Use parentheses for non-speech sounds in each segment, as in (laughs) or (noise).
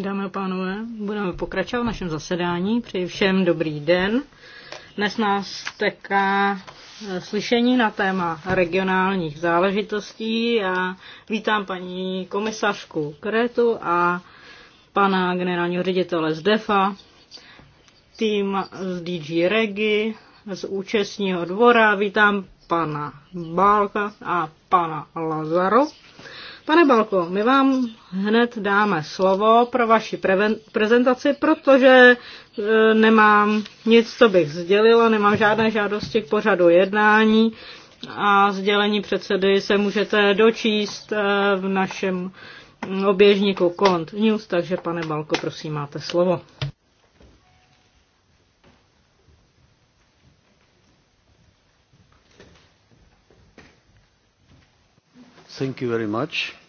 Dámy a pánové, budeme pokračovat v našem zasedání. Přeji všem dobrý den. Dnes nás teká eh, slyšení na téma regionálních záležitostí a vítám paní komisařku Kretu a pana generálního ředitele z DEFA, tým z DG Regi, z účestního dvora, vítám pana Bálka a pana Lazaro. Pane Balko, my vám hned dáme slovo pro vaši prezentaci, protože e, nemám nic, co bych sdělila, nemám žádné žádosti k pořadu jednání a sdělení předsedy se můžete dočíst e, v našem oběžníku Kont News, takže pane Balko, prosím, máte slovo. Thank you very much.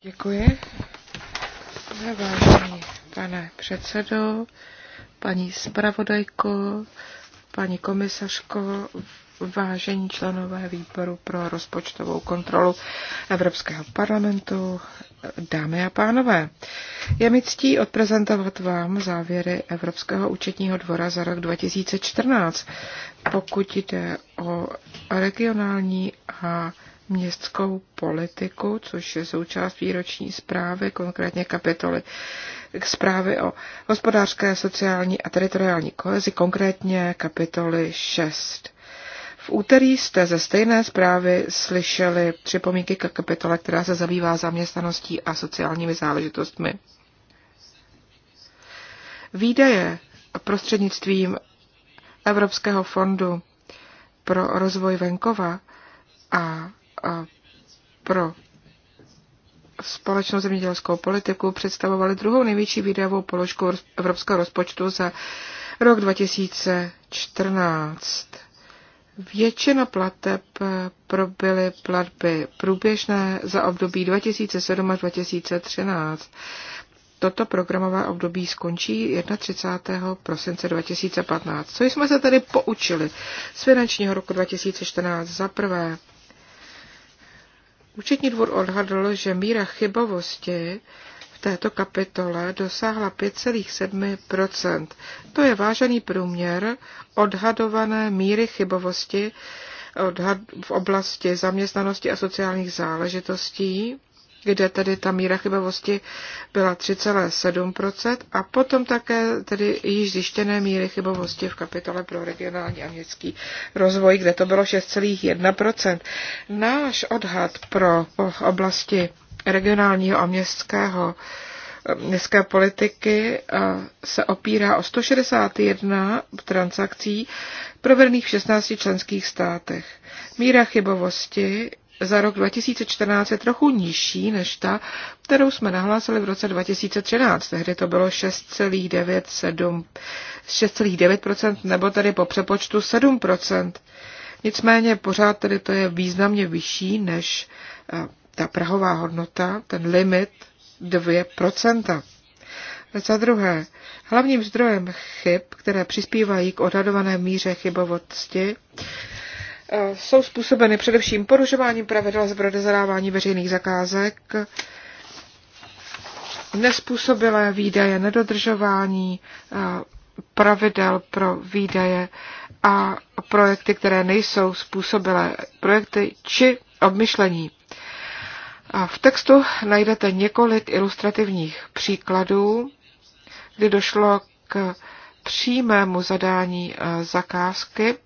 Děkuji. Vážení pane předsedo, paní zpravodajko, paní komisařko, vážení členové výboru pro rozpočtovou kontrolu Evropského parlamentu, dámy a pánové. Je mi ctí odprezentovat vám závěry Evropského účetního dvora za rok 2014, pokud jde o regionální a městskou politiku, což je součást výroční zprávy, konkrétně kapitoly k zprávy o hospodářské, sociální a teritoriální kohezi, konkrétně kapitoly 6. V úterý jste ze stejné zprávy slyšeli připomínky ke kapitole, která se zabývá zaměstnaností a sociálními záležitostmi. Výdaje prostřednictvím Evropského fondu pro rozvoj venkova a pro společnou zemědělskou politiku představovaly druhou největší výdajovou položku evropského rozpočtu za rok 2014. Většina plateb probyly platby průběžné za období 2007 až 2013. Toto programové období skončí 31. prosince 2015. Co jsme se tedy poučili z finančního roku 2014? Za prvé, Účetní dvůr odhadl, že míra chybovosti v této kapitole dosáhla 5,7 To je vážený průměr odhadované míry chybovosti v oblasti zaměstnanosti a sociálních záležitostí kde tedy ta míra chybovosti byla 3,7% a potom také tedy již zjištěné míry chybovosti v kapitole pro regionální a městský rozvoj, kde to bylo 6,1%. Náš odhad pro oblasti regionálního a městského městské politiky eh, se opírá o 161 transakcí provedených v 16 členských státech. Míra chybovosti za rok 2014 je trochu nižší než ta, kterou jsme nahlásili v roce 2013. Tehdy to bylo 6,9% nebo tedy po přepočtu 7%. Nicméně pořád tedy to je významně vyšší než eh, ta prahová hodnota, ten limit 2%. Za druhé, hlavním zdrojem chyb, které přispívají k odhadované míře chybovosti, Eh, jsou způsobeny především porušováním pravidel z zadávání veřejných zakázek, nespůsobilé výdaje, nedodržování eh, pravidel pro výdaje a projekty, které nejsou způsobilé projekty či obmyšlení. A v textu najdete několik ilustrativních příkladů, kdy došlo k přímému zadání eh, zakázky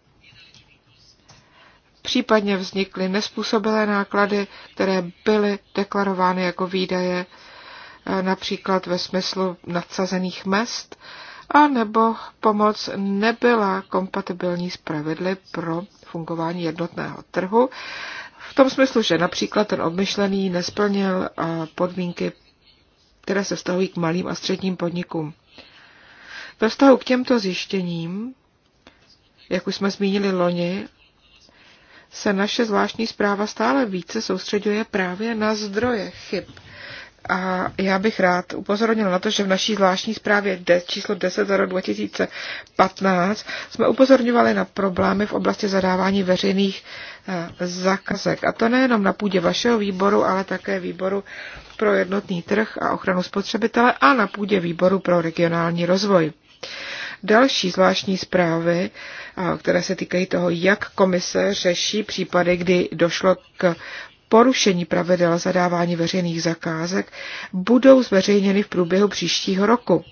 případně vznikly nespůsobilé náklady, které byly deklarovány jako výdaje, e, například ve smyslu nadsazených mest, a nebo pomoc nebyla kompatibilní s pravidly pro fungování jednotného trhu, v tom smyslu, že například ten obmyšlený nesplnil e, podmínky, které se vztahují k malým a středním podnikům. Ve vztahu k těmto zjištěním, jak už jsme zmínili loni, se naše zvláštní zpráva stále více soustředuje právě na zdroje chyb. A já bych rád upozornil na to, že v naší zvláštní zprávě D číslo 10 za rok 2015 jsme upozorňovali na problémy v oblasti zadávání veřejných eh, zakazek. A to nejenom na půdě vašeho výboru, ale také výboru pro jednotný trh a ochranu spotřebitele a na půdě výboru pro regionální rozvoj. Další zvláštní zprávy, které se týkají toho, jak komise řeší případy, kdy došlo k porušení pravidel zadávání veřejných zakázek, budou zveřejněny v průběhu příštího roku.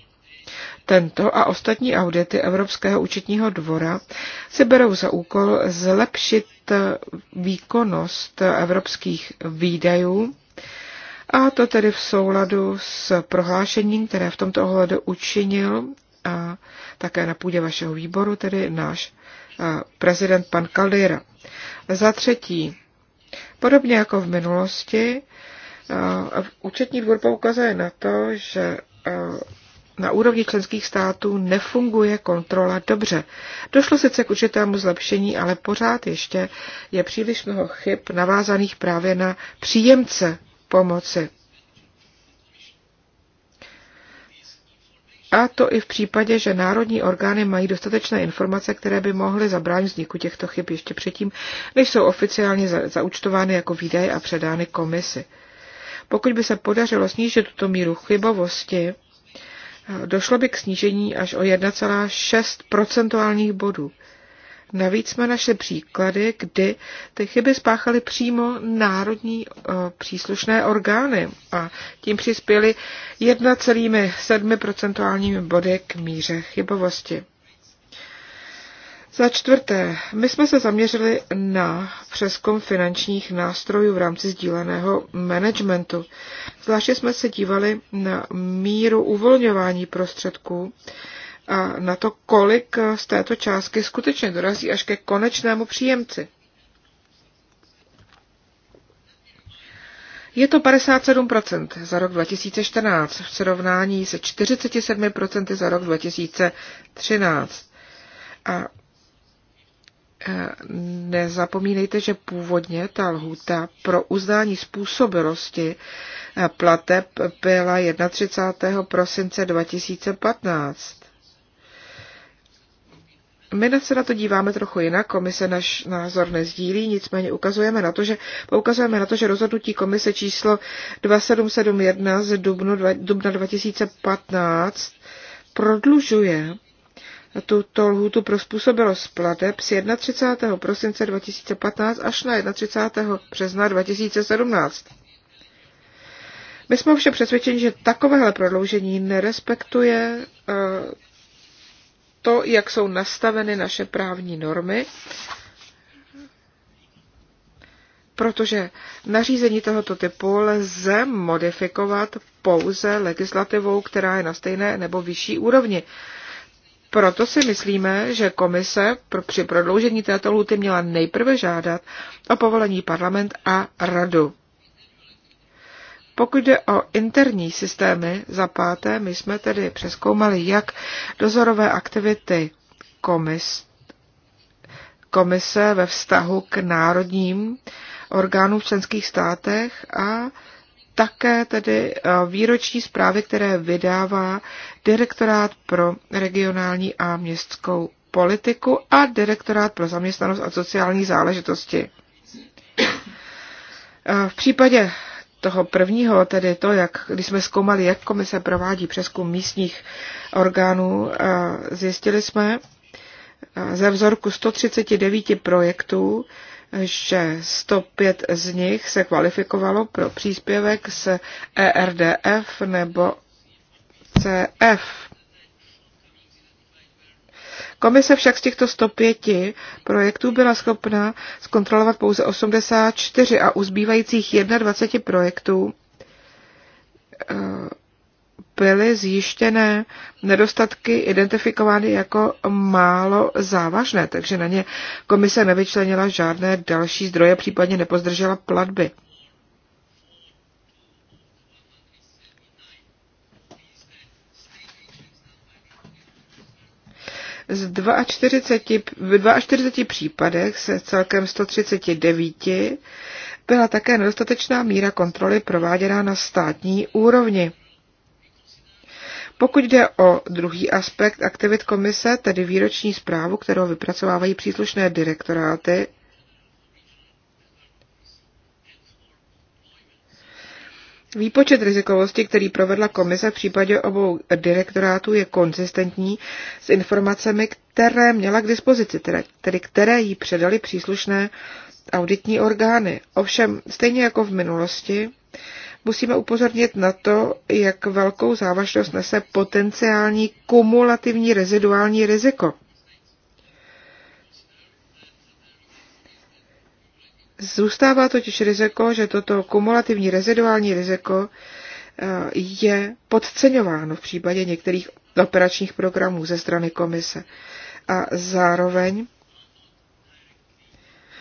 Tento a ostatní audity Evropského účetního dvora se berou za úkol zlepšit výkonnost evropských výdajů, a to tedy v souladu s prohlášením, které v tomto ohledu učinil a také na půdě vašeho výboru, tedy náš prezident pan Kaldera. Za třetí, podobně jako v minulosti, účetní dvůr poukazuje na to, že na úrovni členských států nefunguje kontrola dobře. Došlo sice k určitému zlepšení, ale pořád ještě je příliš mnoho chyb navázaných právě na příjemce pomoci. A to i v případě, že národní orgány mají dostatečné informace, které by mohly zabránit vzniku těchto chyb ještě předtím, než jsou oficiálně zaučtovány jako výdaje a předány komisi. Pokud by se podařilo snížit tuto míru chybovosti, eh, došlo by k snížení až o 1,6 procentuálních bodů. Navíc jsme našli příklady, kdy ty chyby spáchaly přímo národní eh, příslušné orgány a tím přispěly 1,7% body k míře chybovosti. Za čtvrté, my jsme se zaměřili na přeskum finančních nástrojů v rámci sdíleného managementu. Zvláště jsme se dívali na míru uvolňování prostředků na to, kolik z této částky skutečně dorazí až ke konečnému příjemci. Je to 57% za rok 2014 v srovnání se 47% za rok 2013. A e, nezapomínejte, že původně ta lhůta pro uznání způsobilosti e, plateb byla 31. prosince 2015. My se na to díváme trochu jinak, komise náš názor nezdílí, nicméně ukazujeme na to, že, poukazujeme na to, že rozhodnutí komise číslo 2771 z dubnu, dubna 2015 prodlužuje tuto lhůtu pro způsobilost plateb z 31. prosince 2015 až na 31. března 2017. My jsme ovšem přesvědčeni, že takovéhle prodloužení nerespektuje eh, to, jak jsou nastaveny naše právní normy, protože nařízení tohoto typu lze modifikovat pouze legislativou, která je na stejné nebo vyšší úrovni. Proto si myslíme, že komise při prodloužení této lhuty měla nejprve žádat o povolení parlament a radu. Pokud jde o interní systémy, za páté, my jsme tedy přeskoumali, jak dozorové aktivity komis, komise ve vztahu k národním orgánům v členských státech a také tedy eh, výroční zprávy, které vydává Direktorát pro regionální a městskou politiku a Direktorát pro zaměstnanost a sociální záležitosti. Eh, v případě toho prvního, tedy to, jak, když jsme zkoumali, jak komise provádí přeskum místních orgánů, zjistili jsme ze vzorku 139 projektů, že 105 z nich se kvalifikovalo pro příspěvek z ERDF nebo CF. Komise však z těchto 105 projektů byla schopna zkontrolovat pouze 84 a u zbývajících 21 projektů eh, byly zjištěné nedostatky identifikovány jako málo závažné, takže na ně komise nevyčlenila žádné další zdroje, případně nepozdržela platby. Z 42, v 42 případech se celkem 139 byla také nedostatečná míra kontroly prováděná na státní úrovni. Pokud jde o druhý aspekt aktivit komise, tedy výroční zprávu, kterou vypracovávají příslušné direktoráty, Výpočet rizikovosti, který provedla komise v případě obou direktorátů, je konzistentní s informacemi, které měla k dispozici, tedy, které jí předali příslušné auditní orgány. Ovšem, stejně jako v minulosti, musíme upozornit na to, jak velkou závažnost nese potenciální kumulativní reziduální riziko. Zůstává totiž riziko, že toto kumulativní reziduální riziko eh, je podceňováno v případě některých operačních programů ze strany komise. A zároveň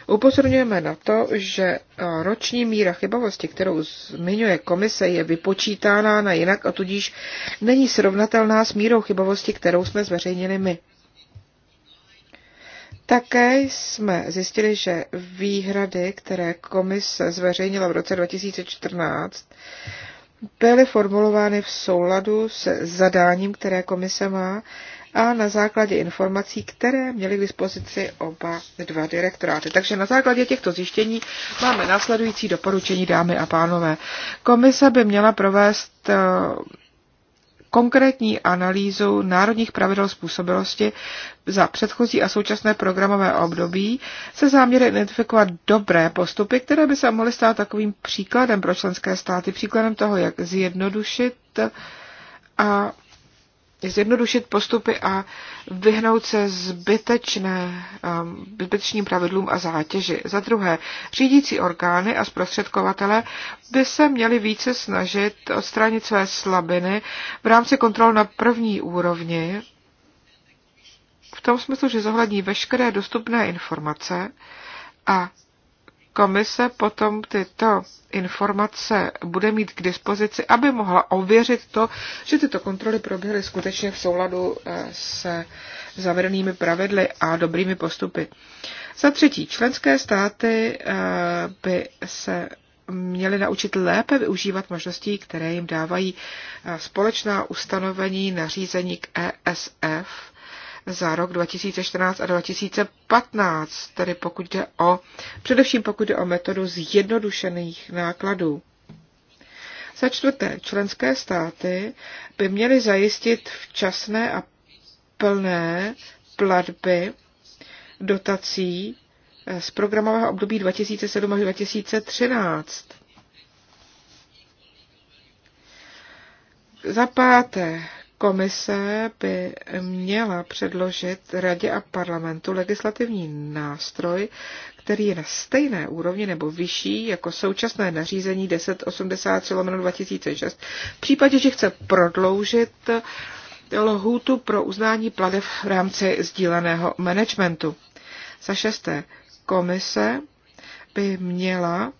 upozorňujeme na to, že eh, roční míra chybovosti, kterou zmiňuje komise, je vypočítána na jinak a tudíž není srovnatelná s mírou chybovosti, kterou jsme zveřejnili my. Také jsme zjistili, že výhrady, které komise zveřejnila v roce 2014, byly formulovány v souladu se zadáním, které komise má a na základě informací, které měly k dispozici oba dva direktoráty. Takže na základě těchto zjištění máme následující doporučení, dámy a pánové. Komise by měla provést eh, konkrétní analýzu národních pravidel způsobilosti za předchozí a současné programové období se záměrem identifikovat dobré postupy, které by se mohly stát takovým příkladem pro členské státy, příkladem toho, jak zjednodušit a zjednodušit postupy a vyhnout se zbytečné, um, zbytečným pravidlům a zátěži. Za druhé, řídící orgány a zprostředkovatele by se měli více snažit odstranit své slabiny v rámci kontrol na první úrovni, v tom smyslu, že zohlední veškeré dostupné informace a komise potom tyto informace bude mít k dispozici, aby mohla ověřit to, že tyto kontroly proběhly skutečně v souladu eh, se zavedenými pravidly a dobrými postupy. Za třetí, členské státy eh, by se měli naučit lépe využívat možností, které jim dávají eh, společná ustanovení nařízení k ESF, za rok 2014 a 2015, tedy pokud jde o, především pokud jde o metodu zjednodušených nákladů. Za čtvrté, členské státy by měly zajistit včasné a plné platby dotací eh, z programového období 2007 až 2013. Za páté, Komise by měla předložit Radě a parlamentu legislativní nástroj, který je na stejné úrovni nebo vyšší jako současné nařízení 1080 2006 v případě, že chce prodloužit lhůtu pro uznání pladev v rámci sdíleného managementu. Za šesté, komise by měla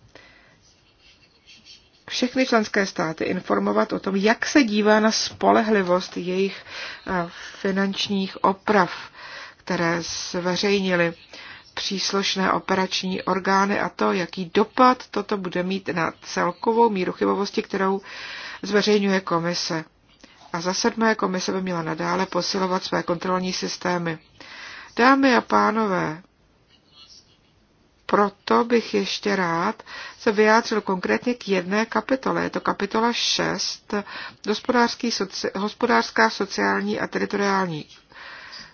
všechny členské státy informovat o tom, jak se dívá na spolehlivost jejich eh, finančních oprav, které zveřejnili příslušné operační orgány a to, jaký dopad toto bude mít na celkovou míru chybovosti, kterou zveřejňuje komise. A za sedmé komise by měla nadále posilovat své kontrolní systémy. Dámy a pánové, proto bych ještě rád se vyjádřil konkrétně k jedné kapitole. Je to kapitola 6, soci, hospodářská, sociální a teritoriální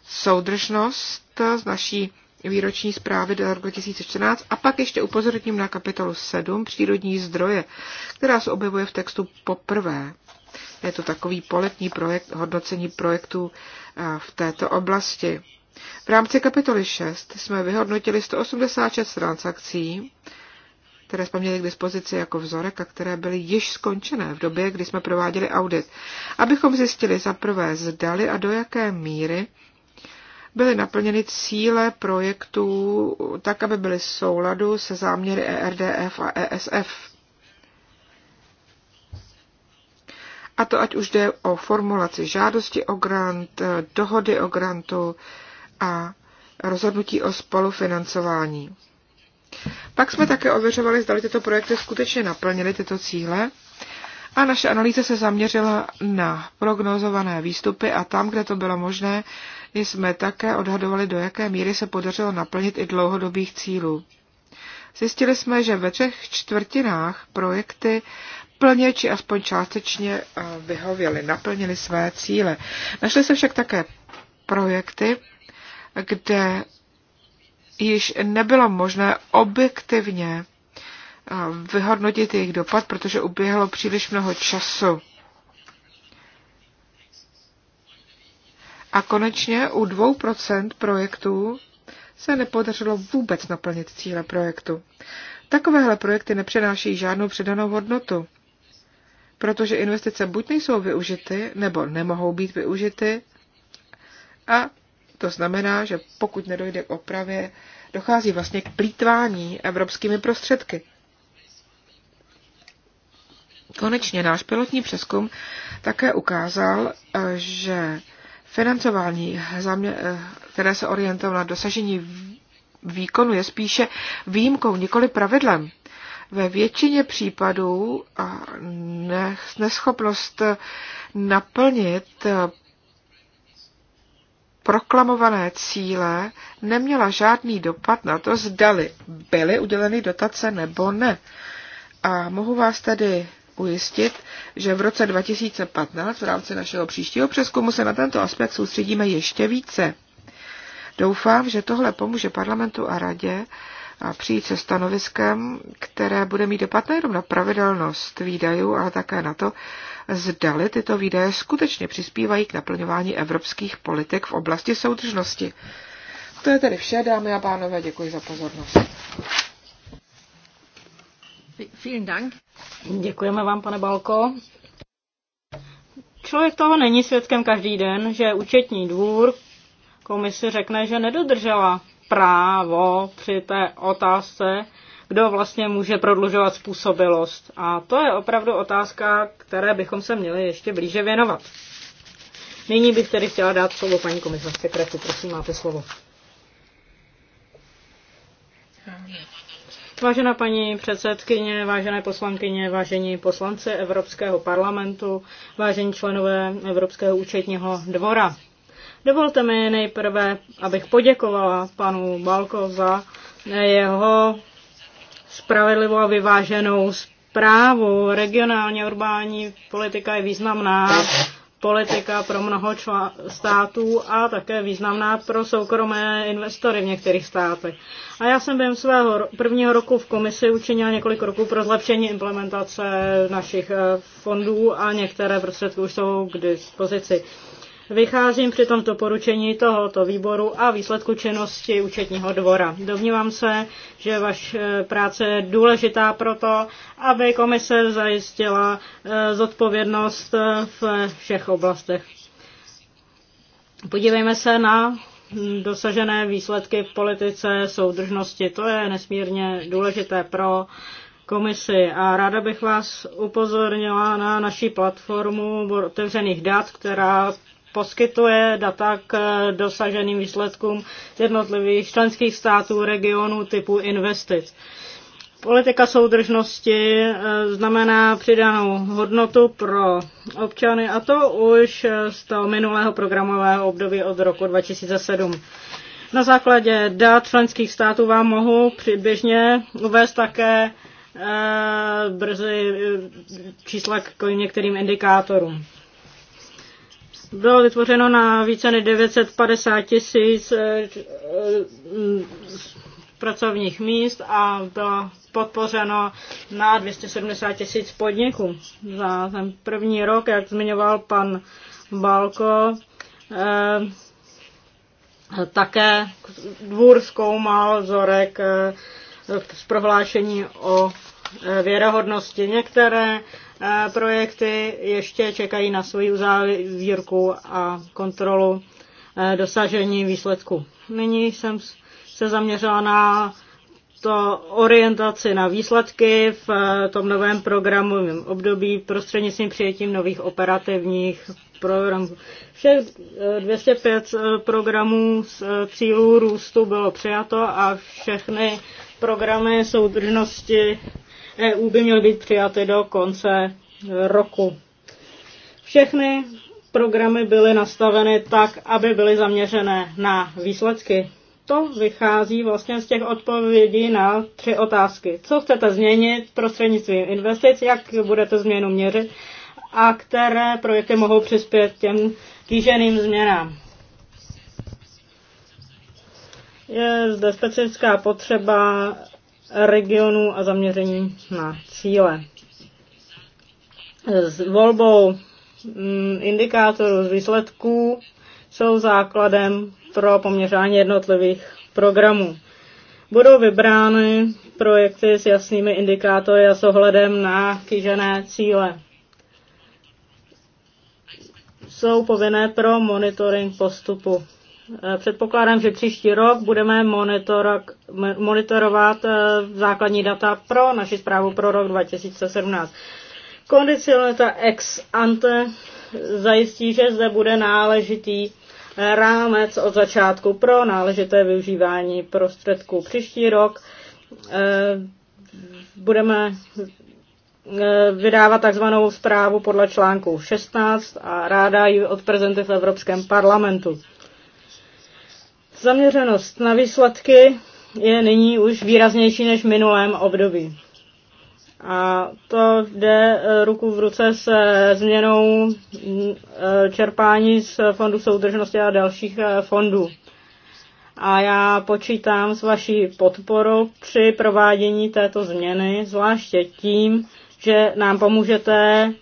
soudržnost z naší výroční zprávy do roku 2014 a pak ještě upozorním na kapitolu 7 přírodní zdroje, která se objevuje v textu poprvé. Je to takový poletní projekt hodnocení projektů eh, v této oblasti. V rámci kapitoly 6 jsme vyhodnotili 186 transakcí, které jsme měli k dispozici jako vzorek a které byly již skončené v době, kdy jsme prováděli audit, abychom zjistili za prvé zdali a do jaké míry byly naplněny cíle projektů tak, aby byly souladu se záměry ERDF a ESF. A to ať už jde o formulaci žádosti o grant, dohody o grantu, a rozhodnutí o spolufinancování. Pak jsme také ověřovali, zda tyto projekty skutečně naplnily tyto cíle a naše analýza se zaměřila na prognozované výstupy a tam, kde to bylo možné, jsme také odhadovali, do jaké míry se podařilo naplnit i dlouhodobých cílů. Zjistili jsme, že ve třech čtvrtinách projekty plně či aspoň částečně eh, vyhověly, naplnili své cíle. Našli se však také projekty, kde již nebylo možné objektivně eh, vyhodnotit jejich dopad, protože uběhlo příliš mnoho času. A konečně u 2% projektů se nepodařilo vůbec naplnit cíle projektu. Takovéhle projekty nepřenáší žádnou přidanou hodnotu, protože investice buď nejsou využity, nebo nemohou být využity a to znamená, že pokud nedojde k opravě, dochází vlastně k plítvání evropskými prostředky. Konečně náš pilotní přeskum také ukázal, že financování, které se orientovalo na dosažení výkonu, je spíše výjimkou, nikoli pravidlem. Ve většině případů neschopnost naplnit proklamované cíle neměla žádný dopad na to, zdali byly uděleny dotace nebo ne. A mohu vás tedy ujistit, že v roce 2015 v rámci našeho příštího přeskumu se na tento aspekt soustředíme ještě více. Doufám, že tohle pomůže parlamentu a radě přijít se stanoviskem, které bude mít dopad nejenom na pravidelnost výdajů, ale také na to, zdali tyto výdaje skutečně přispívají k naplňování evropských politik v oblasti soudržnosti. To je tedy vše, dámy a pánové, děkuji za pozornost. Vielen Dank. Děkujeme vám, pane Balko. Člověk toho není svědkem každý den, že účetní dvůr komise řekne, že nedodržela právo při té otázce, kdo vlastně může prodlužovat způsobilost. A to je opravdu otázka, které bychom se měli ještě blíže věnovat. Nyní bych tedy chtěla dát slovo paní komisařce Kretu. Prosím, máte slovo. Vážená paní předsedkyně, vážené poslankyně, vážení poslanci Evropského parlamentu, vážení členové Evropského účetního dvora. Dovolte mi nejprve, abych poděkovala panu Balko za jeho spravedlivou a vyváženou zprávu. Regionálně urbání politika je významná politika pro mnoho států a také významná pro soukromé investory v některých státech. A já jsem během svého prvního roku v komisi učinil několik roků pro zlepšení implementace našich eh, fondů a některé prostředky už jsou k dispozici. Vycházím při tomto poručení tohoto výboru a výsledku činnosti účetního dvora. Domnívám se, že vaše eh, práce je důležitá proto, aby komise zajistila eh, zodpovědnost eh, v všech oblastech. Podívejme se na dosažené výsledky v politice soudržnosti. To je nesmírně důležité pro komisi a ráda bych vás upozornila na naší platformu otevřených dat, která poskytuje data k eh, dosaženým výsledkům jednotlivých členských států, regionů typu investic. Politika soudržnosti eh, znamená přidanou hodnotu pro občany a to už eh, z toho minulého programového období od roku 2007. Na základě dat členských států vám mohu přibližně uvést také brzy čísla k některým indikátorům. Bylo vytvořeno na více než 950 tisíc eh, eh, pracovních míst a bylo podpořeno na 270 tisíc podniků. Za ten první rok, jak zmiňoval pan Balko, eh, také dvůr zkoumal vzorek z prohlášení o věrohodnosti. Některé projekty ještě čekají na svoji uzávěrku a kontrolu e, dosažení výsledku. Nyní jsem se zaměřila na to orientaci na výsledky v e, tom novém programovém období prostřednictvím přijetím nových operativních programů. Všech 205 e, programů z cílů růstu bylo přijato a všechny programy soudržnosti EU by měly být přijaty do konce roku. Všechny programy byly nastaveny tak, aby byly zaměřené na výsledky. To vychází vlastně z těch odpovědí na tři otázky. Co chcete změnit prostřednictvím investic, jak budete změnu měřit a které projekty mohou přispět těm kýženým změnám. Je zde specifická potřeba regionů a zaměření na cíle. S volbou mm, indikátorů z výsledků jsou základem pro poměřování jednotlivých programů. Budou vybrány projekty s jasnými indikátory a s ohledem na kýžené cíle. Jsou povinné pro monitoring postupu. Eh, předpokládám, že příští rok budeme monitorovat eh, základní data pro naši zprávu pro rok 2017. Kondicionalita ex ante zajistí, že zde bude náležitý eh, rámec od začátku pro náležité využívání prostředků. Příští rok budeme vydávat takzvanou zprávu podle článku 16 a ráda ji odprezentuje v Evropském parlamentu. Zaměřenost na výsledky je nyní už výraznější než v minulém období. A to jde eh, ruku v ruce se změnou mm, eh, čerpání z fondu soudržnosti a dalších eh, fondů. A já počítám s vaší podporou při provádění této změny, zvláště tím, že nám pomůžete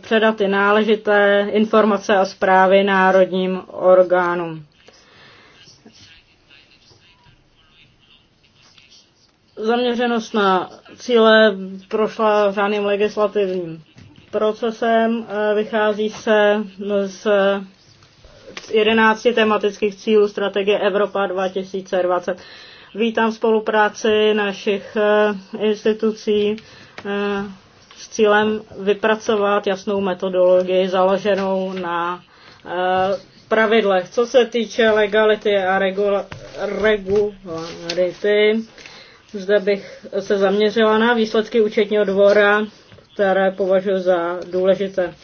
předat i náležité informace a zprávy národním orgánům. zaměřenost na cíle prošla řádným legislativním procesem, eh, vychází se z 11 tematických cílů strategie Evropa 2020. Vítám spolupráci našich eh, institucí eh, s cílem vypracovat jasnou metodologii založenou na pravidlech. Co se týče legality a regularity, zde bych se zaměřila na výsledky účetního dvora, které považuji za důležité.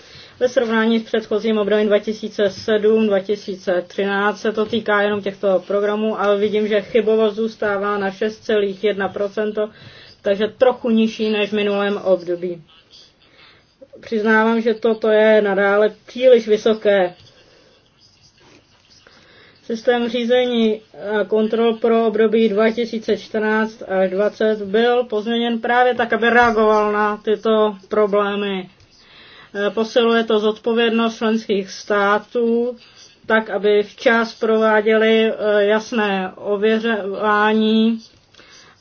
Ve srovnání s předchozím obdobím 2007-2013 se to týká jenom těchto programů, ale vidím, že chybovost zůstává na 6,1%, takže trochu nižší než v minulém období. Přiznávám, že toto je nadále příliš vysoké Systém řízení a kontrol pro období 2014 až 2020 byl pozměněn právě tak, aby reagoval na tyto problémy. E, posiluje to zodpovědnost členských států, tak aby včas prováděli e, jasné ověřování.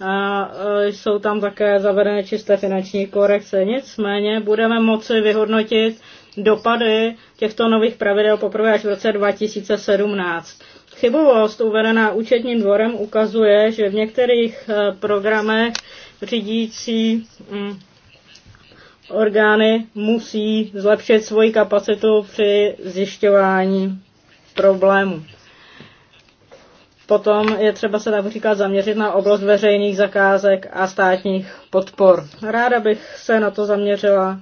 A e, jsou tam také zavedené čisté finanční korekce. Nicméně budeme moci vyhodnotit dopady těchto nových pravidel poprvé až v roce 2017. Chybovost uvedená účetním dvorem ukazuje, že v některých eh, programech řídící mm, orgány musí zlepšit svoji kapacitu při zjišťování problémů. Potom je třeba se například zaměřit na oblast veřejných zakázek a státních podpor. Ráda bych se na to zaměřila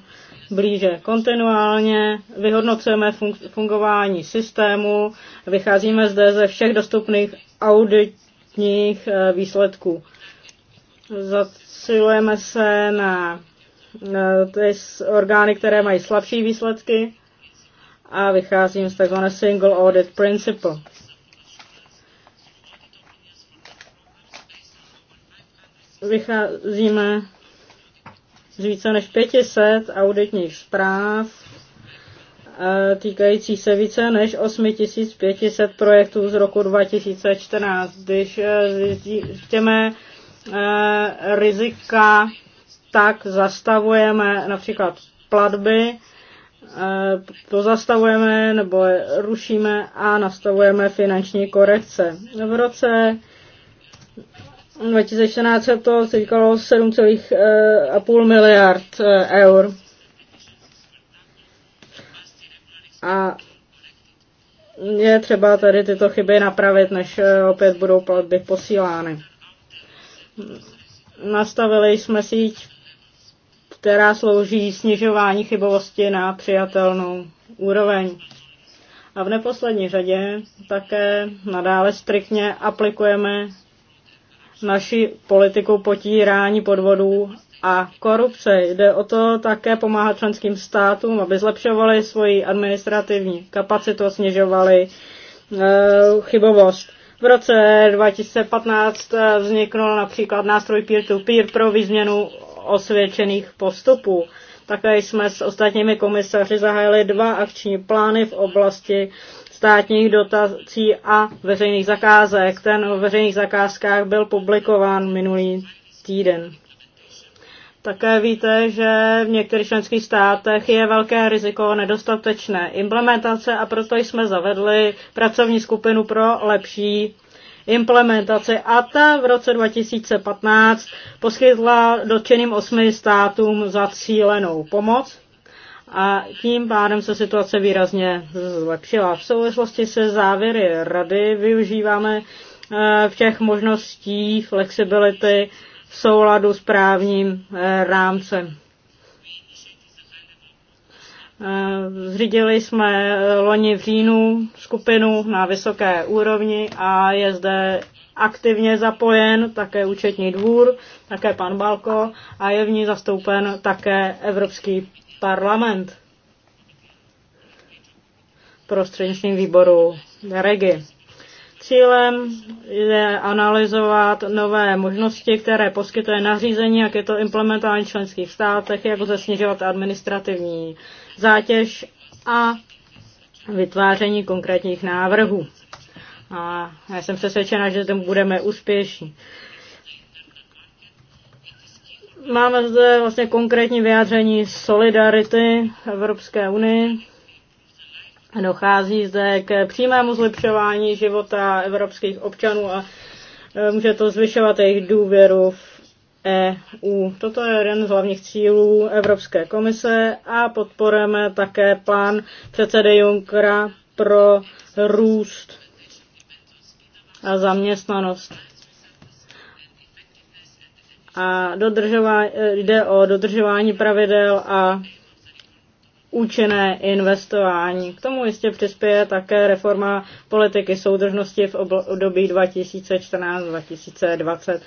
blíže. Kontinuálně vyhodnocujeme fun- fungování systému, vycházíme zde ze všech dostupných auditních eh, výsledků. Zacilujeme se na ty orgány, které mají slabší výsledky a vycházím z tzv. single audit principle. Vycházíme z více než 500 auditních zpráv e, týkající se více než 8500 projektů z roku 2014. Když e, zjistíme e, rizika, tak zastavujeme například platby, to zastavujeme nebo rušíme a nastavujeme finanční korekce. V roce 2014 se to týkalo 7,5 eh, miliard eh, eur. A je třeba tady tyto chyby napravit, než eh, opět budou platby posílány. Nastavili jsme síť, která slouží snižování chybovosti na přijatelnou úroveň. A v neposlední řadě také nadále striktně aplikujeme naši politiku potírání podvodů a korupce. Jde o to také pomáhat členským státům, aby zlepšovali svoji administrativní kapacitu a snižovali eh, chybovost. V roce 2015 eh, vzniknul například nástroj peer-to-peer -peer pro výzměnu osvědčených postupů. Také jsme s ostatními komisaři zahájili dva akční plány v oblasti státních dotací a veřejných zakázek. Ten o veřejných zakázkách byl publikován minulý týden. Také víte, že v některých členských státech je velké riziko nedostatečné implementace a proto jsme zavedli pracovní skupinu pro lepší implementaci a ta v roce 2015 poskytla dotčeným osmi státům zacílenou pomoc a tím pádem se situace výrazně zlepšila. V souvislosti se závěry rady využíváme eh, všech možností flexibility v souladu s právním eh, rámcem. Eh, zřídili jsme loni v říjnu skupinu na vysoké úrovni a je zde aktivně zapojen také účetní dvůr, také pan Balko a je v ní zastoupen také Evropský parlament prostřednictvím výboru REGI. Cílem je analyzovat nové možnosti, které poskytuje nařízení, jak je to implementování v členských státech, jak lze snižovat administrativní zátěž a vytváření konkrétních návrhů. A já jsem přesvědčena, že tam budeme úspěšní máme zde vlastně konkrétní vyjádření solidarity Evropské unii. Dochází zde k přímému zlepšování života evropských občanů a e, může to zvyšovat jejich důvěru v EU. Toto je jeden z hlavních cílů Evropské komise a podporujeme také plán předsedy Junckera pro růst a zaměstnanost a dodržování, jde o dodržování pravidel a účinné investování. K tomu jistě přispěje také reforma politiky soudržnosti v období 2014-2020. E,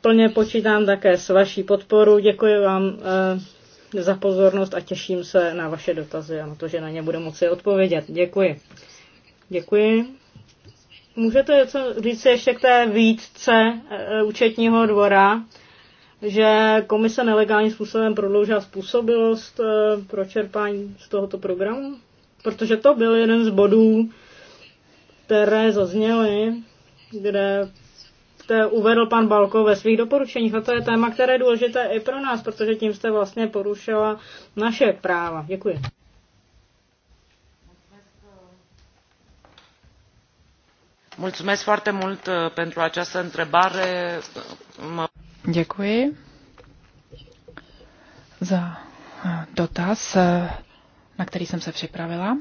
plně počítám také s vaší podporu. Děkuji vám e, za pozornost a těším se na vaše dotazy a na to, že na ně budu moci odpovědět. Děkuji. Děkuji. Můžete co říct ještě k té výtce e, e, účetního dvora, že komise nelegálním způsobem prodloužila způsobilost e, pro čerpání z tohoto programu? Protože to byl jeden z bodů, které zazněly, kde to uvedl pan Balko ve svých doporučeních. A to je téma, které je důležité i pro nás, protože tím jste vlastně porušila naše práva. Děkuji. Mulțumesc foarte mult uh, pentru această întrebare. Děkuji za uh, dotaz, uh, na který jsem se připravila.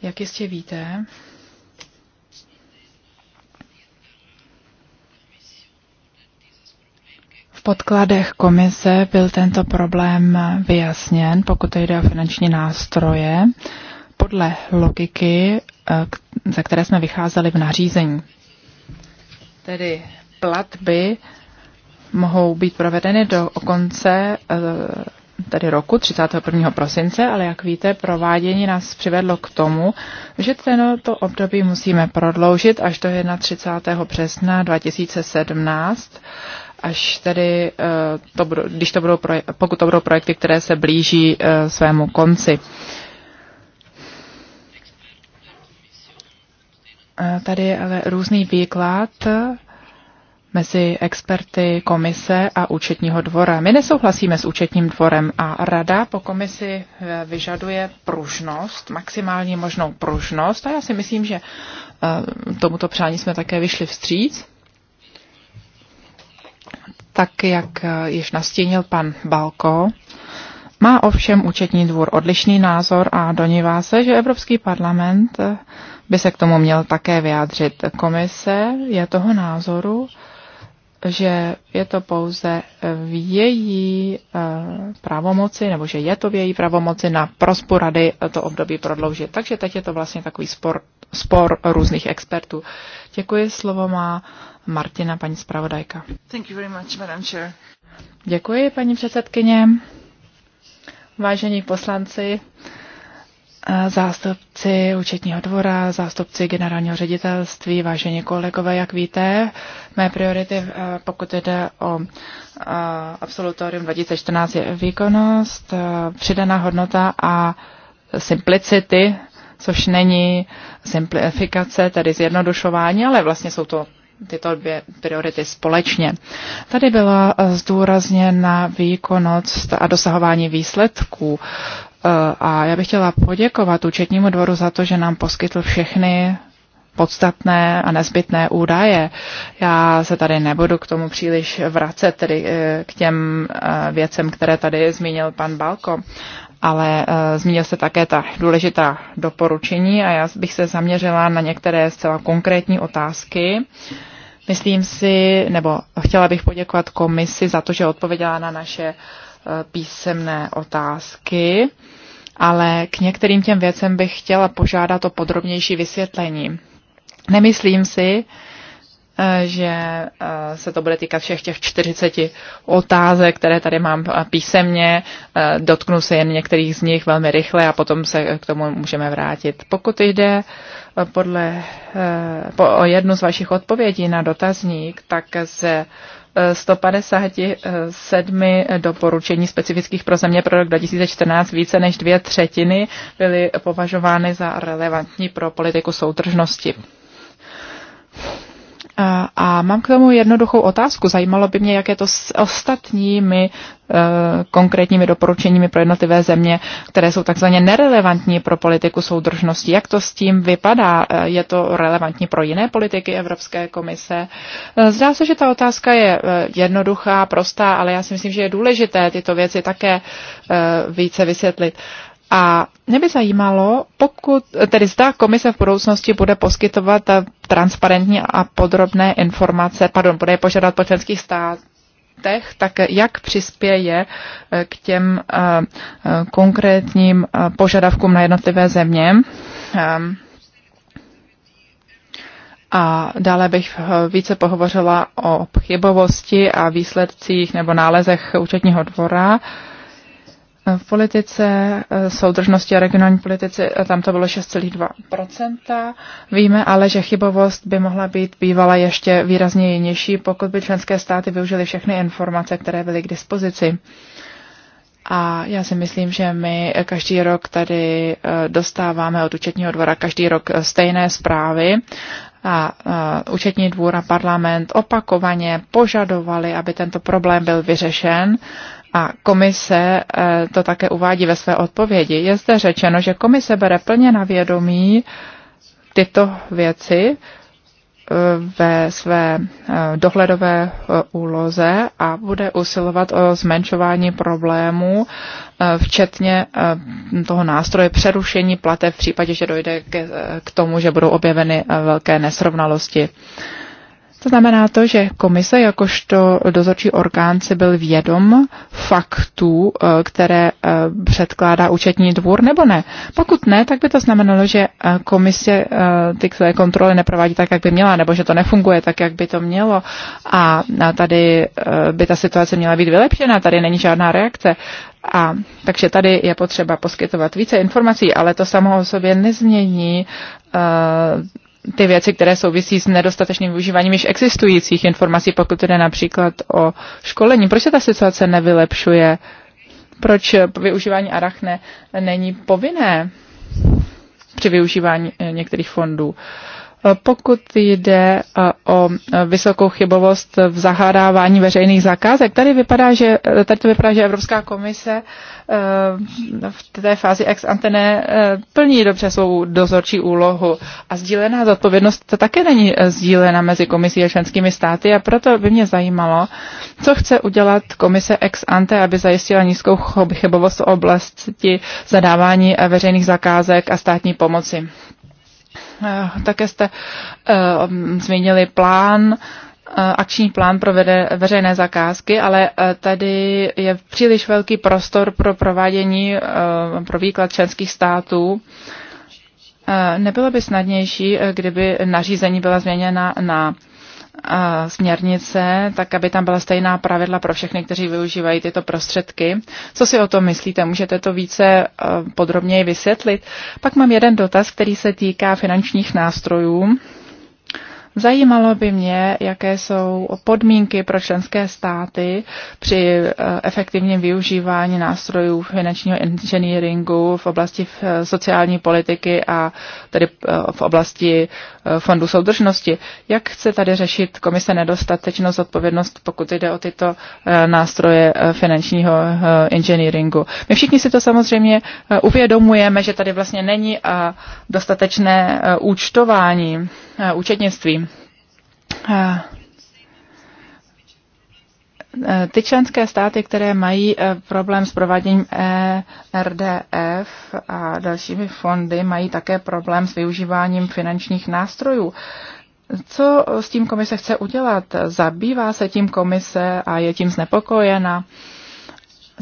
Jak jistě víte, podkladech komise byl tento problém vyjasněn, pokud jde o finanční nástroje podle logiky, eh, ze které jsme vycházeli v nařízení. Tedy platby mohou být provedeny do konce eh, tedy roku 31. prosince, ale jak víte, provádění nás přivedlo k tomu, že tento období musíme prodloužit až do 31. března 2017, až tedy, eh, to budou, když to budou, pokud to budou projekty, které se blíží svému konci. tady je ale různý výklad mezi experty komise a účetního dvora. My nesouhlasíme s účetním dvorem a rada po komisi eh, vyžaduje pružnost, maximální možnou pružnost a já si myslím, že eh, tomuto přání jsme také vyšli vstříc. Tak, jak eh, již nastínil pan Balko, má ovšem účetní dvůr odlišný názor a donívá se, že Evropský parlament by se k tomu měl také vyjádřit. Komise je toho názoru, že je to pouze v její eh, pravomoci, nebo že je to v její pravomoci na prospu rady to období prodloužit. Takže teď je to vlastně takový spor, spor různých expertů. Děkuji, slovo má Martina, paní zpravodajka. Děkuji, paní předsedkyně. Vážení poslanci, zástupci účetního dvora, zástupci generálního ředitelství, vážení kolegové, jak víte, mé priority, eh, pokud jde o eh, absolutorium 2014, je výkonnost, eh, přidaná hodnota a simplicity, což není simplifikace, tedy zjednodušování, ale vlastně jsou to tyto dvě priority společně. Tady byla zdůrazněna výkonnost a dosahování výsledků. Eh, a já bych chtěla poděkovat účetnímu dvoru za to, že nám poskytl všechny podstatné a nezbytné údaje. Já se tady nebudu k tomu příliš vracet, tedy eh, k těm eh, věcem, které tady zmínil pan Balko, ale zmínil se také ta důležitá doporučení a já bych se zaměřila na některé zcela konkrétní otázky. Myslím si, nebo chtěla bych poděkovat komisi za to, že odpověděla na naše uh, písemné otázky, ale k některým těm věcem bych chtěla požádat o podrobnější vysvětlení. Nemyslím si, eh, že eh, se to bude týkat všech těch 40 otázek, které tady mám eh, písemně. Dotknu se jen některých z nich velmi rychle a potom se k tomu můžeme vrátit. Pokud jde podle, po, o jednu z vašich odpovědí na dotazník, tak se 157 doporučení specifických pro země pro rok 2014 více než dvě třetiny byly považovány za relevantní pro politiku soudržnosti. A mám k tomu jednoduchou otázku. Zajímalo by mě, jak je to s ostatními e, konkrétními doporučeními pro jednotlivé země, které jsou takzvaně nerelevantní pro politiku soudržnosti. Jak to s tím vypadá? E, je to relevantní pro jiné politiky Evropské komise? E, zdá se, že ta otázka je jednoduchá, prostá, ale já si myslím, že je důležité tyto věci také více vysvětlit. A mě by zajímalo, pokud, tedy zda komise v budoucnosti bude poskytovat eh, transparentní a podrobné informace, pardon, bude je požadat po členských státech, tak jak přispěje eh, k těm eh, konkrétním požadavkům na jednotlivé země. Ehm. A dále bych více pohovořila o chybovosti a výsledcích nebo nálezech účetního dvora. V politice eh, soudržnosti a regionální politice eh, tam to bylo 6,2%. Víme ale, že chybovost by mohla být bývala ještě výrazně nižší, pokud by členské státy využily všechny informace, které byly k dispozici. A já si myslím, že my každý rok tady eh, dostáváme od účetního dvora každý rok stejné zprávy a účetní dvůr a parlament opakovaně požadovali, aby tento problém byl vyřešen a komise eh, to také uvádí ve své odpovědi. Je zde řečeno, že komise bere plně na vědomí tyto věci eh, ve své eh, dohledové úloze a bude usilovat o zmenšování problémů, včetně toho nástroje přerušení plate v případě, že dojde k tomu, že budou objeveny velké nesrovnalosti. To znamená to, že komise jakožto dozorčí orgán si byl vědom faktů, eh, které eh, předkládá účetní dvůr, nebo ne? Pokud ne, tak by to znamenalo, že eh, komise ty své kontroly neprovádí tak, jak by měla, nebo že to nefunguje tak, jak by to mělo. A tady by ta situace měla být vylepšená, tady není žádná reakce. A takže tady je potřeba poskytovat více informací, ale to samo o sobě nezmění ty věci, které souvisí s nedostatečným využíváním již existujících informací, pokud jde například o školení. Proč se ta situace nevylepšuje? Proč využívání arachne není povinné při využívání eh, některých fondů? Uh, pokud jde o vysokou chybovost v zahádávání veřejných zakázek, tady, vypadá, že, tady to vypadá, že Evropská komise e, v té fázi ex ante e, plní dobře svou dozorčí úlohu a sdílená zodpovědnost to také není e, sdílena mezi komisí a členskými státy a proto by mě zajímalo, co chce udělat komise ex ante, aby zajistila nízkou chybovost v oblasti zadávání veřejných zakázek a státní pomoci. Eh, také jste eh, um, zmínili plán, eh, akční plán pro veřejné zakázky, ale tady je příliš velký prostor pro provádění, pro výklad členských států. Nebylo by snadnější, kdyby nařízení byla změněna na směrnice, tak aby tam byla stejná pravidla pro všechny, kteří využívají tyto prostředky. Co si o tom myslíte? Můžete to více podrobněji vysvětlit? Pak mám jeden dotaz, který se týká finančních nástrojů. Zajímalo by mě, jaké jsou podmínky pro členské státy při eh, efektivním využívání nástrojů finančního inženýringu v oblasti eh, sociální politiky a tedy eh, v oblasti fondu soudržnosti. Jak chce tady řešit komise nedostatečnost odpovědnost, pokud jde o tyto nástroje finančního inženýringu? My všichni si to samozřejmě uvědomujeme, že tady vlastně není dostatečné účtování, účetnictví ty členské státy, které mají e, problém s prováděním ERDF a dalšími fondy, mají také problém s využíváním finančních nástrojů. Co s tím komise chce udělat? Zabývá se tím komise a je tím znepokojena?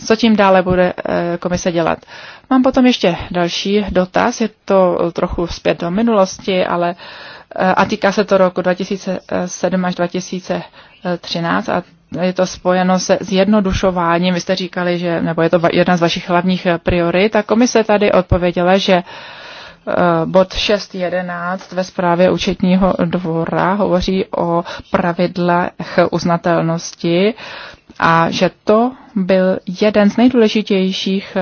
Co tím dále bude e, komise dělat? Mám potom ještě další dotaz, je to trochu zpět do minulosti, ale uh, a týká se to roku 2007 až 2013 a je to spojeno se zjednodušováním. Vy jste říkali, že, nebo je to jedna z vašich hlavních eh, priorit a komise tady odpověděla, že eh, bod 6.11 ve zprávě účetního dvora hovoří o pravidlech uznatelnosti a že to byl jeden z nejdůležitějších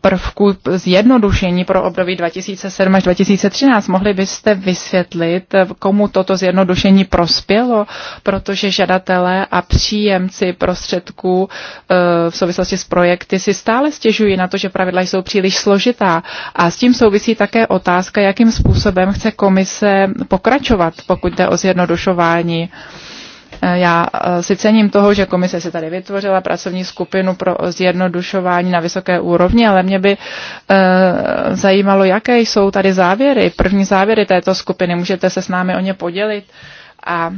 prvků zjednodušení pro období 2007 až 2013. Mohli byste vysvětlit, komu toto zjednodušení prospělo, protože žadatelé a příjemci prostředků eh, v souvislosti s projekty si stále stěžují na to, že pravidla jsou příliš složitá. A s tím souvisí také otázka, jakým způsobem chce komise pokračovat, pokud jde o zjednodušování. Eh, já eh, si cením toho, že komise se tady vytvořila pracovní skupinu pro zjednodušování na vysoké úrovni, ale mě by eh, zajímalo, jaké jsou tady závěry, první závěry této skupiny. Můžete se s námi o ně podělit? A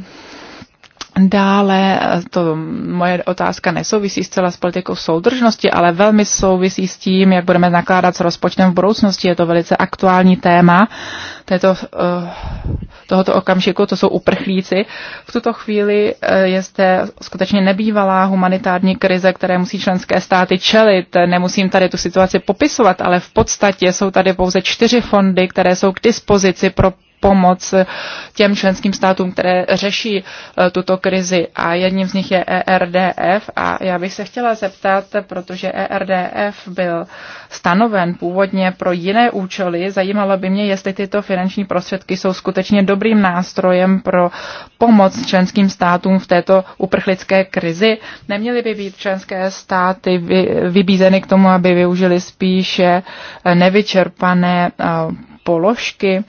Dále, eh, to moje otázka nesouvisí zcela s politikou soudržnosti, ale velmi souvisí s tím, jak budeme nakládat s rozpočtem v budoucnosti. Je to velice aktuální téma této, eh, tohoto okamžiku, to jsou uprchlíci. V tuto chvíli eh, je zde skutečně nebývalá humanitární krize, které musí členské státy čelit. Nemusím tady tu situaci popisovat, ale v podstatě jsou tady pouze čtyři fondy, které jsou k dispozici pro pomoc těm členským státům, které řeší eh, tuto krizi a jedním z nich je ERDF a já bych se chtěla zeptat, protože ERDF byl stanoven původně pro jiné účely, zajímalo by mě, jestli tyto finanční prostředky jsou skutečně dobrým nástrojem pro pomoc členským státům v této uprchlické krizi. Neměly by být členské státy vybízeny k tomu, aby využili spíše nevyčerpané eh, položky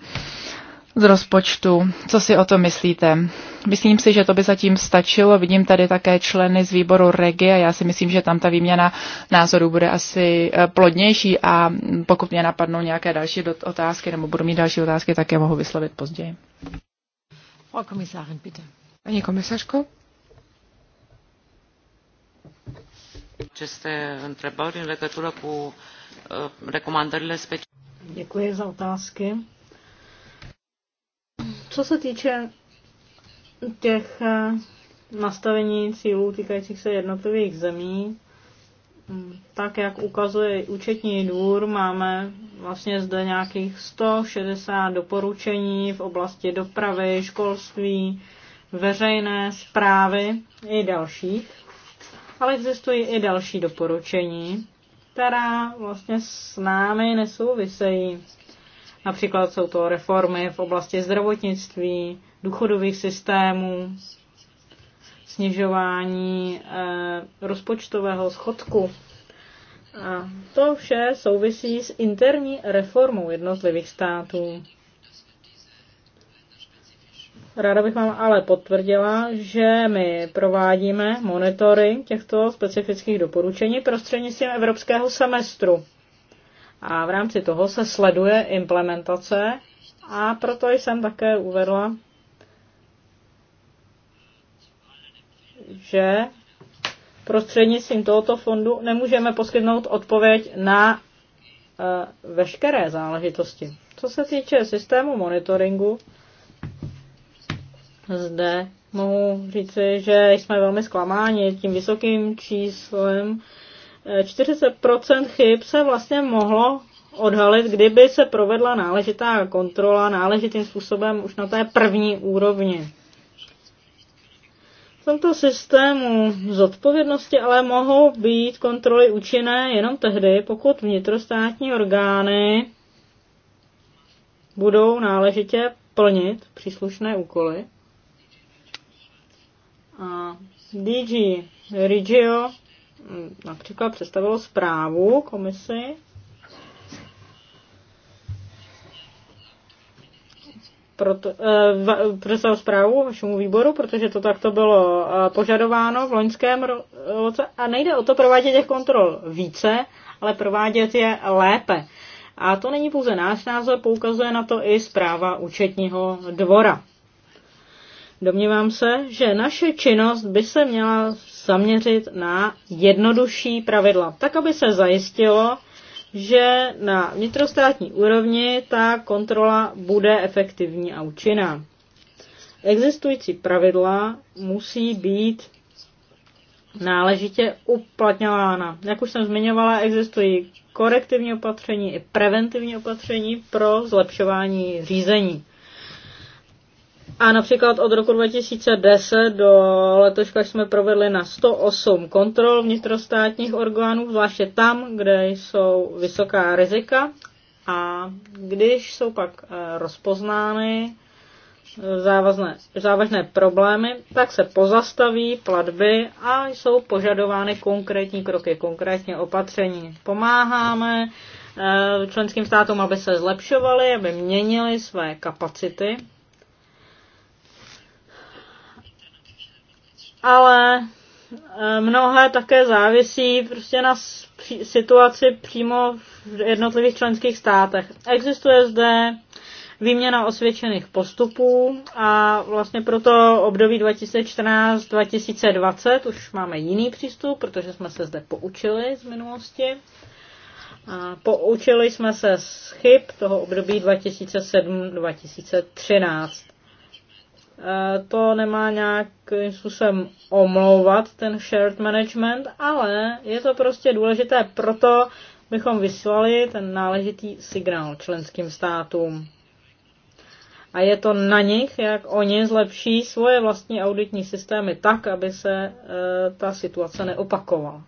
z rozpočtu. Co si o to myslíte? Myslím si, že to by zatím stačilo. Vidím tady také členy z výboru Regi a já si myslím, že tam ta výměna názorů bude asi eh, plodnější a pokud mě napadnou nějaké další otázky nebo budu mít další otázky, tak je mohu vyslovit později. Frau Kommissarin, bitte. Paní komisařko. Eh, Děkuji za otázky. Co se týče těch eh, nastavení cílů týkajících se jednotlivých zemí, mm, tak jak ukazuje účetní dvůr, máme vlastně zde nějakých 160 doporučení v oblasti dopravy, školství, veřejné zprávy i dalších. Ale existují i další doporučení, která vlastně s námi nesouvisejí. Například jsou to reformy v oblasti zdravotnictví, důchodových systémů, snižování eh, rozpočtového schodku. A to vše souvisí s interní reformou jednotlivých států. Ráda bych vám ale potvrdila, že my provádíme monitory těchto specifických doporučení prostřednictvím evropského semestru. A v rámci toho se sleduje implementace a proto jsem také uvedla, že prostřednictvím tohoto fondu nemůžeme poskytnout odpověď na e, veškeré záležitosti. Co se týče systému monitoringu, zde mohu říci, že jsme velmi zklamáni tím vysokým číslem 40% chyb se vlastně mohlo odhalit, kdyby se provedla náležitá kontrola náležitým způsobem už na té první úrovni. V tomto systému zodpovědnosti ale mohou být kontroly účinné jenom tehdy, pokud vnitrostátní orgány budou náležitě plnit příslušné úkoly. A DG Regio například představilo zprávu komisi, proto, eh, představil zprávu vašemu výboru, protože to takto bylo eh, požadováno v loňském roce. A nejde o to provádět těch kontrol více, ale provádět je lépe. A to není pouze náš názor, poukazuje na to i zpráva účetního dvora. Domnívám se, že naše činnost by se měla zaměřit na jednodušší pravidla, tak aby se zajistilo, že na vnitrostátní úrovni ta kontrola bude efektivní a účinná. Existující pravidla musí být náležitě uplatňována. Jak už jsem zmiňovala, existují korektivní opatření i preventivní opatření pro zlepšování řízení. A například od roku 2010 do letoška jsme provedli na 108 kontrol vnitrostátních orgánů, zvláště tam, kde jsou vysoká rizika. A když jsou pak eh, rozpoznány eh, závazné, závažné problémy, tak se pozastaví platby a jsou požadovány konkrétní kroky, konkrétně opatření. Pomáháme eh, členským státům, aby se zlepšovaly, aby měnili své kapacity ale eh, mnohé také závisí prostě na situaci přímo v jednotlivých členských státech. Existuje zde výměna osvědčených postupů a vlastně proto období 2014-2020 už máme jiný přístup, protože jsme se zde poučili z minulosti. A poučili jsme se z chyb toho období 2007-2013. Eh, to nemá nějakým způsobem omlouvat ten shared management, ale je to prostě důležité proto, bychom vyslali ten náležitý signál členským státům. A je to na nich, jak oni zlepší svoje vlastní auditní systémy tak, aby se e, ta situace neopakovala.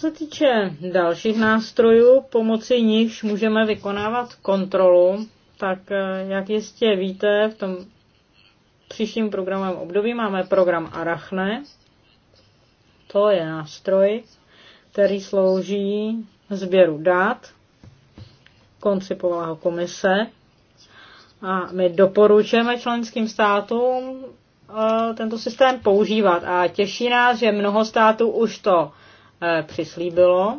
se týče dalších nástrojů, pomocí nichž můžeme vykonávat kontrolu, tak eh, jak jistě víte, v tom příštím programovém období máme program Arachne. To je nástroj, který slouží sběru dat. Koncipovala ho komise. A my doporučujeme členským státům eh, tento systém používat. A těší nás, že mnoho států už to Eh, přislíbilo,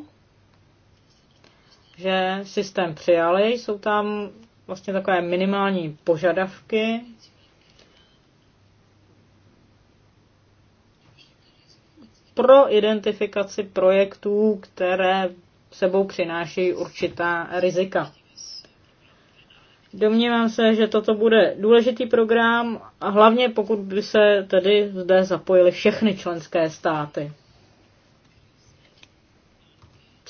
že systém přijali. Jsou tam vlastně takové minimální požadavky, pro identifikaci projektů, které sebou přináší určitá rizika. Domnívám se, že toto bude důležitý program a hlavně pokud by se tedy zde zapojily všechny členské státy.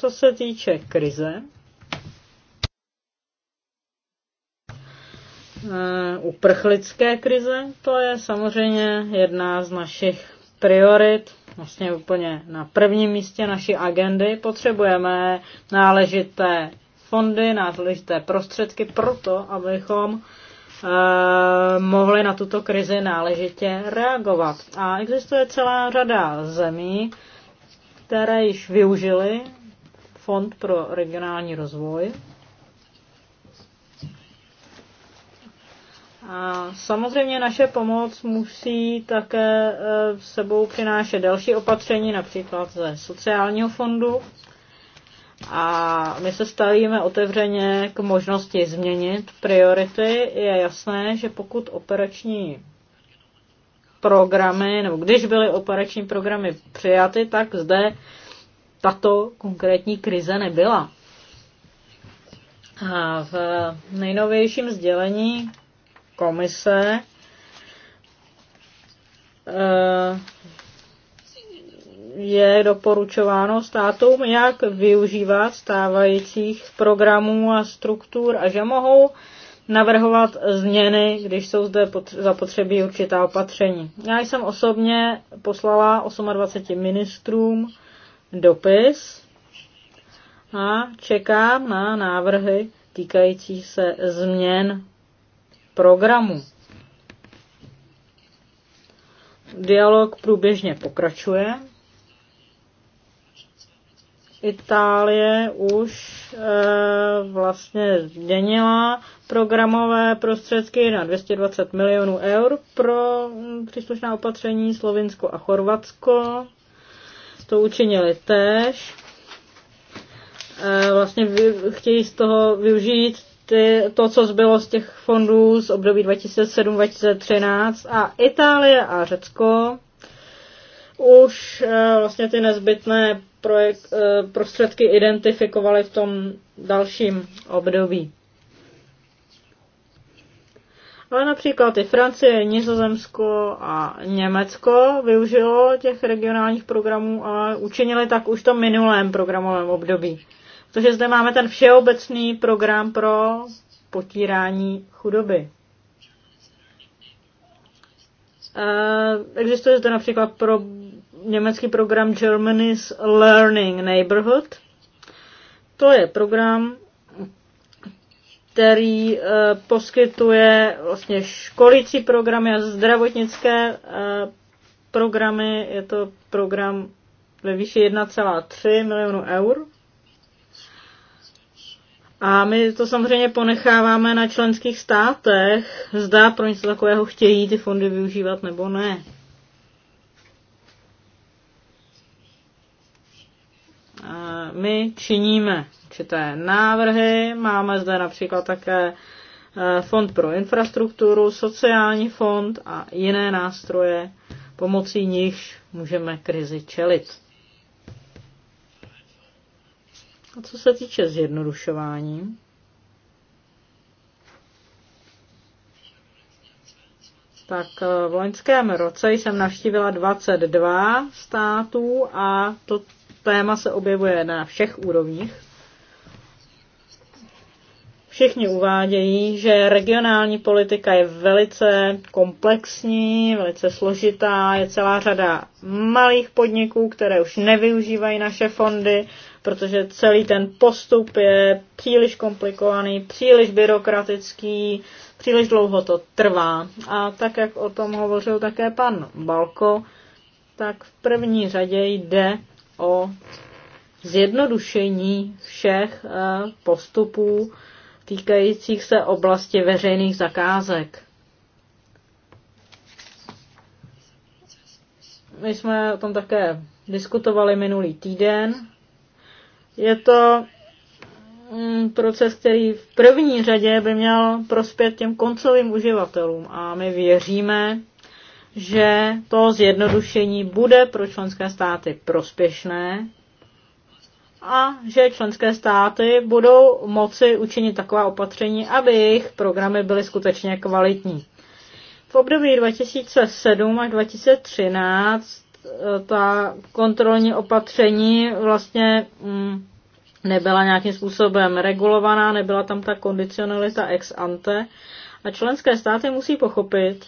Co se týče krize, eh, uprchlické krize, to je samozřejmě jedna z našich priorit, vlastně úplně na prvním místě naší agendy. Potřebujeme náležité fondy, náležité prostředky pro to, abychom eh, mohli na tuto krizi náležitě reagovat. A existuje celá řada zemí, které již využili Fond pro regionální rozvoj. A samozřejmě naše pomoc musí také v e, sebou přinášet další opatření, například ze sociálního fondu. A my se stavíme otevřeně k možnosti změnit priority. Je jasné, že pokud operační programy, nebo když byly operační programy přijaty, tak zde tato konkrétní krize nebyla. A v nejnovějším sdělení komise eh, je doporučováno státům, jak využívat stávajících programů a struktur a že mohou navrhovat změny, když jsou zde zapotřebí určitá opatření. Já jsem osobně poslala 28 ministrům dopis a čekám na návrhy týkající se změn programu. Dialog průběžně pokračuje. Itálie už e, vlastně změnila programové prostředky na 220 milionů eur pro mm, příslušná opatření Slovinsko a Chorvatsko to učinili též. E, vlastně chtějí z toho využít ty, to, co zbylo z těch fondů z období 2007-2013 a Itálie a Řecko už e, vlastně ty nezbytné projekt, e, prostředky identifikovali v tom dalším období. No Ale například i Francie, Nizozemsko a Německo využilo těch regionálních programů a učinili tak už to minulém programovém období. Protože zde máme ten všeobecný program pro potírání chudoby. E, existuje zde například pro německý program Germany's Learning Neighborhood. To je program, který eh, poskytuje vlastně školící programy a zdravotnické eh, programy. Je to program ve výši 1,3 milionu eur. A my to samozřejmě ponecháváme na členských státech, zda pro něco takového chtějí ty fondy využívat nebo ne. my činíme určité návrhy. Máme zde například také eh, fond pro infrastrukturu, sociální fond a jiné nástroje, pomocí nichž můžeme krizi čelit. A co se týče zjednodušování, tak eh, v loňském roce jsem navštívila 22 států a to téma se objevuje na všech úrovních. Všichni uvádějí, že regionální politika je velice komplexní, velice složitá, je celá řada malých podniků, které už nevyužívají naše fondy, protože celý ten postup je příliš komplikovaný, příliš byrokratický, příliš dlouho to trvá. A tak, jak o tom hovořil také pan Balko, tak v první řadě jde o zjednodušení všech eh, postupů týkajících se oblasti veřejných zakázek. My jsme o tom také diskutovali minulý týden. Je to mm, proces, který v první řadě by měl prospět těm koncovým uživatelům a my věříme, že to zjednodušení bude pro členské státy prospěšné a že členské státy budou moci učinit taková opatření, aby jejich programy byly skutečně kvalitní. V období 2007 až 2013 eh, ta kontrolní opatření vlastně mm, nebyla nějakým způsobem regulovaná, nebyla tam ta kondicionalita ex ante a členské státy musí pochopit,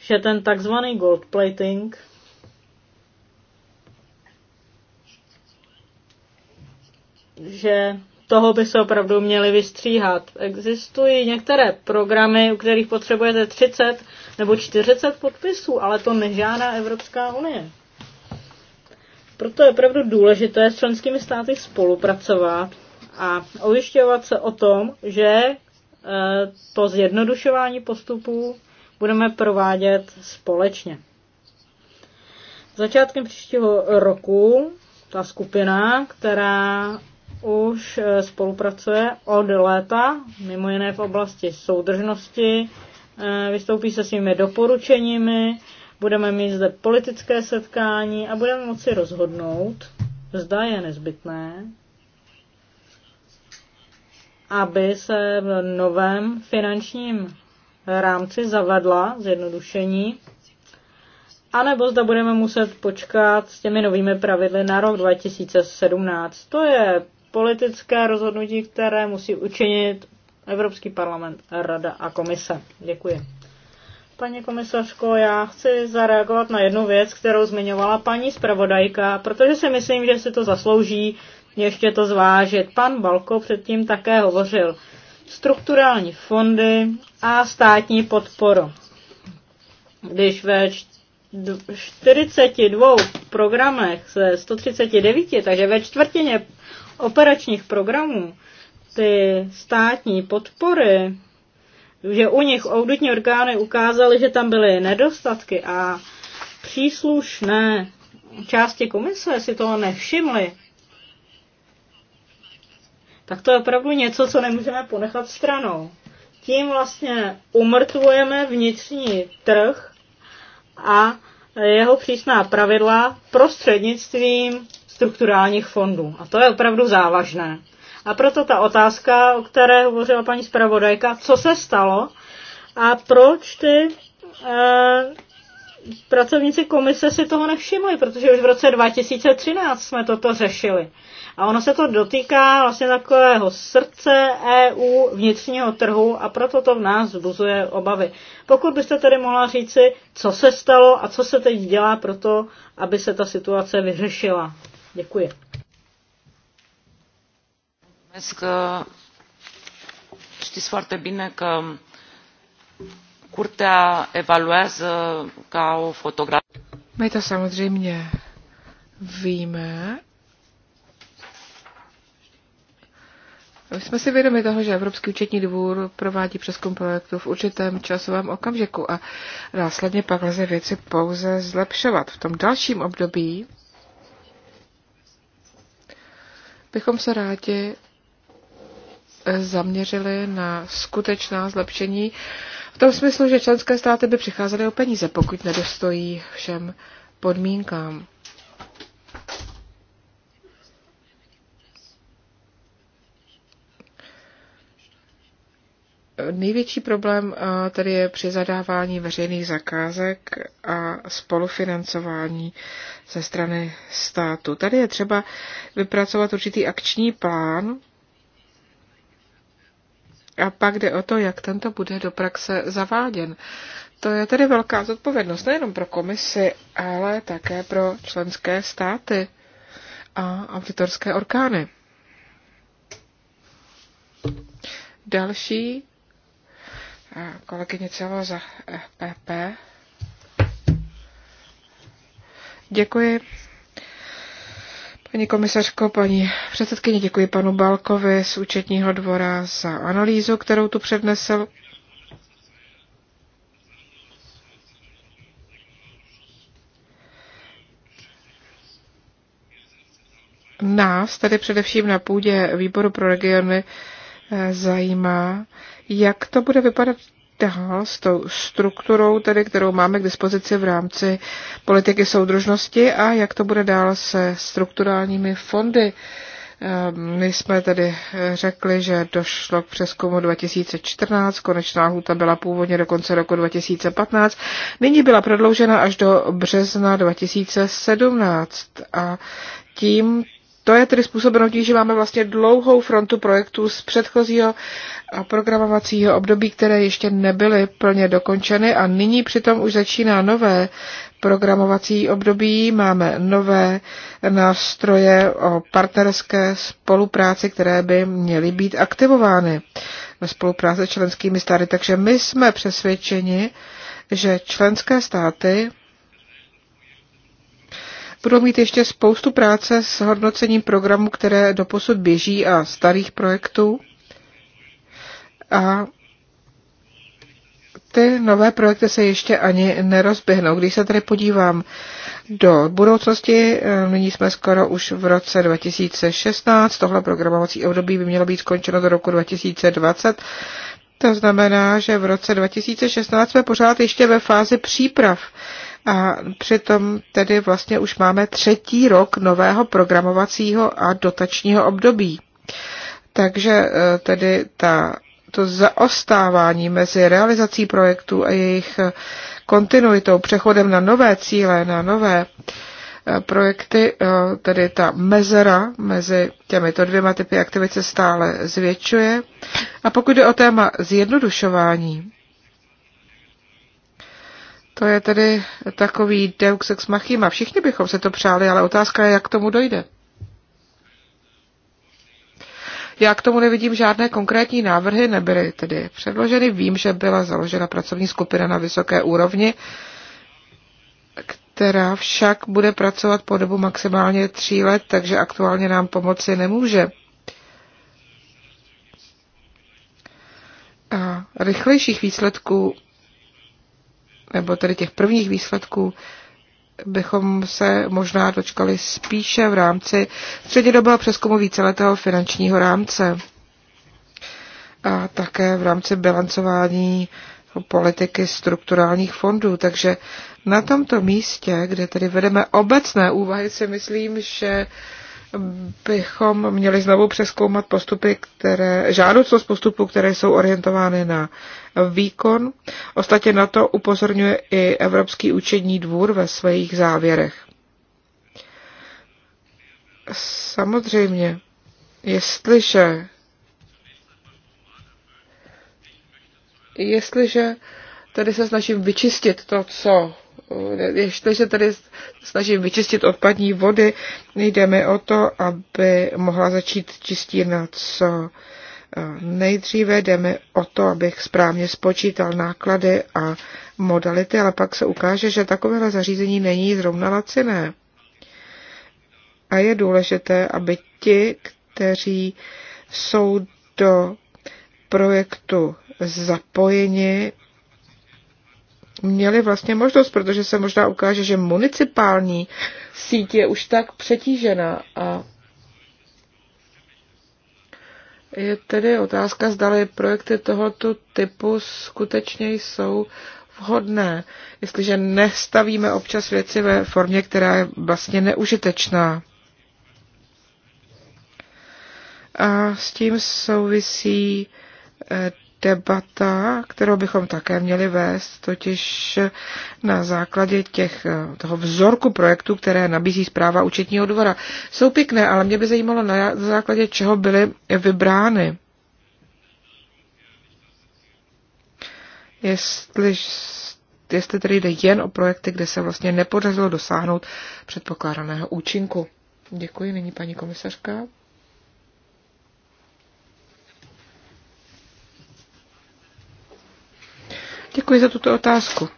že ten takzvaný gold plating že toho by se opravdu měli vystříhat. Existují některé programy, u kterých potřebujete 30 nebo 40 podpisů, ale to nežádá Evropská unie. Proto je opravdu důležité s členskými státy spolupracovat a ujišťovat se o tom, že eh, to zjednodušování postupů budeme provádět společně. Začátkem příštího roku ta skupina, která už eh, spolupracuje od léta, mimo jiné v oblasti soudržnosti, eh, vystoupí se svými doporučeními, budeme mít zde politické setkání a budeme moci rozhodnout, zda je nezbytné, aby se v novém finančním rámci zavedla zjednodušení, anebo zda budeme muset počkat s těmi novými pravidly na rok 2017. To je politické rozhodnutí, které musí učinit Evropský parlament, Rada a Komise. Děkuji. Paní komisařko, já chci zareagovat na jednu věc, kterou zmiňovala paní zpravodajka, protože si myslím, že si to zaslouží ještě to zvážit. Pan Balko předtím také hovořil strukturální fondy a státní podporu. Když ve 42 programech ze 139, takže ve čtvrtině operačních programů, ty státní podpory, že u nich auditní orgány ukázaly, že tam byly nedostatky a příslušné části komise si toho nevšimly, tak to je opravdu něco, co nemůžeme ponechat stranou. Tím vlastně umrtvujeme vnitřní trh a jeho přísná pravidla prostřednictvím strukturálních fondů. A to je opravdu závažné. A proto ta otázka, o které hovořila paní zpravodajka, co se stalo a proč ty eh, pracovníci komise si toho nevšimli, protože už v roce 2013 jsme toto řešili. A ono se to dotýká vlastně takového srdce EU vnitřního trhu a proto to v nás vzbuzuje obavy. Pokud byste tedy mohla říci, co se stalo a co se teď dělá pro to, aby se ta situace vyřešila. Děkuji. Dneska, uh, foarte bine că um, curtea evaluează ca o fotografie. My to samozřejmě víme. Jsme si vědomi toho, že Evropský účetní dvůr provádí přeskum projektu v určitém časovém okamžiku a následně pak lze věci pouze zlepšovat. V tom dalším období bychom se rádi zaměřili na skutečná zlepšení v tom smyslu, že členské státy by přicházely o peníze, pokud nedostojí všem podmínkám. Největší problém tedy je při zadávání veřejných zakázek a spolufinancování ze strany státu. Tady je třeba vypracovat určitý akční plán, a pak jde o to, jak tento bude do praxe zaváděn. To je tedy velká zodpovědnost nejenom pro komisi, ale také pro členské státy a auditorské orgány. Další kolegyně Celo za PP. E Děkuji, Paní komisařko, paní předsedkyně, děkuji panu Balkovi z účetního dvora za analýzu, kterou tu přednesl. Nás, tedy především na půdě výboru pro regiony, eh, zajímá, jak to bude vypadat dál s tou strukturou, tedy, kterou máme k dispozici v rámci politiky soudržnosti a jak to bude dál se strukturálními fondy. Ehm, my jsme tedy řekli, že došlo k přeskumu 2014, konečná lhůta byla původně do konce roku 2015, nyní byla prodloužena až do března 2017 a tím to je tedy způsobeno tím, že máme vlastně dlouhou frontu projektů z předchozího programovacího období, které ještě nebyly plně dokončeny a nyní přitom už začíná nové programovací období. Máme nové nástroje o partnerské spolupráci, které by měly být aktivovány ve spolupráci s členskými státy. Takže my jsme přesvědčeni, že členské státy budou mít ještě spoustu práce s hodnocením programů, které doposud běží a starých projektů. A ty nové projekty se ještě ani nerozběhnou. Když se tady podívám do budoucnosti, eh, nyní jsme skoro už v roce 2016, tohle programovací období by mělo být skončeno do roku 2020, to znamená, že v roce 2016 jsme pořád ještě ve fázi příprav a přitom tedy vlastně už máme třetí rok nového programovacího a dotačního období. Takže e, tedy ta, to zaostávání mezi realizací projektů a jejich e, kontinuitou, přechodem na nové cíle, na nové e, projekty, tedy ta mezera mezi těmito dvěma typy aktivit se stále zvětšuje. A pokud jde o téma zjednodušování, to je tedy takový deux ex machina. Všichni bychom se to přáli, ale otázka je, jak k tomu dojde. Já k tomu nevidím žádné konkrétní návrhy, nebyly tedy předloženy. Vím, že byla založena pracovní skupina na vysoké úrovni, která však bude pracovat po dobu maximálně tří let, takže aktuálně nám pomoci nemůže. A rychlejších výsledků nebo tedy těch prvních výsledků, bychom se možná dočkali spíše v rámci střednědobého přeskumu víceletého finančního rámce a také v rámci bilancování politiky strukturálních fondů. Takže na tomto místě, kde tedy vedeme obecné úvahy, si myslím, že bychom měli znovu přeskoumat postupy, které, žádoucnost postupů, které jsou orientovány na výkon. Ostatně na to upozorňuje i Evropský účetní dvůr ve svých závěrech. Samozřejmě, jestliže jestliže Tady se snažím vyčistit to, co Eh, ještě se tady snažím vyčistit odpadní vody, nejdeme mi o to, aby mohla začít na co eh, nejdříve, jde mi o to, abych správně spočítal náklady a modality, ale pak se ukáže, že takové zařízení není zrovna laciné. A je důležité, aby ti, kteří jsou do projektu zapojeni, měli vlastně možnost, protože se možná ukáže, že municipální síť je už tak přetížena a je tedy otázka, zdali projekty tohoto typu skutečně jsou vhodné, jestliže nestavíme občas věci ve formě, která je vlastně neužitečná. A s tím souvisí eh, debata, kterou bychom také měli vést, totiž na základě těch, toho vzorku projektů, které nabízí zpráva účetního dvora. Jsou pěkné, ale mě by zajímalo, na základě čeho byly vybrány. Jestli, jestli tedy jde jen o projekty, kde se vlastně nepodařilo dosáhnout předpokládaného účinku. Děkuji, nyní paní komisařka. Děkuji za tuto otázku.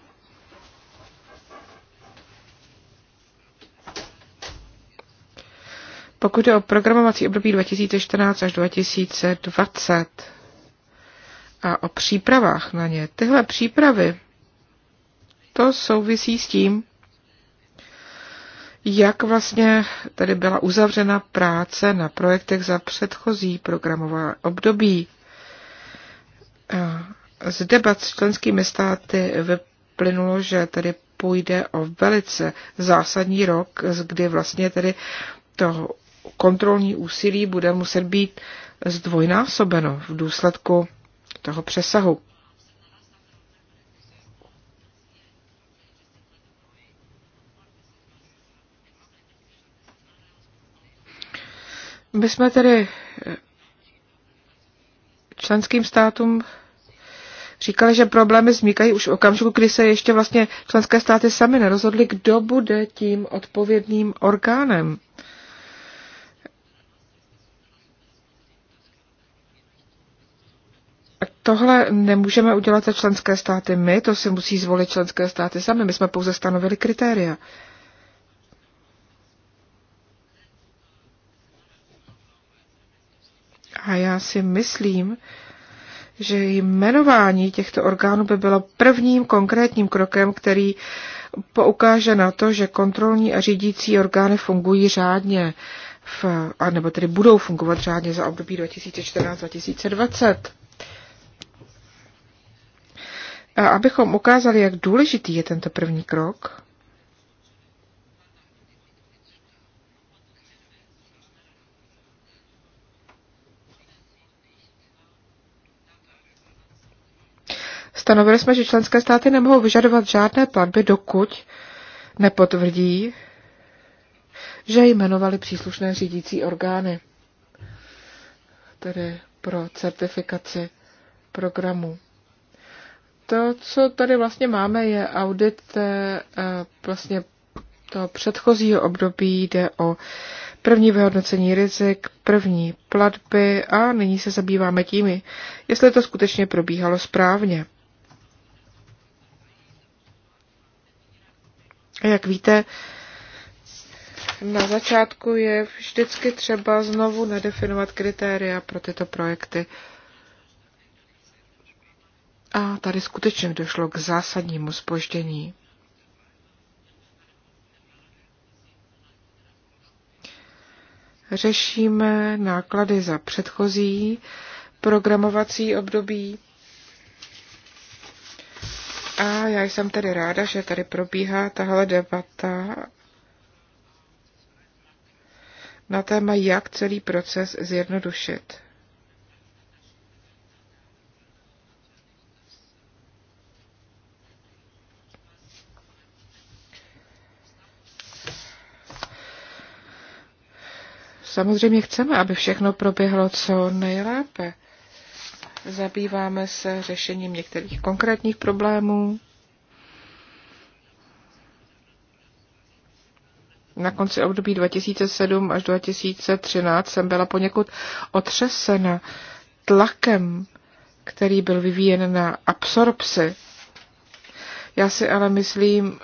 Pokud je o programovací období 2014 až 2020 a o přípravách na ně, tyhle přípravy, to souvisí s tím, jak vlastně tady byla uzavřena práce na projektech za předchozí programové období. Z debat s členskými státy vyplynulo, že tedy půjde o velice zásadní rok, kdy vlastně tedy to kontrolní úsilí bude muset být zdvojnásobeno v důsledku toho přesahu. My jsme tedy členským státům Říkala, že problémy vznikají už v okamžiku, kdy se ještě vlastně členské státy sami nerozhodly, kdo bude tím odpovědným orgánem. Tohle nemůžeme udělat za členské státy my, to si musí zvolit členské státy sami. My jsme pouze stanovili kritéria. A já si myslím, že jmenování těchto orgánů by bylo prvním konkrétním krokem, který poukáže na to, že kontrolní a řídící orgány fungují řádně, v, a nebo tedy budou fungovat řádně za období 2014-2020. A abychom ukázali, jak důležitý je tento první krok, stanovili jsme, že členské státy nemohou vyžadovat žádné platby, dokud nepotvrdí, že jmenovali příslušné řídící orgány, tedy pro certifikaci programu. To, co tady vlastně máme, je audit eh, vlastně toho předchozího období, jde o první vyhodnocení rizik, první platby a nyní se zabýváme tím, jestli to skutečně probíhalo správně. Jak víte, na začátku je vždycky třeba znovu nadefinovat kritéria pro tyto projekty. A tady skutečně došlo k zásadnímu spoždění. Řešíme náklady za předchozí programovací období a já jsem tedy ráda, že tady probíhá tahle debata na téma, jak celý proces zjednodušit. Samozřejmě chceme, aby všechno proběhlo co nejlépe zabýváme se řešením některých konkrétních problémů. Na konci období 2007 až 2013 jsem byla poněkud otřesena tlakem, který byl vyvíjen na absorpci. Já si ale myslím,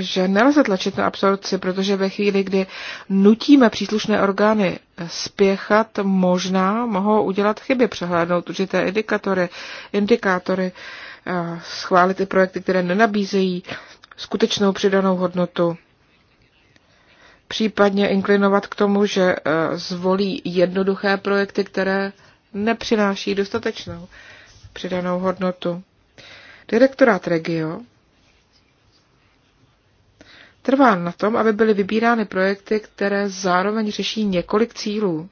že nelze tlačit na absorpci, protože ve chvíli, kdy nutíme příslušné orgány spěchat, možná mohou udělat chyby, přehlédnout určité indikatory, indikátory, eh, schválit ty projekty, které nenabízejí skutečnou přidanou hodnotu, případně inklinovat k tomu, že eh, zvolí jednoduché projekty, které nepřináší dostatečnou přidanou hodnotu. Direktorát Regio Trval na tom, aby byly vybírány projekty, které zároveň řeší několik cílů.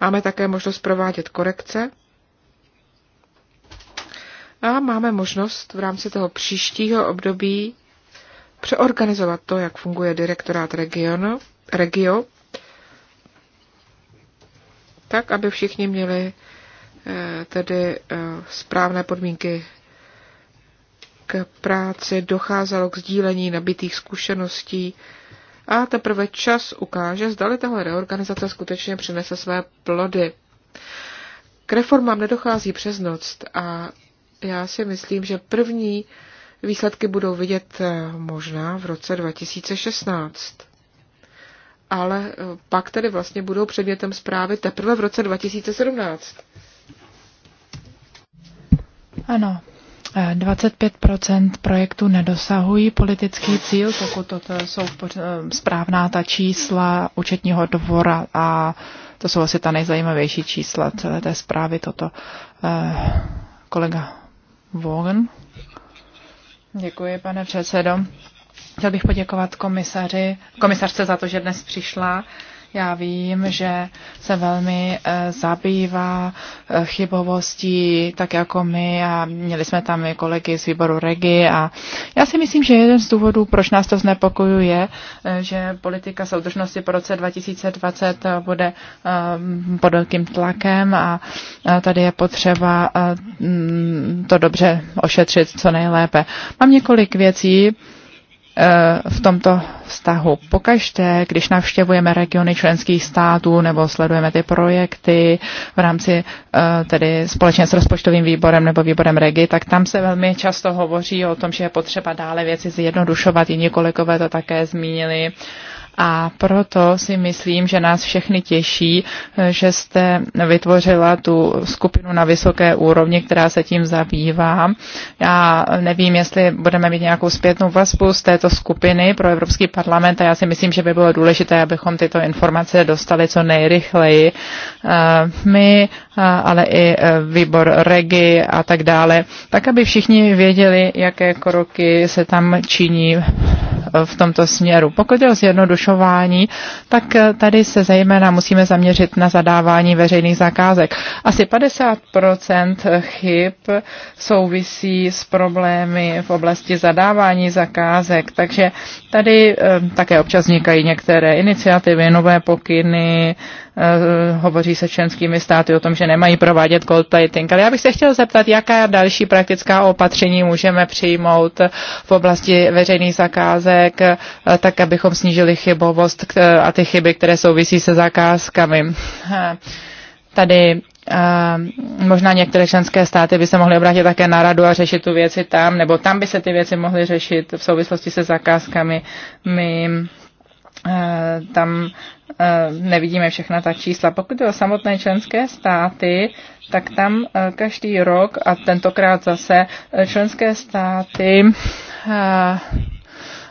Máme také možnost provádět korekce a máme možnost v rámci toho příštího období přeorganizovat to, jak funguje direktorát regionu, regio, tak, aby všichni měli eh, tedy eh, správné podmínky Práce docházelo k sdílení nabitých zkušeností a teprve čas ukáže, zdali tahle reorganizace skutečně přinese své plody. K reformám nedochází přes noc a já si myslím, že první výsledky budou vidět eh, možná v roce 2016. Ale eh, pak tedy vlastně budou předmětem zprávy teprve v roce 2017. Ano, 25 eh, projektů nedosahují politický cíl, pokud to jsou eh, správná ta čísla účetního dvora a to jsou asi ta nejzajímavější čísla celé té zprávy, toto eh, kolega Vogen. Děkuji, pane předsedo. Chtěl bych poděkovat komisaři, komisařce za to, že dnes přišla já vím, že se velmi eh, zabývá eh, chybovostí, tak jako my a měli jsme tam i kolegy z výboru Regi a já si myslím, že jeden z důvodů, proč nás to znepokojuje, eh, že politika soudržnosti po roce 2020 bude pod velkým tlakem a tady je potřeba mm, to dobře ošetřit co nejlépe. Mám několik věcí, Eh, v tomto vztahu. Pokaždé, když navštěvujeme regiony členských států nebo sledujeme ty projekty v rámci eh, tedy společně s rozpočtovým výborem nebo výborem regi, tak tam se velmi často hovoří o tom, že je potřeba dále věci zjednodušovat. Jiní kolegové to také zmínili. Uh, a proto si myslím, že nás všechny těší, eh, že jste vytvořila tu skupinu na vysoké úrovni, která se tím zabývá. Já nevím, jestli budeme mít nějakou zpětnou vazbu z této skupiny pro Evropský parlament a já si myslím, že by bylo důležité, abychom tyto informace dostali co nejrychleji. Eh, my, eh, ale i výbor Regi a tak dále, tak aby všichni věděli, jaké kroky se tam činí v tomto směru. Pokud je o zjednodušování, tak eh, tady se zejména musíme zaměřit na zadávání veřejných zakázek. Asi 50 chyb souvisí s problémy v oblasti zadávání zakázek, takže tady eh, také občas vznikají některé iniciativy, nové pokyny, Eh, hovoří se členskými státy o tom, že nemají provádět gold plating. Ale já bych se chtěl zeptat, jaká další praktická opatření můžeme přijmout v oblasti veřejných zakázek, eh, tak abychom snížili chybovost eh, a ty chyby, které souvisí se zakázkami. Tady možná některé členské státy by se mohly obrátit také na radu a řešit tu věci tam, nebo tam by se ty věci mohly řešit v souvislosti se zakázkami. My Eh, tam eh, nevidíme všechna ta čísla. Pokud je o samotné členské státy, tak tam eh, každý rok a tentokrát zase členské státy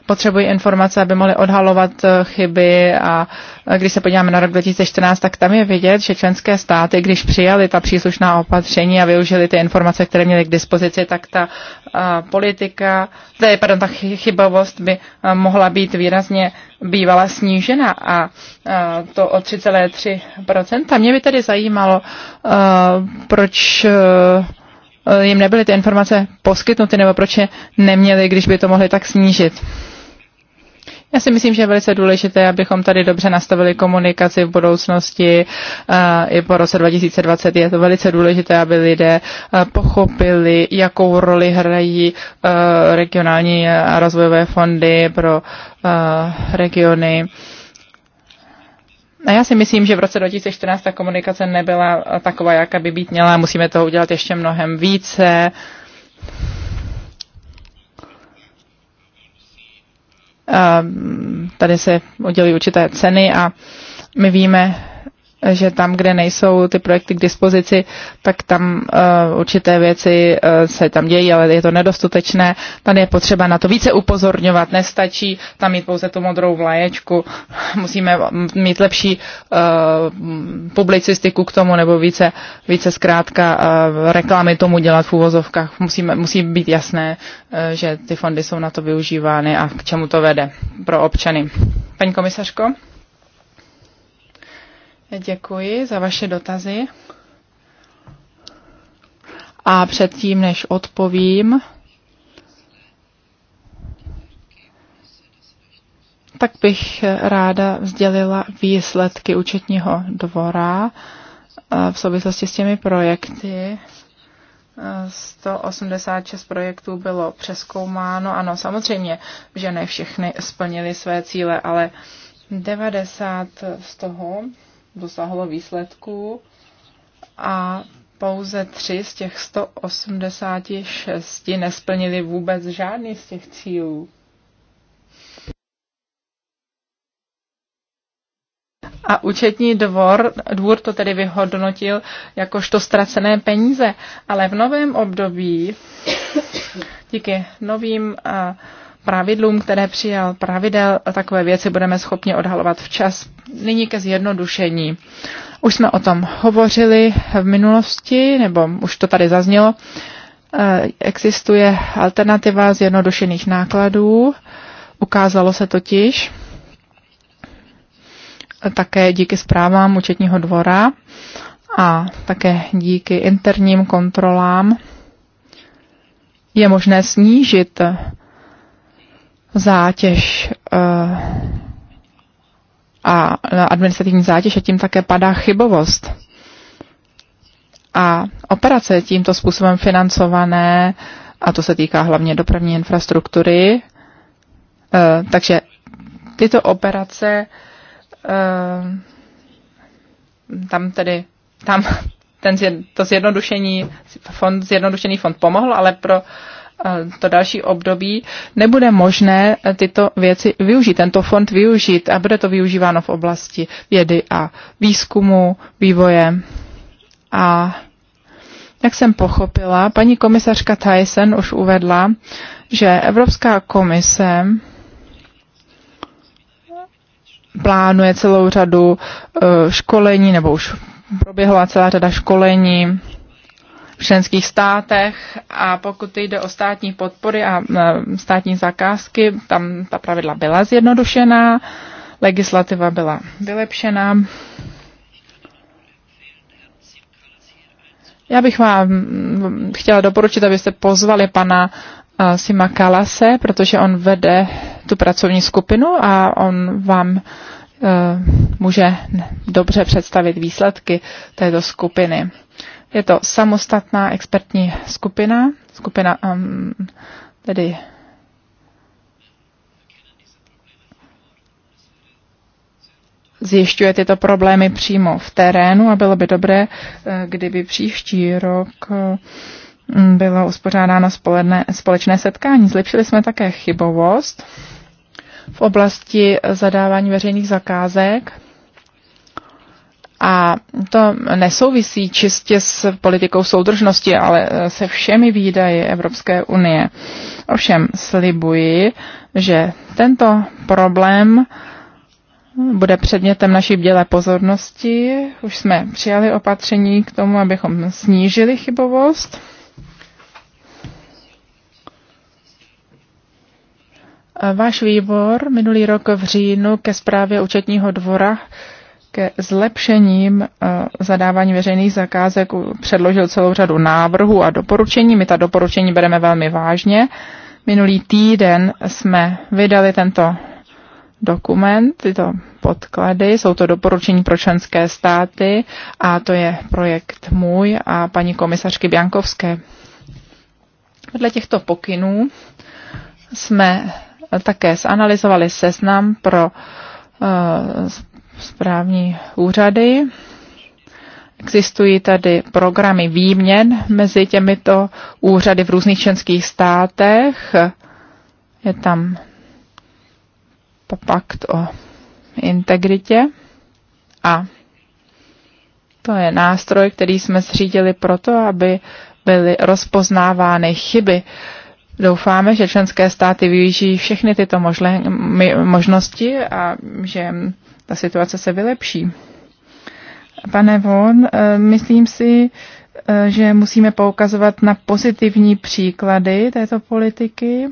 potřebují informace, aby mohli odhalovat eh, chyby a eh, když se podíváme na rok 2014, tak tam je vidět, že členské státy, když přijali ta příslušná opatření a využili ty informace, které měly k dispozici, tak ta eh, politika, tedy, pardon, ta chybovost by mohla být výrazně bývala snížena a to o 3,3%. Mě by tedy zajímalo, proč Eh, jim nebyly ty informace poskytnuty, nebo proč je neměli, když by to mohli tak snížit. Já si myslím, že je velice důležité, abychom tady dobře nastavili komunikaci v budoucnosti. Eh, I po roce 2020 je to velice důležité, aby lidé eh, pochopili, jakou roli hrají regionální a rozvojové fondy pro regiony a já si myslím, že v roce 2014 ta komunikace nebyla taková, jaká by být měla. Musíme toho udělat ještě mnohem více. A tady se udělí určité ceny a my víme, že tam, kde nejsou ty projekty k dispozici, tak tam uh, určité věci uh, se tam dějí, ale je to nedostatečné. Tady je potřeba na to více upozorňovat. Nestačí tam mít pouze tu modrou vlaječku. Musíme mít lepší uh, publicistiku k tomu, nebo více, více zkrátka uh, reklamy tomu dělat v úvozovkách. Musíme, musí být jasné, uh, že ty fondy jsou na to využívány a k čemu to vede pro občany. Paní komisařko? Děkuji za vaše dotazy. A předtím, než odpovím, tak bych ráda vzdělila výsledky účetního dvora eh, v souvislosti s těmi projekty. 186 eh, projektů bylo přeskoumáno. Ano, samozřejmě, že ne všechny splnili své cíle, ale 90 z toho dosáhlo výsledků a pouze tři z těch 186 nesplnili vůbec žádný z těch cílů. A účetní dvor, dvůr to tedy vyhodnotil jakožto ztracené peníze. Ale v novém období díky novým uh, pravidlům, které přijal pravidel, takové věci budeme schopni odhalovat včas. Nyní ke zjednodušení. Už jsme o tom hovořili v minulosti, nebo už to tady zaznělo. Eh, existuje alternativa zjednodušených nákladů. Ukázalo se totiž také díky zprávám účetního dvora a také díky interním kontrolám je možné snížit zátěž eh, a administrativní zátěž a tím také padá chybovost. A operace tímto způsobem financované, a to se týká hlavně dopravní infrastruktury, eh, takže tyto operace, eh, tam tedy, tam (laughs) ten, to zjednodušení, fond, zjednodušený fond pomohl, ale pro uh, to další období nebude možné tyto věci využít, tento fond využít a bude to využíváno v oblasti vědy a výzkumu, vývoje. A jak jsem pochopila, paní komisařka Tyson už uvedla, že Evropská komise plánuje celou řadu eh, školení, nebo už proběhla celá řada školení členských státech a pokud jde o státní podpory a e, státní zakázky, tam ta pravidla byla zjednodušená, legislativa byla vylepšená. Já bych vám mm, chtěla doporučit, abyste pozvali pana e, Sima Kalase, protože on vede tu pracovní skupinu a on vám e, může dobře představit výsledky této skupiny. Je to samostatná expertní skupina, skupina um, tedy zjišťuje tyto problémy přímo v terénu a bylo by dobré, eh, kdyby příští rok eh, bylo uspořádáno společné, společné setkání. Zlepšili jsme také chybovost v oblasti zadávání veřejných zakázek. A to nesouvisí čistě s politikou soudržnosti, ale e, se všemi výdaji Evropské unie. Ovšem slibuji, že tento problém bude předmětem naší bdělé pozornosti. Už jsme přijali opatření k tomu, abychom snížili chybovost. E, váš výbor minulý rok v říjnu ke zprávě účetního dvora ke zlepšením eh, zadávání veřejných zakázek předložil celou řadu návrhů a doporučení. My ta doporučení bereme velmi vážně. Minulý týden jsme vydali tento dokument, tyto podklady, jsou to doporučení pro členské státy a to je projekt můj a paní komisařky Biankovské. Vedle těchto pokynů jsme také zanalizovali seznam pro eh, správní úřady. Existují tady programy výměn mezi těmito úřady v různých členských státech. Je tam pakt o integritě a to je nástroj, který jsme zřídili proto, aby byly rozpoznávány chyby. Doufáme, že členské státy využijí všechny tyto možle, možnosti a že ta situace se vylepší. Pane Von, eh, myslím si, eh, že musíme poukazovat na pozitivní příklady této politiky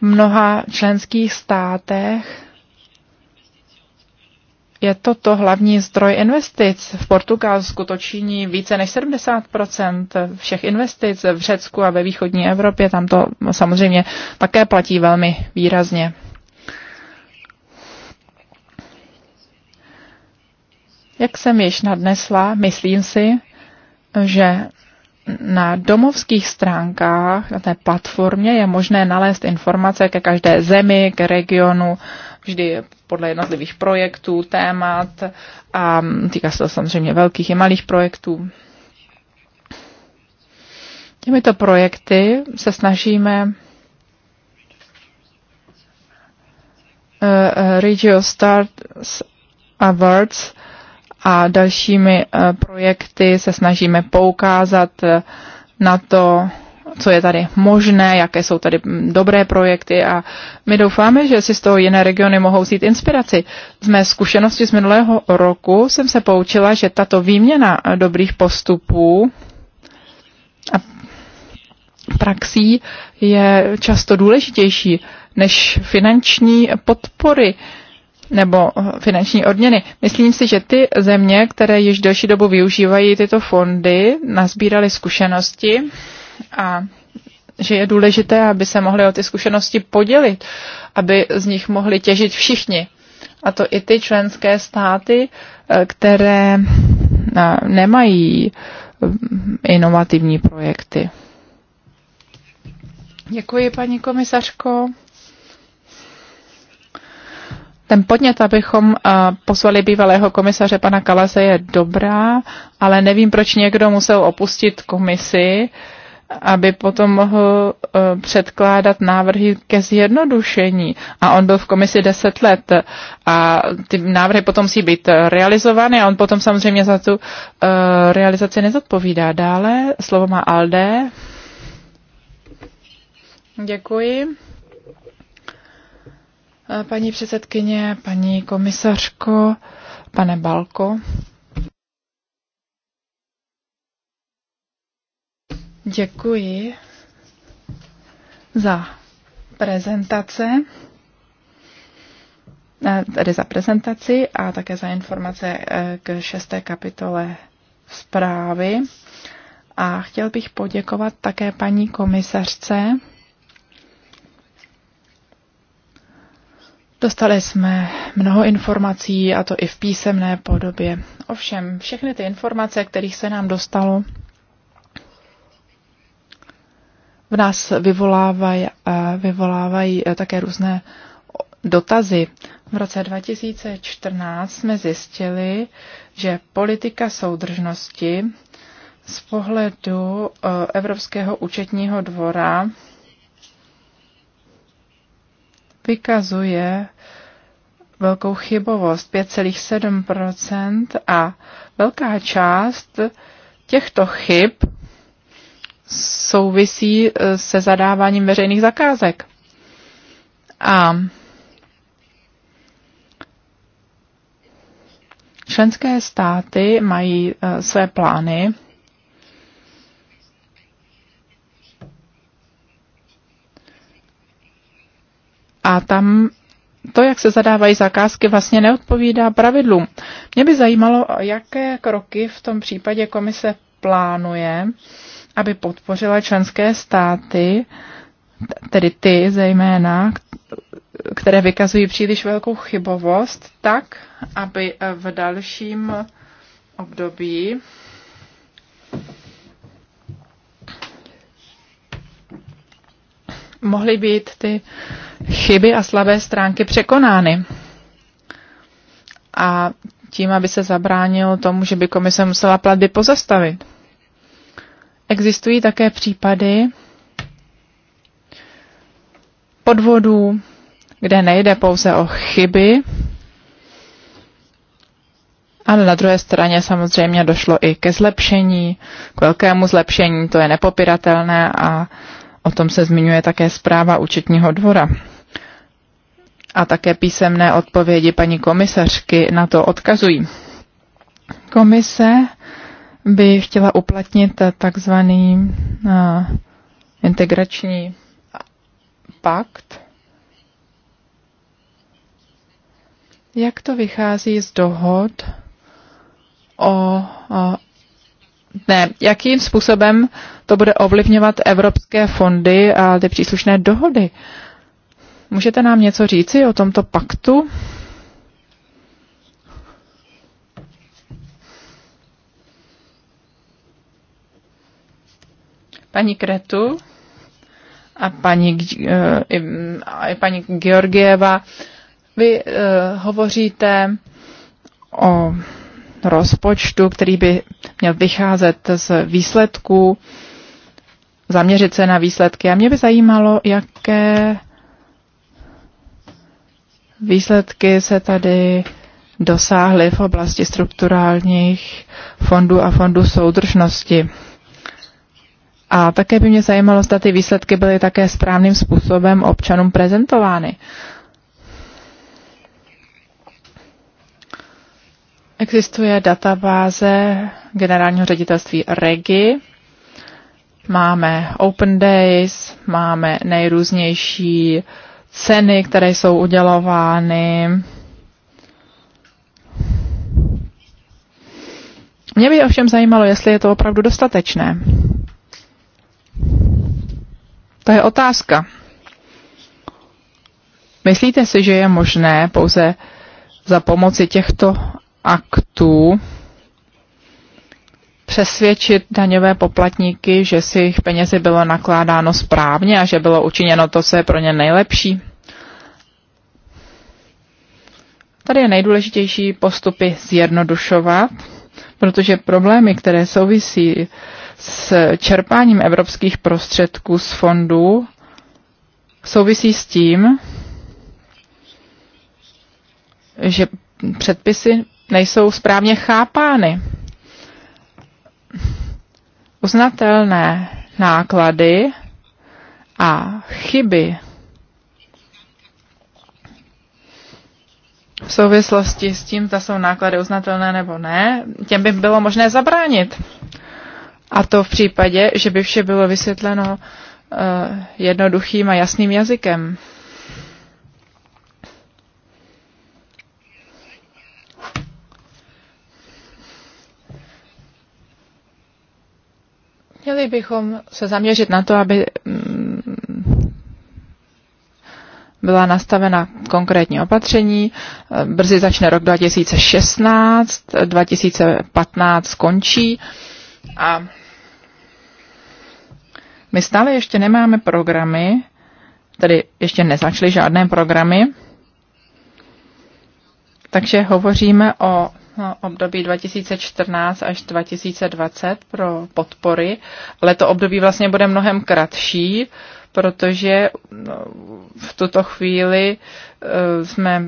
v mnoha členských státech. Je toto hlavní zdroj investic. V Portugalsku to činí více než 70 všech investic v Řecku a ve východní Evropě. Tam to samozřejmě také platí velmi výrazně. Jak jsem již nadnesla, myslím si, že na domovských stránkách, na té platformě je možné nalézt informace ke každé zemi, ke regionu, vždy podle jednotlivých projektů, témat a týká se to samozřejmě velkých i malých projektů. Těmito projekty se snažíme eh, eh, Regio Start Awards a dalšími eh, projekty se snažíme poukázat eh, na to, co je tady možné, jaké jsou tady mm, dobré projekty a my doufáme, že si z toho jiné regiony mohou vzít inspiraci. Z mé zkušenosti z minulého roku jsem se poučila, že tato výměna eh, dobrých postupů a praxí je často důležitější než finanční podpory. Uh, nebo eh, finanční odměny. Myslím si, že ty země, které již delší dobu využívají tyto fondy, nazbíraly zkušenosti a že je důležité, aby se mohly o ty zkušenosti podělit, aby z nich mohli těžit všichni. A to i ty členské státy, eh, které eh, nemají mm, inovativní projekty. Děkuji, paní komisařko ten podnět, abychom eh, pozvali bývalého komisaře pana Kalase, je dobrá, ale nevím, proč někdo musel opustit komisi, aby potom mohl eh, předkládat návrhy ke zjednodušení. A on byl v komisi deset let a ty návrhy potom musí být realizovány a on potom samozřejmě za tu eh, realizaci nezodpovídá. Dále slovo má Alde. Děkuji. Eh, paní předsedkyně, paní komisařko, pane Balko. Děkuji za prezentace, eh, tedy za prezentaci a také za informace eh, k šesté kapitole zprávy. A chtěl bych poděkovat také paní komisařce Dostali jsme mnoho informací, a to i v písemné podobě. Ovšem, všechny ty informace, kterých se nám dostalo, v nás vyvolávají, vyvolávají e, také různé dotazy. V roce 2014 jsme zjistili, že politika soudržnosti z pohledu e, Evropského účetního dvora vykazuje velkou chybovost 5,7% a velká část těchto chyb souvisí eh, se zadáváním veřejných zakázek. A členské státy mají eh, své plány a tam to, jak se zadávají zakázky, vlastně neodpovídá pravidlům. Mě by zajímalo, jaké kroky v tom případě komise plánuje, aby podpořila členské státy, tedy ty zejména, které vykazují příliš velkou chybovost, tak, aby v dalším období mohly být ty chyby a slabé stránky překonány. A tím, aby se zabránilo tomu, že by komise musela platby pozastavit. Existují také případy podvodů, kde nejde pouze o chyby, ale na druhé straně samozřejmě došlo i ke zlepšení, k velkému zlepšení, to je nepopiratelné a O tom se zmiňuje také zpráva účetního dvora. A také písemné odpovědi paní komisařky na to odkazují. Komise by chtěla uplatnit takzvaný eh, integrační pakt. Jak to vychází z dohod o, o ne, jakým způsobem to bude ovlivňovat evropské fondy a ty příslušné dohody. Můžete nám něco říci o tomto paktu? Paní Kretu a paní, eh, i paní Georgieva, vy eh, hovoříte o rozpočtu, který by měl vycházet z výsledků zaměřit se na výsledky. A mě by zajímalo, jaké výsledky se tady dosáhly v oblasti strukturálních fondů a fondů soudržnosti. A také by mě zajímalo, zda ty výsledky byly také správným způsobem občanům prezentovány. Existuje databáze generálního ředitelství REGI, Máme Open Days, máme nejrůznější ceny, které jsou udělovány. Mě by ovšem zajímalo, jestli je to opravdu dostatečné. To je otázka. Myslíte si, že je možné pouze za pomoci těchto aktů přesvědčit daňové poplatníky, že si jejich penězi bylo nakládáno správně a že bylo učiněno to, co je pro ně nejlepší? Tady je nejdůležitější postupy zjednodušovat, protože problémy, které souvisí s čerpáním evropských prostředků z fondů, souvisí s tím, že předpisy nejsou správně chápány uznatelné náklady a chyby v souvislosti s tím, zda jsou náklady uznatelné nebo ne, těm by bylo možné zabránit. A to v případě, že by vše bylo vysvětleno uh, jednoduchým a jasným jazykem. Měli bychom se zaměřit na to, aby mm, byla nastavena konkrétní opatření. Brzy začne rok 2016, 2015 skončí a my stále ještě nemáme programy, tedy ještě nezačaly žádné programy, takže hovoříme o období 2014 až 2020 pro podpory. Leto období vlastně bude mnohem kratší, protože no, v tuto chvíli e, jsme,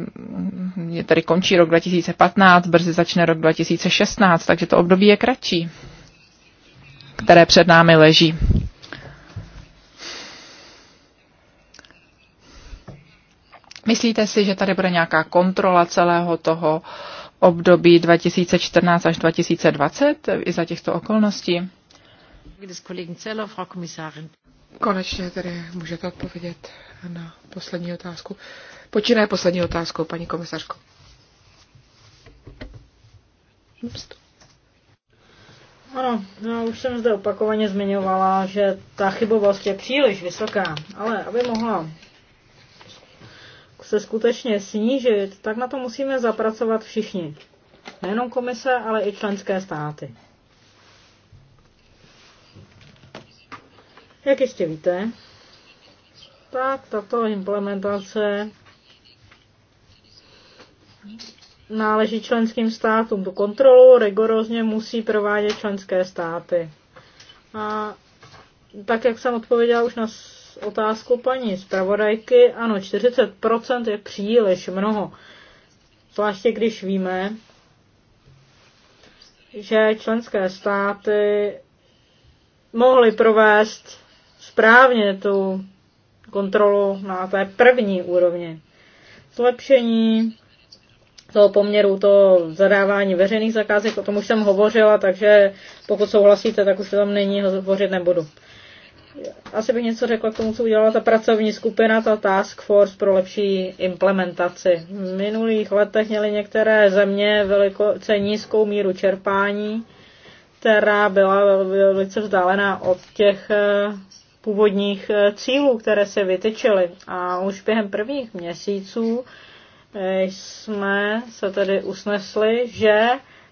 je tady končí rok 2015, brzy začne rok 2016, takže to období je kratší, které před námi leží. Myslíte si, že tady bude nějaká kontrola celého toho uh, období 2014 až 2020 i za těchto okolností? Konečně tedy můžete odpovědět na poslední otázku. Počínaje poslední otázkou, paní komisařko. Ano, já už jsem zde opakovaně zmiňovala, že ta chybovost je příliš vysoká, ale aby mohla se skutečně snížit, tak na to musíme zapracovat všichni. Nejenom komise, ale i členské státy. Jak jistě víte, tak tato implementace náleží členským státům. Tu kontrolu rigorózně musí provádět členské státy. A tak, jak jsem odpověděla už na otázku paní zpravodajky. Ano, 40% je příliš mnoho. Zvláště když víme, že členské státy mohly provést správně tu kontrolu na té první úrovni. Zlepšení toho poměru, to zadávání veřejných zakázek, o tom už jsem hovořila, takže pokud souhlasíte, tak už se tam není, hovořit nebudu asi bych něco řekla k tomu, co udělala ta pracovní skupina, ta Task Force pro lepší implementaci. V minulých letech měly některé země velice nízkou míru čerpání, která byla velice vzdálená od těch eh, původních eh, cílů, které se vytyčily. A už během prvních měsíců eh, jsme se tedy usnesli, že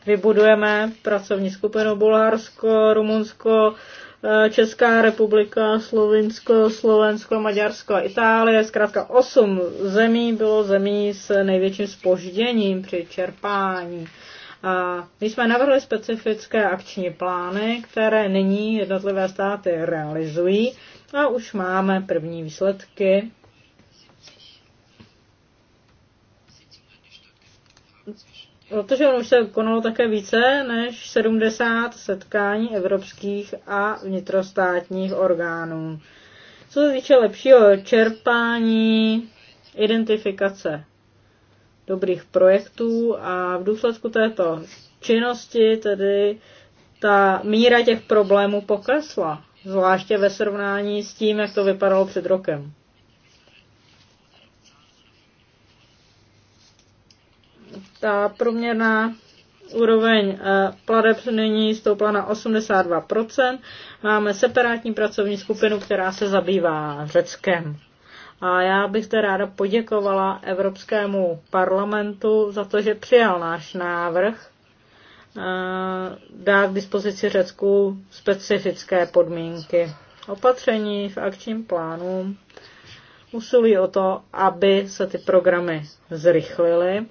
vybudujeme pracovní skupinu Bulharsko, Rumunsko, Eh, Česká republika, Slovinsko, Slovensko, Maďarsko a Itálie. Zkrátka 8 zemí bylo zemí s největším spožděním při čerpání. A my jsme navrhli specifické akční plány, které nyní jednotlivé státy realizují a už máme první výsledky protože ono už se konalo také více než 70 setkání evropských a vnitrostátních orgánů. Co se týče lepšího čerpání, identifikace dobrých projektů a v důsledku této činnosti tedy ta míra těch problémů poklesla, zvláště ve srovnání s tím, jak to vypadalo před rokem. Ta průměrná úroveň eh, pladeb nyní stoupla na 82%. Máme separátní pracovní skupinu, která se zabývá Řeckem. A já bych zde ráda poděkovala Evropskému parlamentu za to, že přijal náš návrh eh, dá k dispozici Řecku specifické podmínky. Opatření v akčním plánu usilují o to, aby se ty programy zrychlily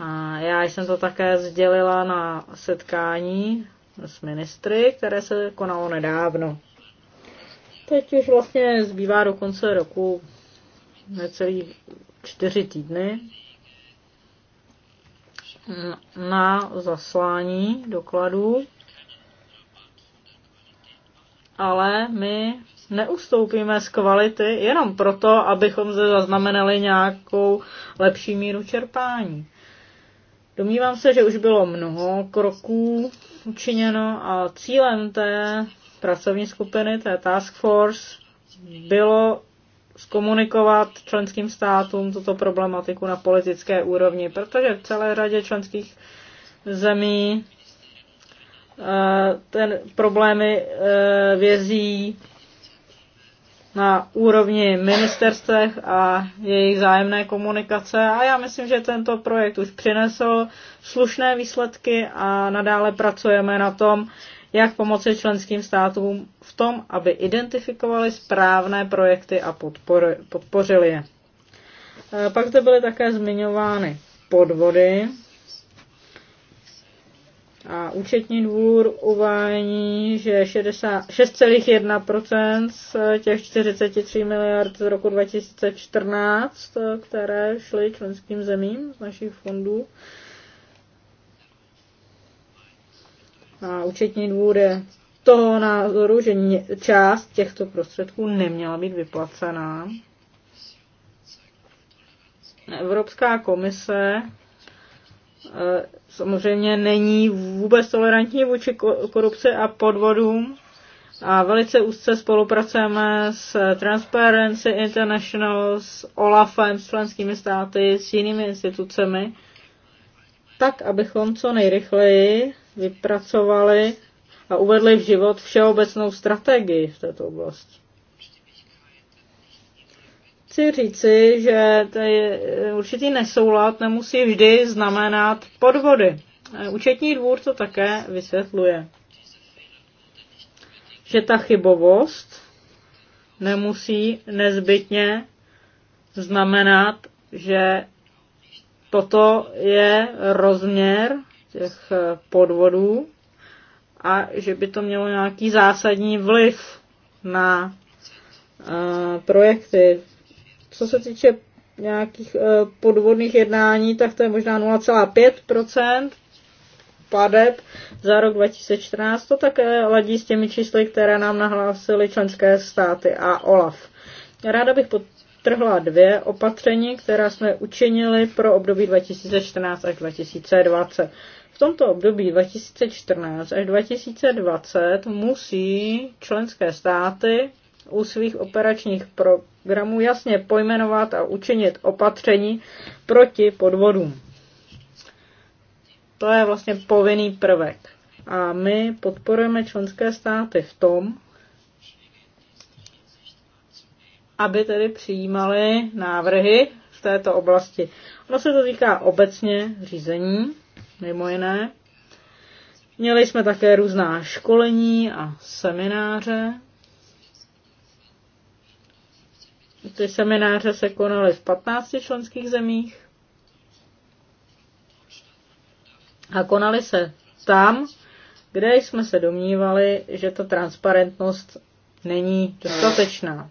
a já jsem to také sdělila na setkání s ministry, které se konalo nedávno. Teď už vlastně zbývá do konce roku necelý čtyři týdny na zaslání dokladů, ale my neustoupíme z kvality jenom proto, abychom zde zaznamenali nějakou lepší míru čerpání. Domnívám se, že už bylo mnoho kroků učiněno a cílem té pracovní skupiny, té task force, bylo zkomunikovat členským státům tuto problematiku na politické úrovni, protože v celé řadě členských zemí eh, ten problémy eh, vězí na úrovni ministerstev a jejich zájemné komunikace a já myslím, že tento projekt už přinesl slušné výsledky a nadále pracujeme na tom, jak pomoci členským státům v tom, aby identifikovali správné projekty a podpořili je. E, pak zde byly také zmiňovány podvody. A účetní dvůr uvádí, že 6,1% z těch 43 miliard z roku 2014, které šly členským zemím z našich fondů, A účetní dvůr je toho názoru, že část těchto prostředků neměla být vyplacená. Evropská komise Eh, samozřejmě není vůbec tolerantní vůči korupci a podvodům a velice úzce spolupracujeme s Transparency International, s OLAFem, s členskými státy, s jinými institucemi, tak, abychom co nejrychleji vypracovali a uvedli v život všeobecnou strategii v této oblasti chci říci, že ty eh, určitý nesoulad nemusí vždy znamenat podvody. Eh, účetní dvůr to také vysvětluje. Že ta chybovost nemusí nezbytně znamenat, že toto je rozměr těch eh, podvodů a že by to mělo nějaký zásadní vliv na projekty co se týče nějakých eh, podvodných jednání, tak to je možná 0,5 pladeb za rok 2014. To také ladí s těmi čísly, které nám nahlásily členské státy a OLAF. Ráda bych potrhla dvě opatření, která jsme učinili pro období 2014 až 2020. V tomto období 2014 až 2020 musí členské státy u svých operačních pro gramů jasně pojmenovat a učinit opatření proti podvodům. To je vlastně povinný prvek. A my podporujeme členské státy v tom, aby tedy přijímali návrhy v této oblasti. Ono se to týká obecně řízení, mimo jiné. Měli jsme také různá školení a semináře Ty semináře se konaly v 15 členských zemích a konaly se tam, kde jsme se domnívali, že ta transparentnost není dostatečná.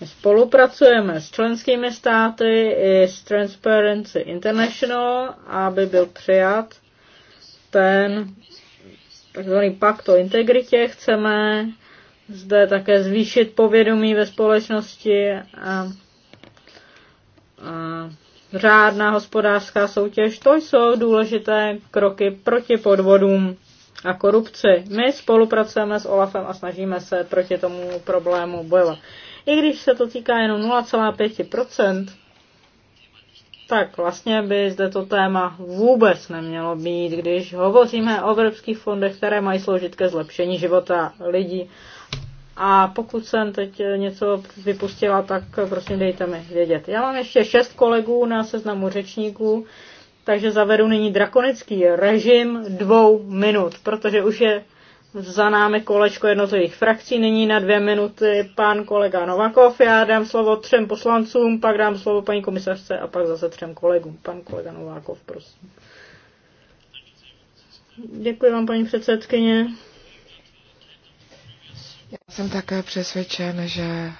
My spolupracujeme s členskými státy i s Transparency International, aby byl přijat ten takzvaný pakt o integritě. Chceme zde také zvýšit povědomí ve společnosti a, a řádná hospodářská soutěž. To jsou důležité kroky proti podvodům a korupci. My spolupracujeme s OLAFem a snažíme se proti tomu problému bojovat. I když se to týká jenom 0,5%, tak vlastně by zde to téma vůbec nemělo být, když hovoříme o evropských fondech, které mají sloužit ke zlepšení života lidí a pokud jsem teď něco vypustila, tak prosím dejte mi vědět. Já mám ještě šest kolegů na seznamu řečníků, takže zavedu nyní drakonický režim dvou minut, protože už je za námi kolečko jednotlivých frakcí. Nyní na dvě minuty pan kolega Novakov. Já dám slovo třem poslancům, pak dám slovo paní komisařce a pak zase třem kolegům. Pan kolega Novákov, prosím. Děkuji vám, paní předsedkyně. Já jsem také přesvědčen, že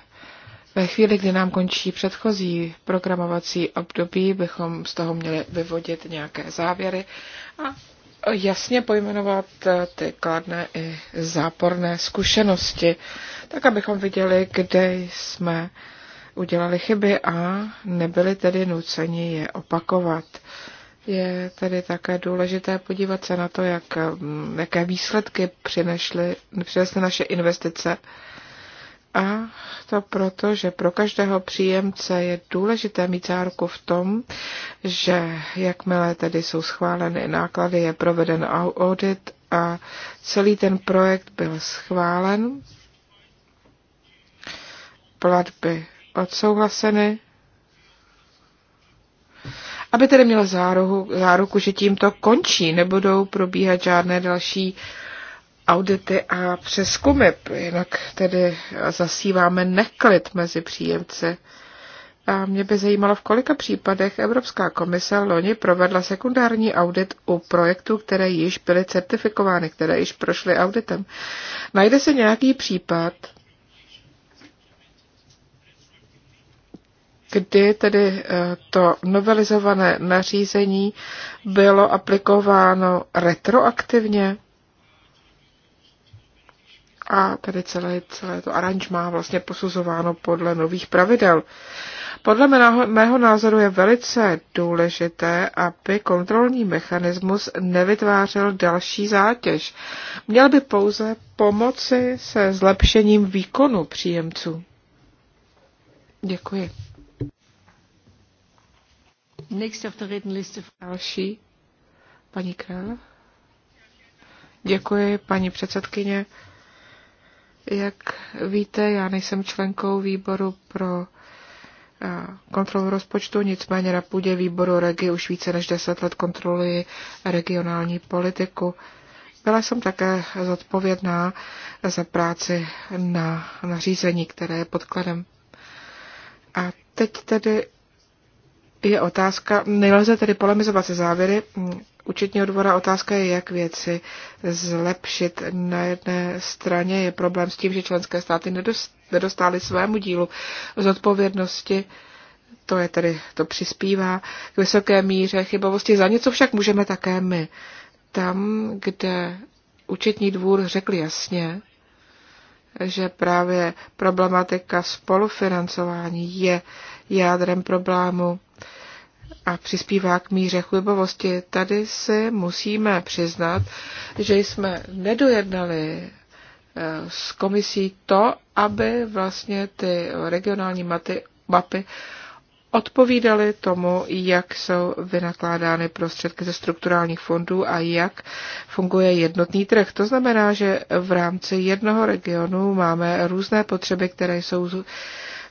ve chvíli, kdy nám končí předchozí programovací období, bychom z toho měli vyvodit nějaké závěry a jasně pojmenovat ty kladné i záporné zkušenosti, tak abychom viděli, kde jsme udělali chyby a nebyli tedy nuceni je opakovat. Je tedy také důležité podívat se na to, jak, mm, jaké výsledky přinesly přinesly naše investice. A to proto, že pro každého příjemce je důležité mít záruku v tom, že jakmile tedy jsou schváleny náklady, je proveden audit a celý ten projekt byl schválen, platby odsouhlaseny aby tedy měl záruku, záruku, že tímto končí, nebudou probíhat žádné další audity a přeskumy, jinak tedy zasíváme neklid mezi příjemce. A mě by zajímalo, v kolika případech Evropská komise loni provedla sekundární audit u projektů, které již byly certifikovány, které již prošly auditem. Najde se nějaký případ, kdy tedy eh, to novelizované nařízení bylo aplikováno retroaktivně a tedy celé, celé to aranžmá vlastně posuzováno podle nových pravidel. Podle mého, mého názoru je velice důležité, aby kontrolní mechanismus nevytvářel další zátěž. Měl by pouze pomoci se zlepšením výkonu příjemců. Děkuji. Další, paní Král. Děkuji, paní předsedkyně. Jak víte, já nejsem členkou výboru pro eh, kontrolu rozpočtu, nicméně na půdě výboru Regi už více než deset let kontroluji regionální politiku. Byla jsem také zodpovědná za práci na nařízení, které je podkladem. A teď tedy je otázka, nelze tedy polemizovat se závěry účetního dvora. Otázka je, jak věci zlepšit. Na jedné straně je problém s tím, že členské státy nedostály svému dílu zodpovědnosti. To je tedy, to přispívá k vysoké míře chybovosti. Za něco však můžeme také my. Tam, kde účetní dvůr řekl jasně, že právě problematika spolufinancování je jádrem problému a přispívá k míře chlubovosti. Tady se musíme přiznat, že jsme nedojednali eh, s komisí to, aby vlastně ty regionální maty, mapy odpovídaly tomu, jak jsou vynakládány prostředky ze strukturálních fondů a jak funguje jednotný trh. To znamená, že v rámci jednoho regionu máme různé potřeby, které jsou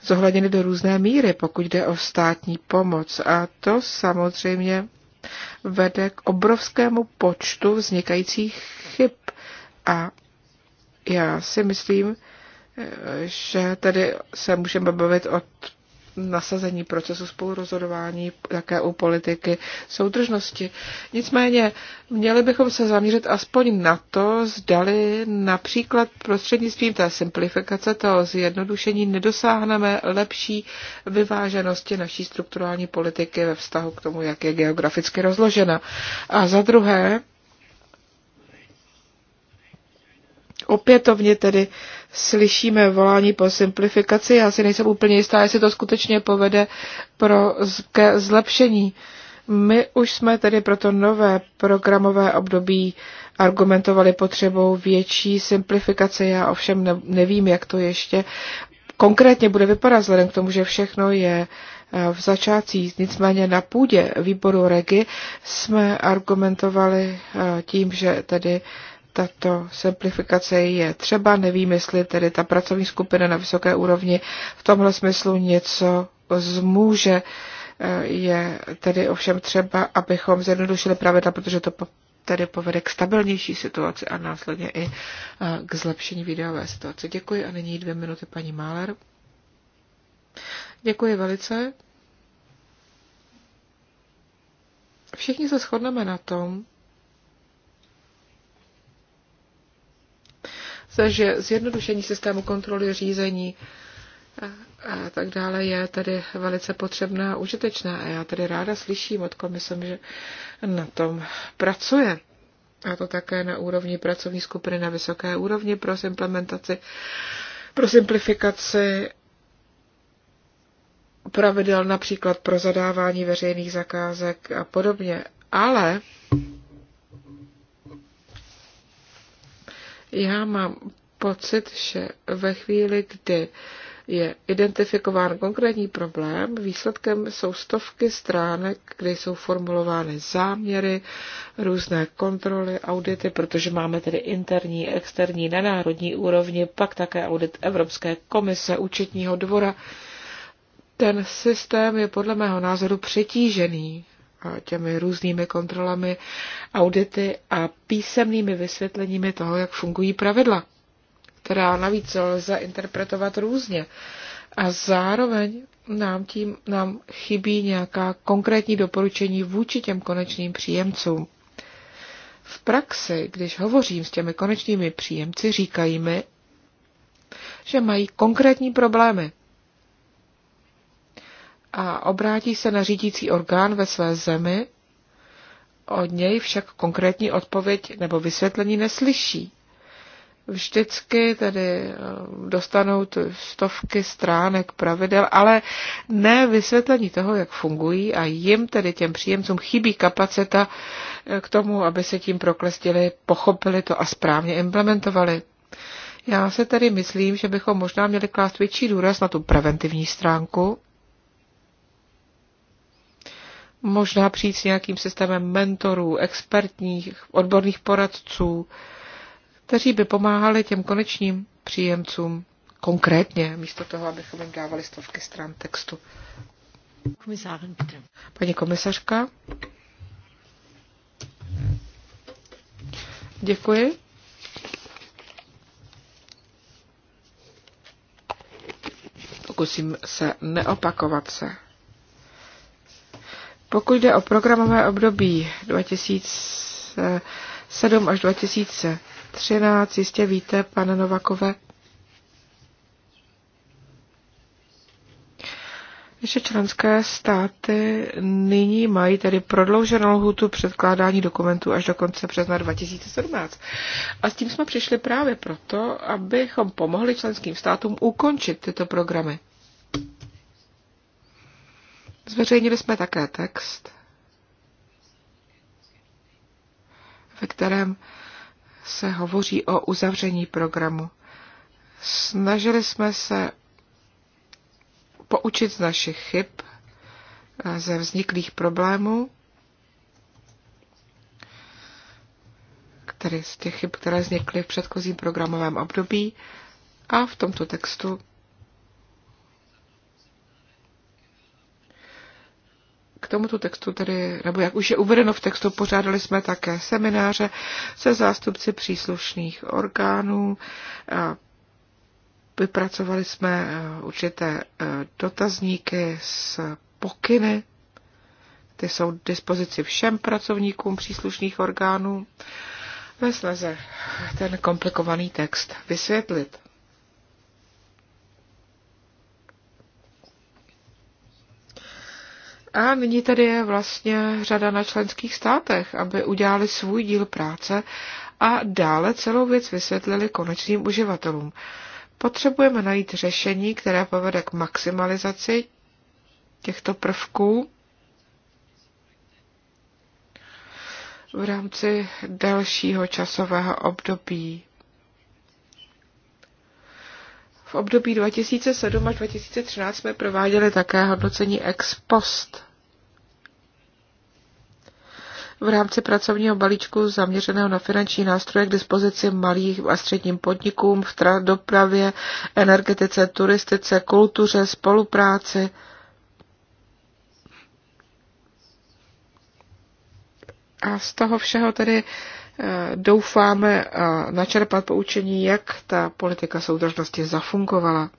zohledněny do různé míry, pokud jde o státní pomoc. A to samozřejmě vede k obrovskému počtu vznikajících chyb. A já si myslím, eh, že tady se můžeme bavit o nasazení procesu spolurozhodování také u politiky soudržnosti. Nicméně měli bychom se zaměřit aspoň na to, zdali například prostřednictvím té simplifikace, toho zjednodušení nedosáhneme lepší vyváženosti naší strukturální politiky ve vztahu k tomu, jak je geograficky rozložena. A za druhé, opětovně tedy slyšíme volání po simplifikaci. Já si nejsem úplně jistá, jestli to skutečně povede pro, ke zlepšení. My už jsme tedy pro to nové programové období argumentovali potřebou větší simplifikace. Já ovšem ne, nevím, jak to ještě konkrétně bude vypadat, vzhledem k tomu, že všechno je eh, v začátcích. Nicméně na půdě výboru REGI jsme argumentovali eh, tím, že tedy tato simplifikace je třeba. Nevím, jestli tedy ta pracovní skupina na vysoké úrovni v tomhle smyslu něco zmůže. Eh, je tedy ovšem třeba, abychom zjednodušili pravidla, protože to tedy povede k stabilnější situaci a následně i eh, k zlepšení videové situace. Děkuji a nyní dvě minuty paní Máler. Děkuji velice. Všichni se shodneme na tom, že zjednodušení systému kontroly řízení a tak dále je tedy velice potřebná a užitečná. A já tedy ráda slyším od komise, že na tom pracuje. A to také na úrovni pracovní skupiny na vysoké úrovni pro implementaci, pro simplifikaci pravidel například pro zadávání veřejných zakázek a podobně. Ale Já mám pocit, že ve chvíli, kdy je identifikován konkrétní problém, výsledkem jsou stovky stránek, kde jsou formulovány záměry, různé kontroly, audity, protože máme tedy interní, externí, na národní úrovni, pak také audit Evropské komise, účetního dvora. Ten systém je podle mého názoru přetížený těmi různými kontrolami, audity a písemnými vysvětleními toho, jak fungují pravidla, která navíc lze interpretovat různě. A zároveň nám tím nám chybí nějaká konkrétní doporučení vůči těm konečným příjemcům. V praxi, když hovořím s těmi konečnými příjemci, říkají mi, že mají konkrétní problémy, a obrátí se na řídící orgán ve své zemi, od něj však konkrétní odpověď nebo vysvětlení neslyší. Vždycky tedy eh, dostanou stovky stránek pravidel, ale ne vysvětlení toho, jak fungují a jim tedy těm příjemcům chybí kapacita eh, k tomu, aby se tím proklestili, pochopili to a správně implementovali. Já se tedy myslím, že bychom možná měli klást větší důraz na tu preventivní stránku, možná přijít s nějakým systémem mentorů, expertních, odborných poradců, kteří by pomáhali těm konečným příjemcům konkrétně, místo toho, abychom jim dávali stovky stran textu. Paní komisařka. Děkuji. Pokusím se neopakovat se. Pokud jde o programové období 2007 až 2013, jistě víte, pane Novakové, že členské státy nyní mají tedy prodlouženou lhutu předkládání dokumentů až do konce března 2017. A s tím jsme přišli právě proto, abychom pomohli členským státům ukončit tyto programy. Zveřejnili jsme také text, ve kterém se hovoří o uzavření programu. Snažili jsme se poučit z našich chyb, ze vzniklých problémů, které z těch chyb, které vznikly v předchozím programovém období a v tomto textu K tomuto textu tedy, nebo jak už je uvedeno v textu, pořádali jsme také semináře se zástupci příslušných orgánů. Vypracovali jsme eh, určité eh, dotazníky s pokyny ty jsou k dispozici všem pracovníkům příslušných orgánů ve ten komplikovaný text vysvětlit. A nyní tedy je vlastně řada na členských státech, aby udělali svůj díl práce a dále celou věc vysvětlili konečným uživatelům. Potřebujeme najít řešení, které povede k maximalizaci těchto prvků v rámci dalšího časového období. V období 2007 až 2013 jsme prováděli také hodnocení ex post v rámci pracovního balíčku zaměřeného na finanční nástroje k dispozici malých a středním podnikům v dopravě, energetice, turistice, kultuře, spolupráci. A z toho všeho tedy doufáme načerpat poučení, jak ta politika soudržnosti zafungovala.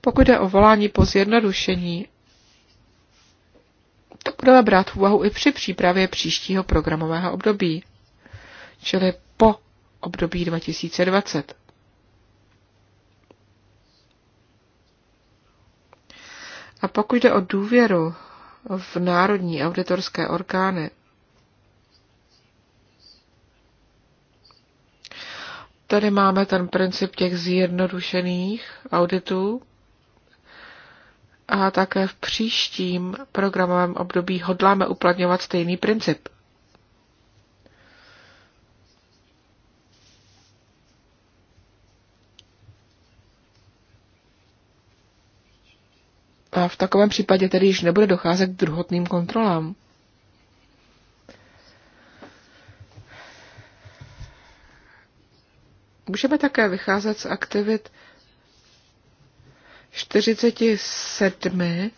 Pokud jde o volání po zjednodušení, to budeme brát v úvahu i při přípravě příštího programového období, čili po období 2020. A pokud jde o důvěru v národní auditorské orgány, Tady máme ten princip těch zjednodušených auditů a také v příštím programovém období hodláme uplatňovat stejný princip. A v takovém případě tedy již nebude docházet k druhotným kontrolám. Můžeme také vycházet z aktivit 47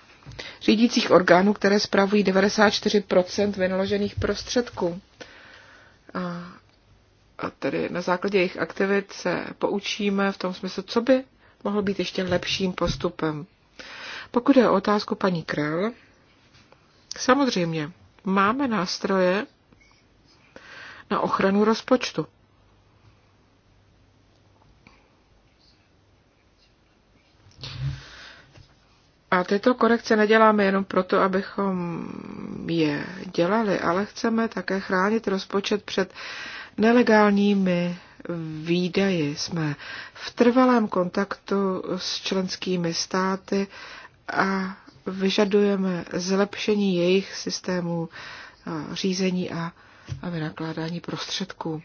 řídících orgánů, které spravují 94 vynaložených prostředků. A, a tedy na základě jejich aktivit se poučíme v tom smyslu, co by mohlo být ještě lepším postupem. Pokud je o otázku paní Krell, samozřejmě máme nástroje na ochranu rozpočtu. A tyto korekce neděláme jenom proto, abychom je dělali, ale chceme také chránit rozpočet před nelegálními výdaji. Jsme v trvalém kontaktu s členskými státy a vyžadujeme zlepšení jejich systémů řízení a, a vynakládání prostředků.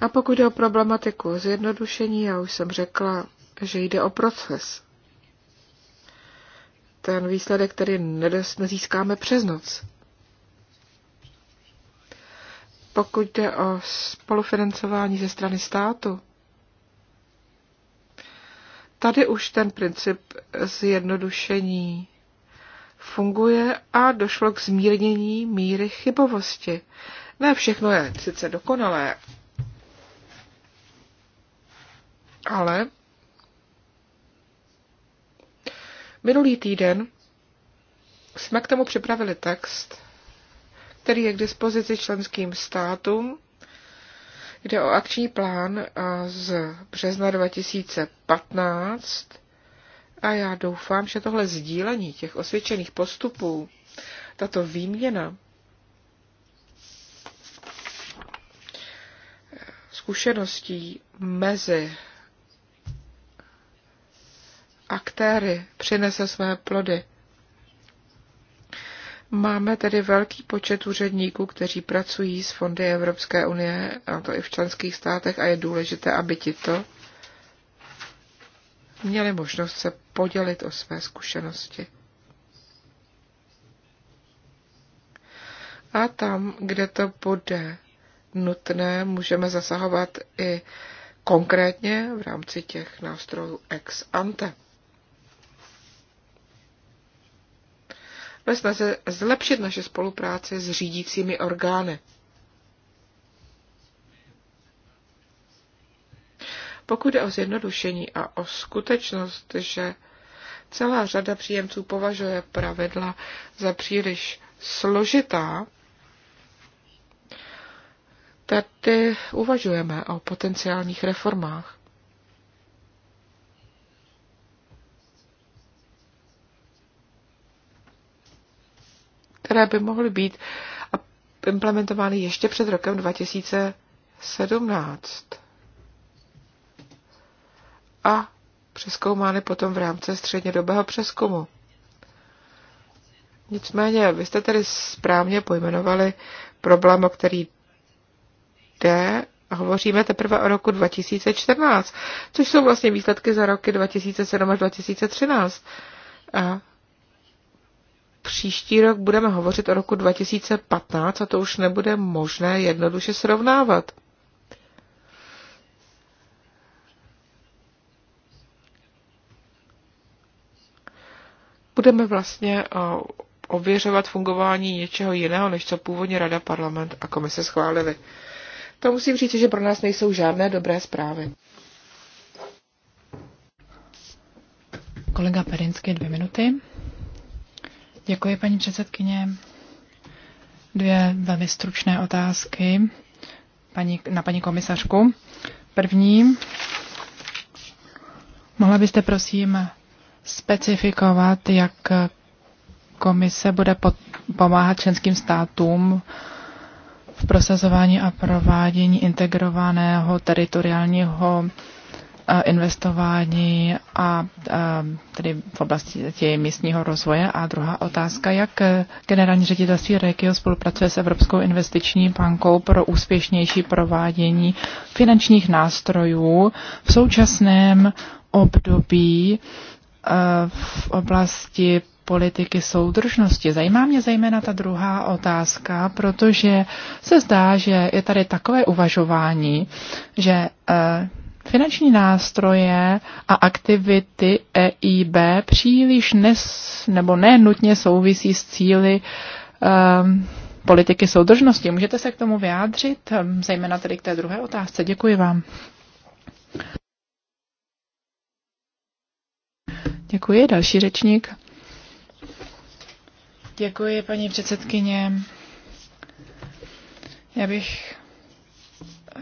A pokud jde o problematiku zjednodušení, já už jsem řekla, že jde o proces. Ten výsledek tedy nezískáme přes noc. Pokud jde o spolufinancování ze strany státu, tady už ten princip zjednodušení funguje a došlo k zmírnění míry chybovosti. Ne všechno je sice dokonalé, ale minulý týden jsme k tomu připravili text, který je k dispozici členským státům. Jde o akční plán z března 2015 a já doufám, že tohle sdílení těch osvědčených postupů, tato výměna zkušeností mezi aktéry přinese své plody. Máme tedy velký počet úředníků, kteří pracují s fondy Evropské unie, a to i v členských státech, a je důležité, aby to měli možnost se podělit o své zkušenosti. A tam, kde to bude nutné, můžeme zasahovat i konkrétně v rámci těch nástrojů ex ante. ve snaze zlepšit naše spolupráce s řídícími orgány. Pokud jde o zjednodušení a o skutečnost, že celá řada příjemců považuje pravidla za příliš složitá, tady uvažujeme o potenciálních reformách. které by mohly být implementovány ještě před rokem 2017 a přeskoumány potom v rámci střednědobého přeskumu. Nicméně, vy jste tedy správně pojmenovali problém, o který jde. Hovoříme teprve o roku 2014, což jsou vlastně výsledky za roky 2007 až 2013. A příští rok budeme hovořit o roku 2015 a to už nebude možné jednoduše srovnávat. Budeme vlastně eh, ověřovat fungování něčeho jiného, než co původně Rada, Parlament a Komise schválili. To musím říct, že pro nás nejsou žádné dobré zprávy. Kolega Perinsky, dvě minuty. Děkuji, paní předsedkyně. Dvě velmi stručné otázky paní, na paní komisařku. První, mohla byste prosím specifikovat, jak komise bude pod, pomáhat členským státům v prosazování a provádění integrovaného teritoriálního investování a tedy v oblasti místního rozvoje. A druhá otázka, jak generální ředitelství Regio spolupracuje s Evropskou investiční bankou pro úspěšnější provádění finančních nástrojů v současném období eh, v oblasti politiky soudržnosti. Zajímá mě zejména ta druhá otázka, protože se zdá, že je tady takové uvažování, že eh, Finanční nástroje a aktivity EIB příliš nes, nebo nenutně souvisí s cíly um, politiky soudržnosti. Můžete se k tomu vyjádřit, ehm, zejména tedy k té druhé otázce. Děkuji vám. Děkuji, další řečník. Děkuji, paní předsedkyně. Já bych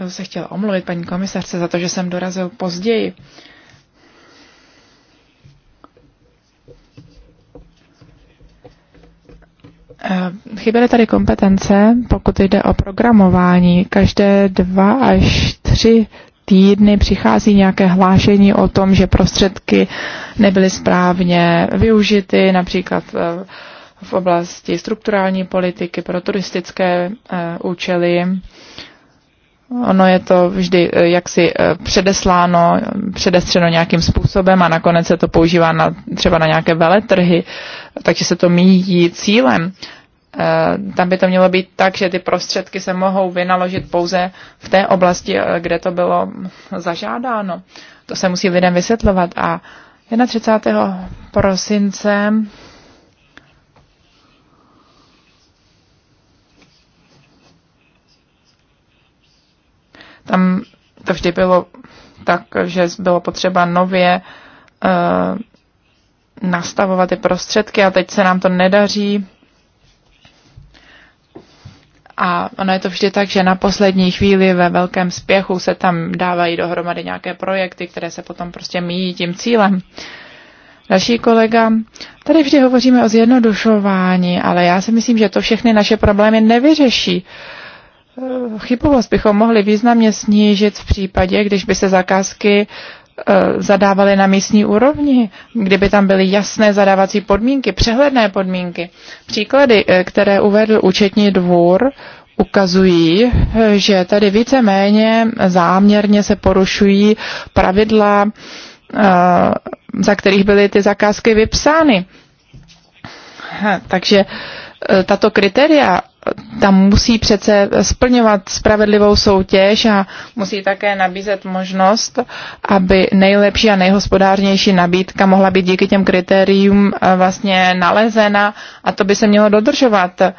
se chtěl omluvit paní komisařce za to, že jsem dorazil později. Eh, chyběly tady kompetence, pokud jde o programování. Každé dva až tři týdny přichází nějaké hlášení o tom, že prostředky nebyly správně využity, například eh, v oblasti strukturální politiky pro turistické eh, účely Ono je to vždy eh, jaksi eh, předesláno, předestřeno nějakým způsobem a nakonec se to používá na, třeba na nějaké veletrhy, takže se to míjí cílem. Eh, tam by to mělo být tak, že ty prostředky se mohou vynaložit pouze v té oblasti, kde to bylo zažádáno. To se musí lidem vysvětlovat. A 31. prosince to vždy bylo tak, že bylo potřeba nově uh, nastavovat ty prostředky a teď se nám to nedaří. A ono je to vždy tak, že na poslední chvíli ve velkém spěchu se tam dávají dohromady nějaké projekty, které se potom prostě míjí tím cílem. Další kolega, tady vždy hovoříme o zjednodušování, ale já si myslím, že to všechny naše problémy nevyřeší. Uh, Eh, chybovost bychom mohli významně snížit v případě, když by se zakázky eh, zadávaly na místní úrovni, kdyby tam byly jasné zadávací podmínky, přehledné podmínky. Příklady, eh, které uvedl účetní dvůr, ukazují, že tady víceméně záměrně se porušují pravidla, za kterých byly ty zakázky vypsány. Takže tato kritéria tam musí přece splňovat spravedlivou soutěž a musí také nabízet možnost, aby nejlepší a nejhospodárnější nabídka mohla být díky těm kritériím eh, vlastně nalezena a to by se mělo dodržovat. Eh,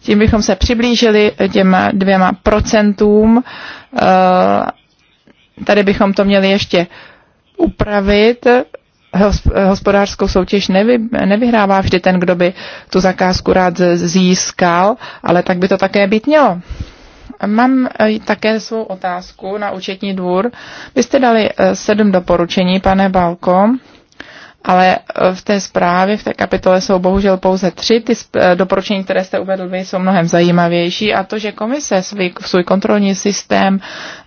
tím bychom se přiblížili těm dvěma procentům. Eh, tady bychom to měli ještě upravit hospodářskou soutěž nevy, nevyhrává vždy ten, kdo by tu zakázku rád získal, ale tak by to také být mělo. Mám eh, také svou otázku na účetní dvůr. Vy jste dali eh, sedm doporučení, pane Balko, ale eh, v té zprávě, v té kapitole jsou bohužel pouze tři. Ty doporučení, které jste uvedl vy, jsou mnohem zajímavější a to, že komise svý, svůj kontrolní systém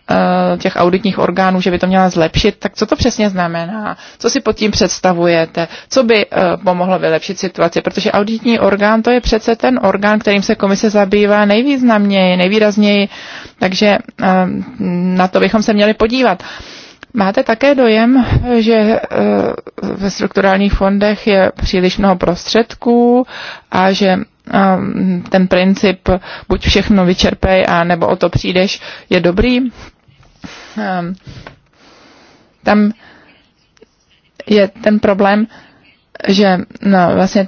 Eh, těch auditních orgánů, že by to měla zlepšit, tak co to přesně znamená? Co si pod tím představujete? Co by eh, pomohlo vylepšit situaci? Protože auditní orgán to je přece ten orgán, kterým se komise zabývá nejvýznamněji, nejvýrazněji, takže eh, na to bychom se měli podívat. Máte také dojem, že ve strukturálních fondech je příliš mnoho prostředků a že ten princip buď všechno vyčerpej a nebo o to přijdeš je dobrý? Ehm, tam je ten problém, že no, vlastně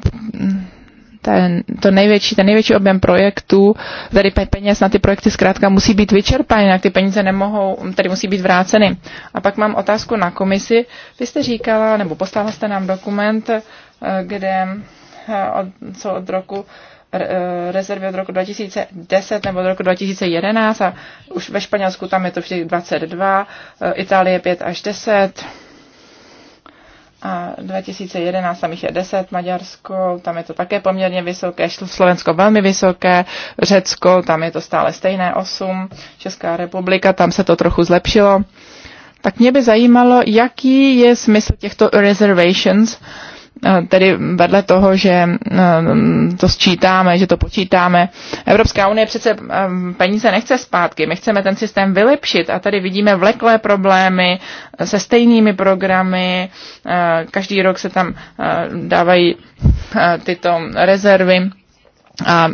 ten, to největší, ten největší objem projektů, tedy peněz na ty projekty zkrátka musí být vyčerpány, jinak ty peníze nemohou, tedy musí být vráceny. A pak mám otázku na komisi. Vy jste říkala, nebo poslala jste nám dokument, eh, kde eh, od, co od roku E, rezervy od roku 2010 nebo od roku 2011 a už ve Španělsku tam je to vždy 22, e, Itálie 5 až 10 a 2011 tam jich je 10, Maďarsko, tam je to také poměrně vysoké, Slovensko velmi vysoké, Řecko, tam je to stále stejné 8, Česká republika, tam se to trochu zlepšilo. Tak mě by zajímalo, jaký je smysl těchto reservations Eh, tedy vedle toho, že eh, to sčítáme, že to počítáme. Evropská unie přece eh, peníze nechce zpátky, my chceme ten systém vylepšit a tady vidíme vleklé problémy se stejnými programy, každý rok se tam dávají tyto rezervy a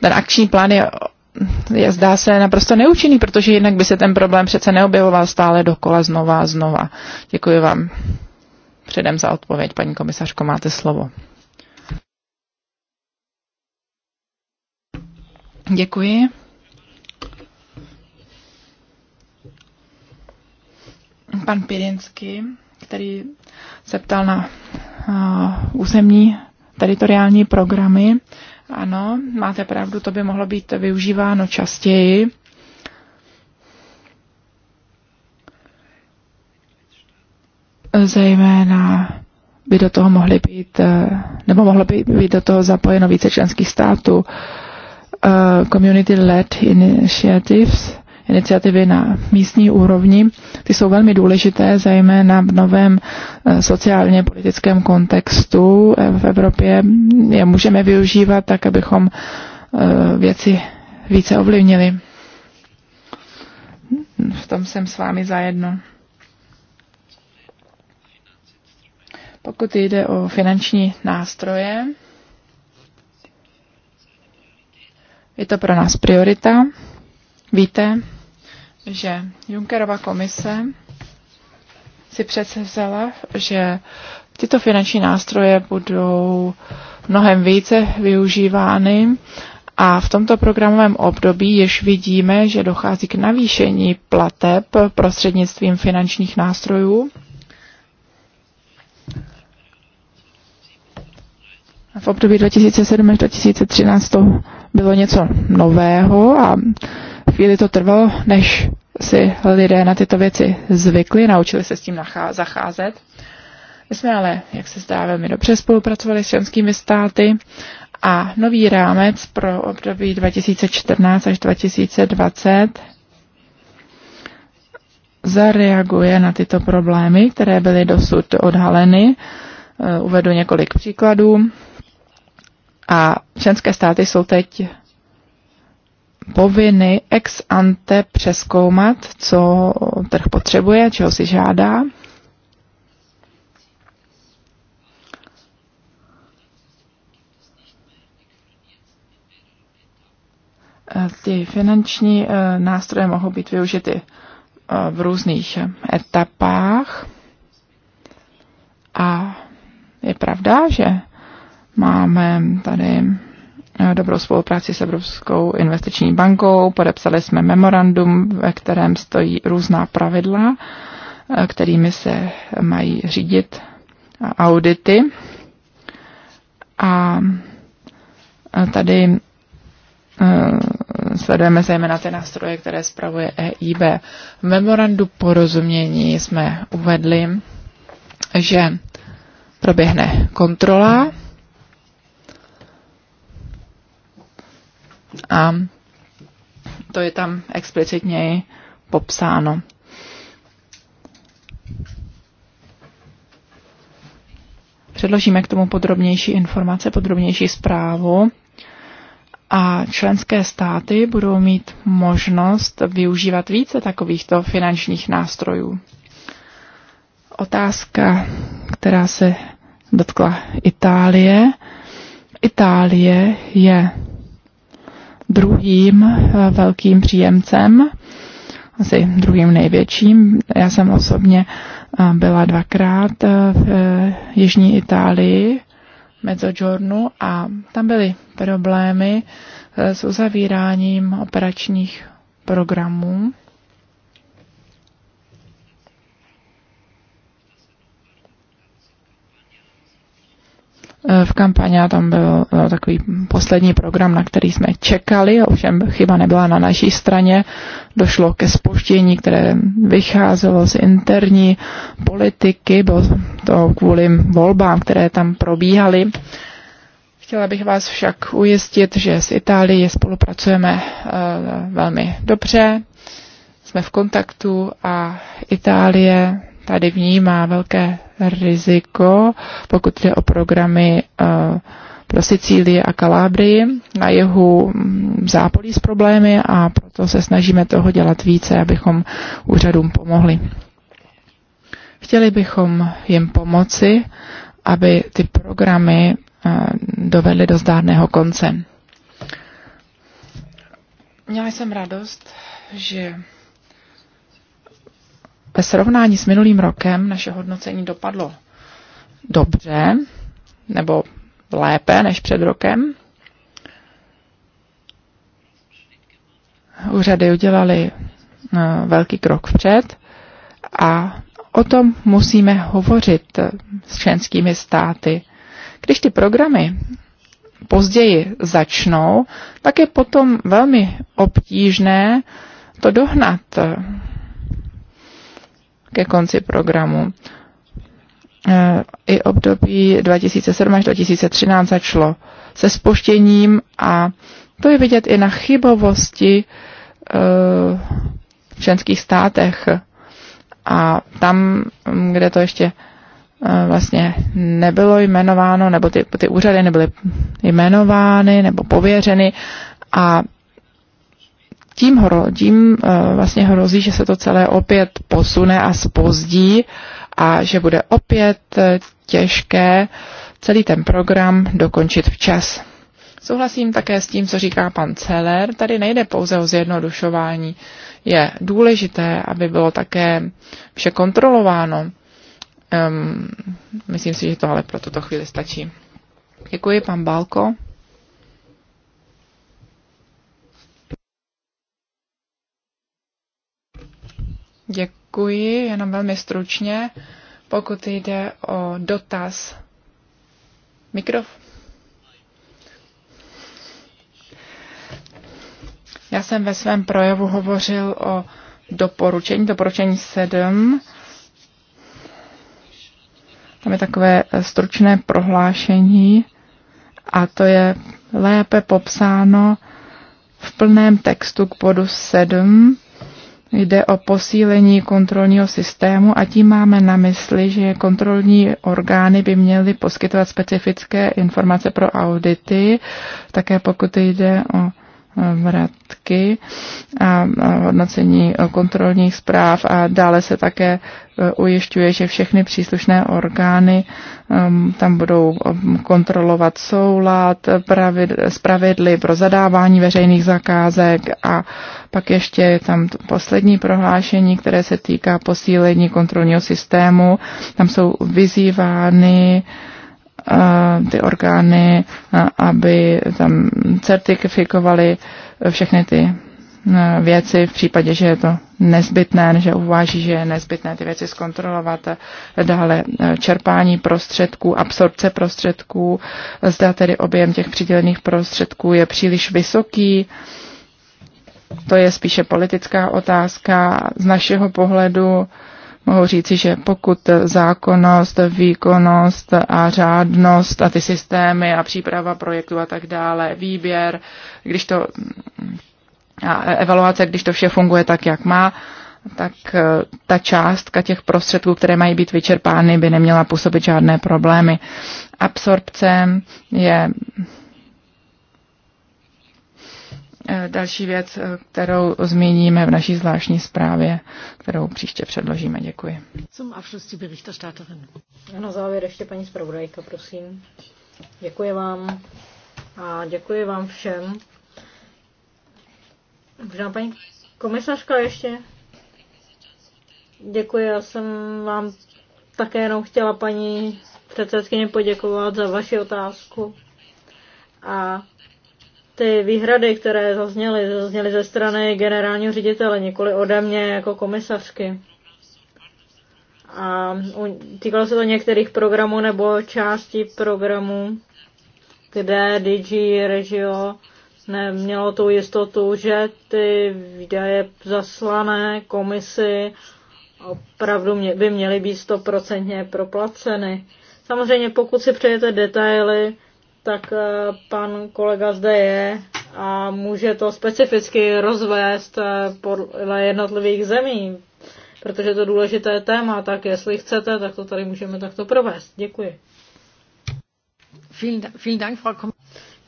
ten akční plán je je, zdá se naprosto neúčinný, protože jinak by se ten problém přece neobjevoval stále dokola znova a znova. Děkuji vám předem za odpověď. Paní komisařko, máte slovo. Děkuji. Pan Pirinsky, který se ptal na uh, územní teritoriální programy. Ano, máte pravdu, to by mohlo být využíváno častěji. Zejména by do toho mohly být, eh, nebo mohlo by být do toho zapojeno více členských států. Eh, community-led initiatives, iniciativy na místní úrovni, ty jsou velmi důležité, zejména v novém eh, sociálně politickém kontextu v Evropě. Je můžeme využívat tak, abychom věci více ovlivnili. V tom jsem s vámi zajedno. Pokud jde o finanční nástroje, je to pro nás priorita. Víte, že Junckerova komise si přece vzala, že tyto finanční nástroje budou mnohem více využívány a v tomto programovém období již vidíme, že dochází k navýšení plateb prostřednictvím finančních nástrojů v období 2007 až 2013 to bylo něco nového a chvíli to trvalo, než si lidé na tyto věci zvykli, naučili se s tím zacházet. My jsme ale, jak se zdá, velmi dobře spolupracovali s členskými státy a nový rámec pro období 2014 až 2020 zareaguje na tyto problémy, které byly dosud odhaleny. Eh, uvedu několik příkladů. A členské státy jsou teď povinny ex ante přeskoumat, co trh potřebuje, čeho si žádá. E, ty finanční e, nástroje mohou být využity e, v různých etapách. A je pravda, že Máme tady eh, dobrou spolupráci s Evropskou investiční bankou, podepsali jsme memorandum, ve kterém stojí různá pravidla, eh, kterými se mají řídit eh, audity. A tady sledujeme zejména ty nástroje, které spravuje EIB. V memorandu porozumění jsme uvedli, že proběhne kontrola a to je tam explicitněji popsáno. Předložíme k tomu podrobnější informace, podrobnější zprávu a členské státy budou mít možnost využívat více takovýchto finančních nástrojů. Otázka, která se dotkla Itálie. Itálie je druhým eh, velkým příjemcem, asi druhým největším. Já jsem osobně eh, byla dvakrát eh, v Jižní Itálii, Mezzogiorno, a tam byly problémy s uzavíráním operačních programů. Eh, v kampani a tam byl no, takový poslední program, na který jsme čekali, ovšem chyba nebyla na naší straně. Došlo ke spoštění, které vycházelo z interní politiky, bylo to kvůli volbám, které tam probíhaly. Chtěla bych vás však ujistit, že s Itálií spolupracujeme eh, velmi dobře, jsme v kontaktu a Itálie tady vnímá velké riziko, pokud jde o programy eh, pro Sicílii a Kalábrii. Na jihu mm, zápolí s problémy a proto se snažíme toho dělat více, abychom úřadům pomohli. Chtěli bychom jim pomoci, aby ty programy eh, dovedly do zdárného konce. Měla jsem radost, že ve srovnání s minulým rokem naše hodnocení dopadlo dobře, nebo lépe než před rokem. Úřady udělali eh, velký krok vpřed a o tom musíme hovořit eh, s členskými státy. Když ty programy později začnou, tak je potom velmi obtížné to dohnat. Eh, ke konci programu. Eh, I období 2007 až 2013 začalo se spuštěním a to je vidět i na chybovosti v eh, členských státech. A tam, kde to ještě eh, vlastně nebylo jmenováno, nebo ty, ty úřady nebyly jmenovány nebo pověřeny a tím, hro, tím eh, vlastně hrozí, že se to celé opět posune a spozdí a že bude opět eh, těžké celý ten program dokončit včas. Souhlasím také s tím, co říká pan Celer. Tady nejde pouze o zjednodušování. Je důležité, aby bylo také vše kontrolováno. Um, myslím si, že to ale pro tuto chvíli stačí. Děkuji, pan Balko. Děkuji, jenom velmi stručně. Pokud jde o dotaz mikrof. Já jsem ve svém projevu hovořil o doporučení, doporučení 7. Tam je takové eh, stručné prohlášení a to je lépe popsáno v plném textu k bodu 7 Jde o posílení kontrolního systému a tím máme na mysli, že kontrolní orgány by měly poskytovat specifické informace pro audity, také pokud jde o vratky a hodnocení kontrolních zpráv a dále se také e, ujišťuje, že všechny příslušné orgány e, tam budou e, kontrolovat soulad s pro zadávání veřejných zakázek a pak ještě je tam poslední prohlášení, které se týká posílení kontrolního systému. Tam jsou vyzývány ty orgány, aby tam certifikovali všechny ty věci v případě, že je to nezbytné, že uváží, že je nezbytné ty věci zkontrolovat. Dále e, čerpání prostředků, absorpce prostředků, zda tedy objem těch přidělených prostředků je příliš vysoký. To je spíše politická otázka z našeho pohledu mohu říci, že pokud zákonnost, výkonnost a řádnost a ty systémy a příprava projektu a tak dále, výběr, když to a evaluace, když to vše funguje tak, jak má, tak eh, ta částka těch prostředků, které mají být vyčerpány, by neměla působit žádné problémy. Absorpce je Eh, další věc, eh, kterou zmíníme v naší zvláštní zprávě, kterou příště předložíme. Děkuji. Zum Abschluss die Berichterstatterin. Na závěr ještě paní zpravodajka, prosím. Děkuji vám a děkuji vám všem. Možná paní komisařka ještě? Děkuji, já jsem vám také jenom chtěla paní předsedkyně poděkovat za vaši otázku a ty výhrady, které zazněly, zazněly ze strany generálního ředitele, nikoli ode mě jako komisařky. A týkalo se to některých programů nebo částí programů, kde DG Regio nemělo tu jistotu, že ty výdaje zaslané komisi opravdu by měly být stoprocentně proplaceny. Samozřejmě pokud si přejete detaily, tak eh, pan kolega zde je a může to specificky rozvést eh, podle jednotlivých zemí, protože to je důležité téma, tak jestli chcete, tak to tady můžeme takto provést. Děkuji.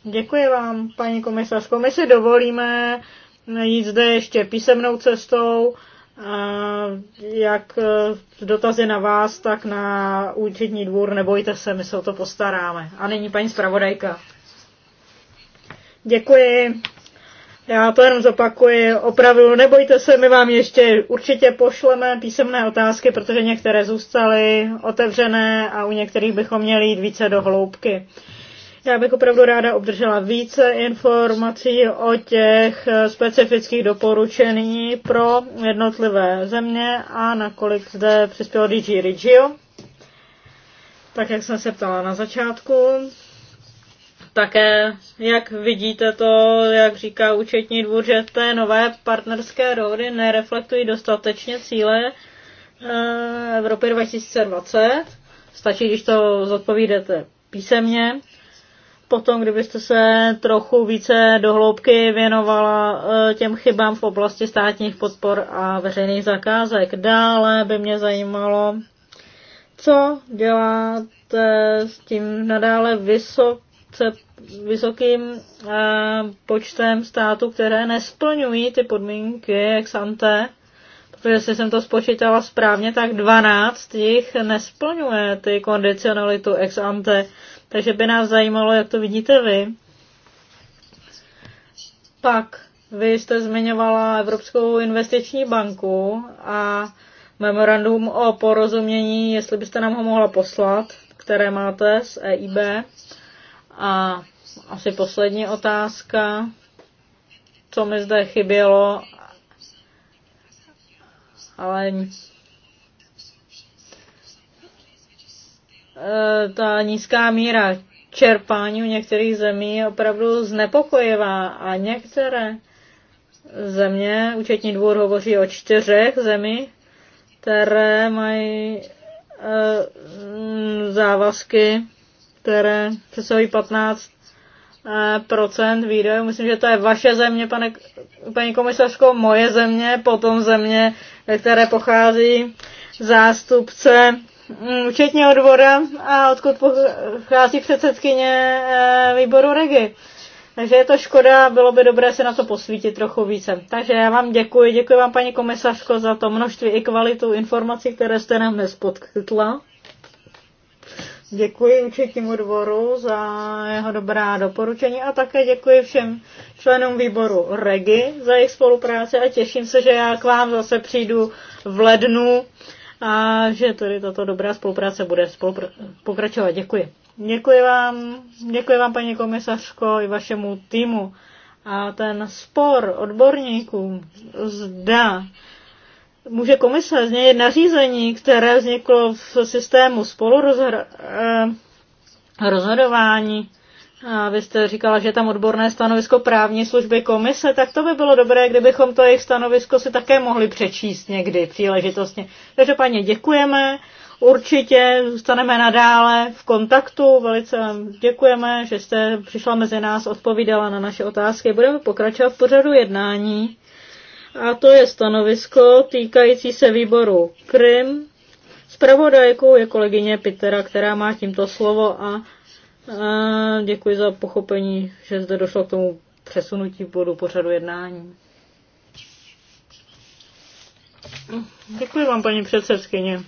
Děkuji vám, paní komisařko. My si dovolíme jít zde ještě písemnou cestou jak e, dotazy na vás, tak na účetní dvůr. Nebojte se, my se o to postaráme. A nyní paní zpravodajka. Děkuji. Já to jenom zopakuji. Opravdu nebojte se, my vám ještě určitě pošleme písemné otázky, protože některé zůstaly otevřené a u některých bychom měli jít více do hloubky. Já bych opravdu ráda obdržela více informací o těch specifických doporučení pro jednotlivé země a nakolik zde přispělo DG Regio. Tak jak jsem se ptala na začátku, také, jak vidíte to, jak říká účetní dvůr, že té nové partnerské dohody nereflektují dostatečně cíle eh, Evropy 2020. Stačí, když to zodpovídete písemně potom, kdybyste se trochu více dohloubky věnovala e, těm chybám v oblasti státních podpor a veřejných zakázek. Dále by mě zajímalo, co děláte s tím nadále vysoce, vysokým e, počtem států, které nesplňují ty podmínky ex ante, protože jestli jsem to spočítala správně, tak 12 jich nesplňuje ty kondicionalitu ex ante. Takže by nás zajímalo, jak to vidíte vy. Pak vy jste zmiňovala Evropskou investiční banku a memorandum o porozumění, jestli byste nám ho mohla poslat, které máte z EIB. A asi poslední otázka, co mi zde chybělo, ale Eh, ta nízká míra čerpání u některých zemí je opravdu znepokojivá a některé země, účetní dvůr hovoří o čtyřech zemí, které mají eh, závazky, které představují 15 eh, procent výdajů. Myslím, že to je vaše země, pane, paní komisařko, moje země, potom země, které pochází zástupce Mm, účetního odbora a odkud pochází předsedkyně eh, výboru Regi. Takže je to škoda, bylo by dobré se na to posvítit trochu více. Takže já vám děkuji, děkuji vám paní komisařko za to množství i kvalitu informací, které jste nám dnes podkytla. Děkuji účetnímu dvoru za jeho dobrá doporučení a také děkuji všem členům výboru REGI za jejich spolupráci a těším se, že já k vám zase přijdu v lednu a že tady tato dobrá spolupráce bude spolupr- pokračovat. Děkuji. Děkuji vám, děkuji vám paní komisařko i vašemu týmu. A ten spor odborníků zda může komise změnit nařízení, které vzniklo v systému spolurozhodování, eh, a vy jste říkala, že tam odborné stanovisko právní služby komise, tak to by bylo dobré, kdybychom to jejich stanovisko si také mohli přečíst někdy příležitostně. Takže paní děkujeme, určitě zůstaneme nadále v kontaktu, velice děkujeme, že jste přišla mezi nás, odpovídala na naše otázky. Budeme pokračovat v pořadu jednání a to je stanovisko týkající se výboru Krym. Spravodajkou je kolegyně Pitera, která má tímto slovo a Děkuji za pochopení, že zde došlo k tomu přesunutí bodu pořadu jednání. Děkuji vám, paní předsedkyně.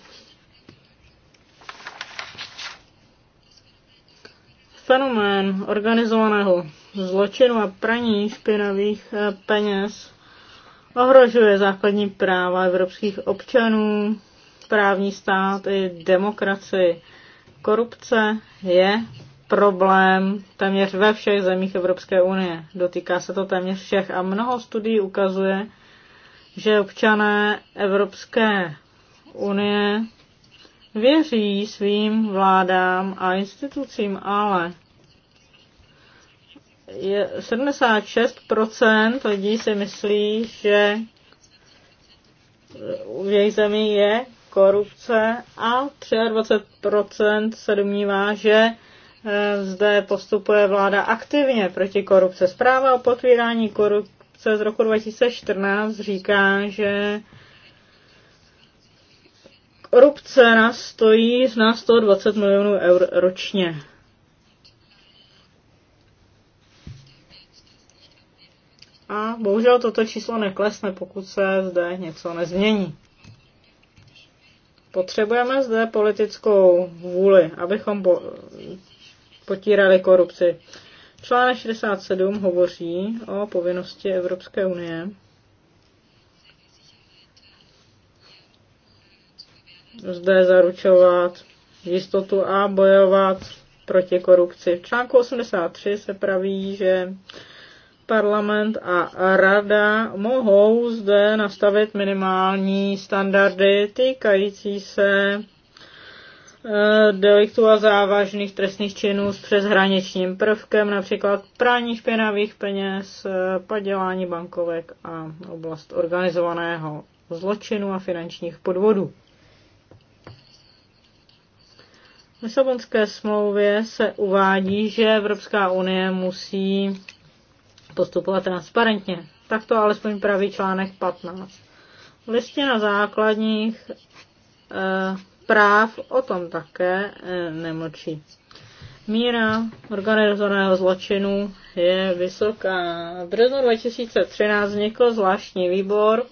Fenomén organizovaného zločinu a praní špinavých eh, peněz ohrožuje základní práva evropských občanů, právní stát i demokracii. Korupce je problém téměř ve všech zemích Evropské unie. Dotýká se to téměř všech a mnoho studií ukazuje, že občané Evropské unie věří svým vládám a institucím, ale 76% lidí si myslí, že v jejich zemi je korupce a 23% se domnívá, že zde postupuje vláda aktivně proti korupce. Zpráva o potvírání korupce z roku 2014 říká, že korupce nás stojí z nás 120 milionů eur ročně. A bohužel toto číslo neklesne, pokud se zde něco nezmění. Potřebujeme zde politickou vůli, abychom potírali korupci. Článek 67 hovoří o povinnosti Evropské unie zde zaručovat jistotu a bojovat proti korupci. V článku 83 se praví, že parlament a rada mohou zde nastavit minimální standardy týkající se Eh, deliktu a závažných trestných činů s přeshraničním prvkem, například prání špinavých peněz, eh, padělání bankovek a oblast organizovaného zločinu a finančních podvodů. V Lisabonské smlouvě se uvádí, že Evropská unie musí postupovat transparentně. Tak to alespoň praví článek 15. Listina základních eh, zpráv o tom také eh, nemlčí. Míra organizovaného zločinu je vysoká. V březnu 2013 vznikl zvláštní výbor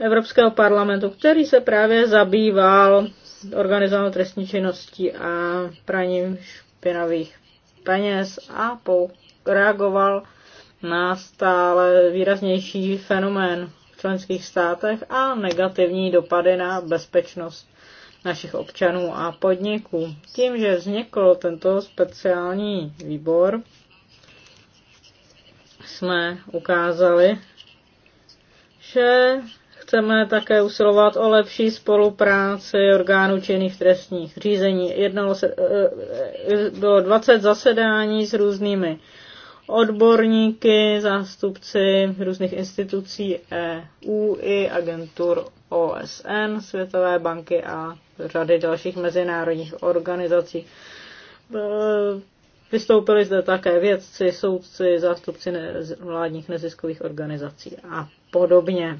Evropského parlamentu, který se právě zabýval organizovanou trestní činností a praním špinavých peněz a reagoval na stále výraznější fenomén v členských státech a negativní dopady na bezpečnost našich občanů a podniků. Tím, že vznikl tento speciální výbor, jsme ukázali, že chceme také usilovat o lepší spolupráci orgánů činných v trestních řízení. Jednalo se, eh, eh, bylo 20 zasedání s různými odborníky, zástupci různých institucí EU i agentur OSN, Světové banky a řady dalších mezinárodních organizací. E, vystoupili zde také vědci, soudci, zástupci vládních neziskových organizací a podobně.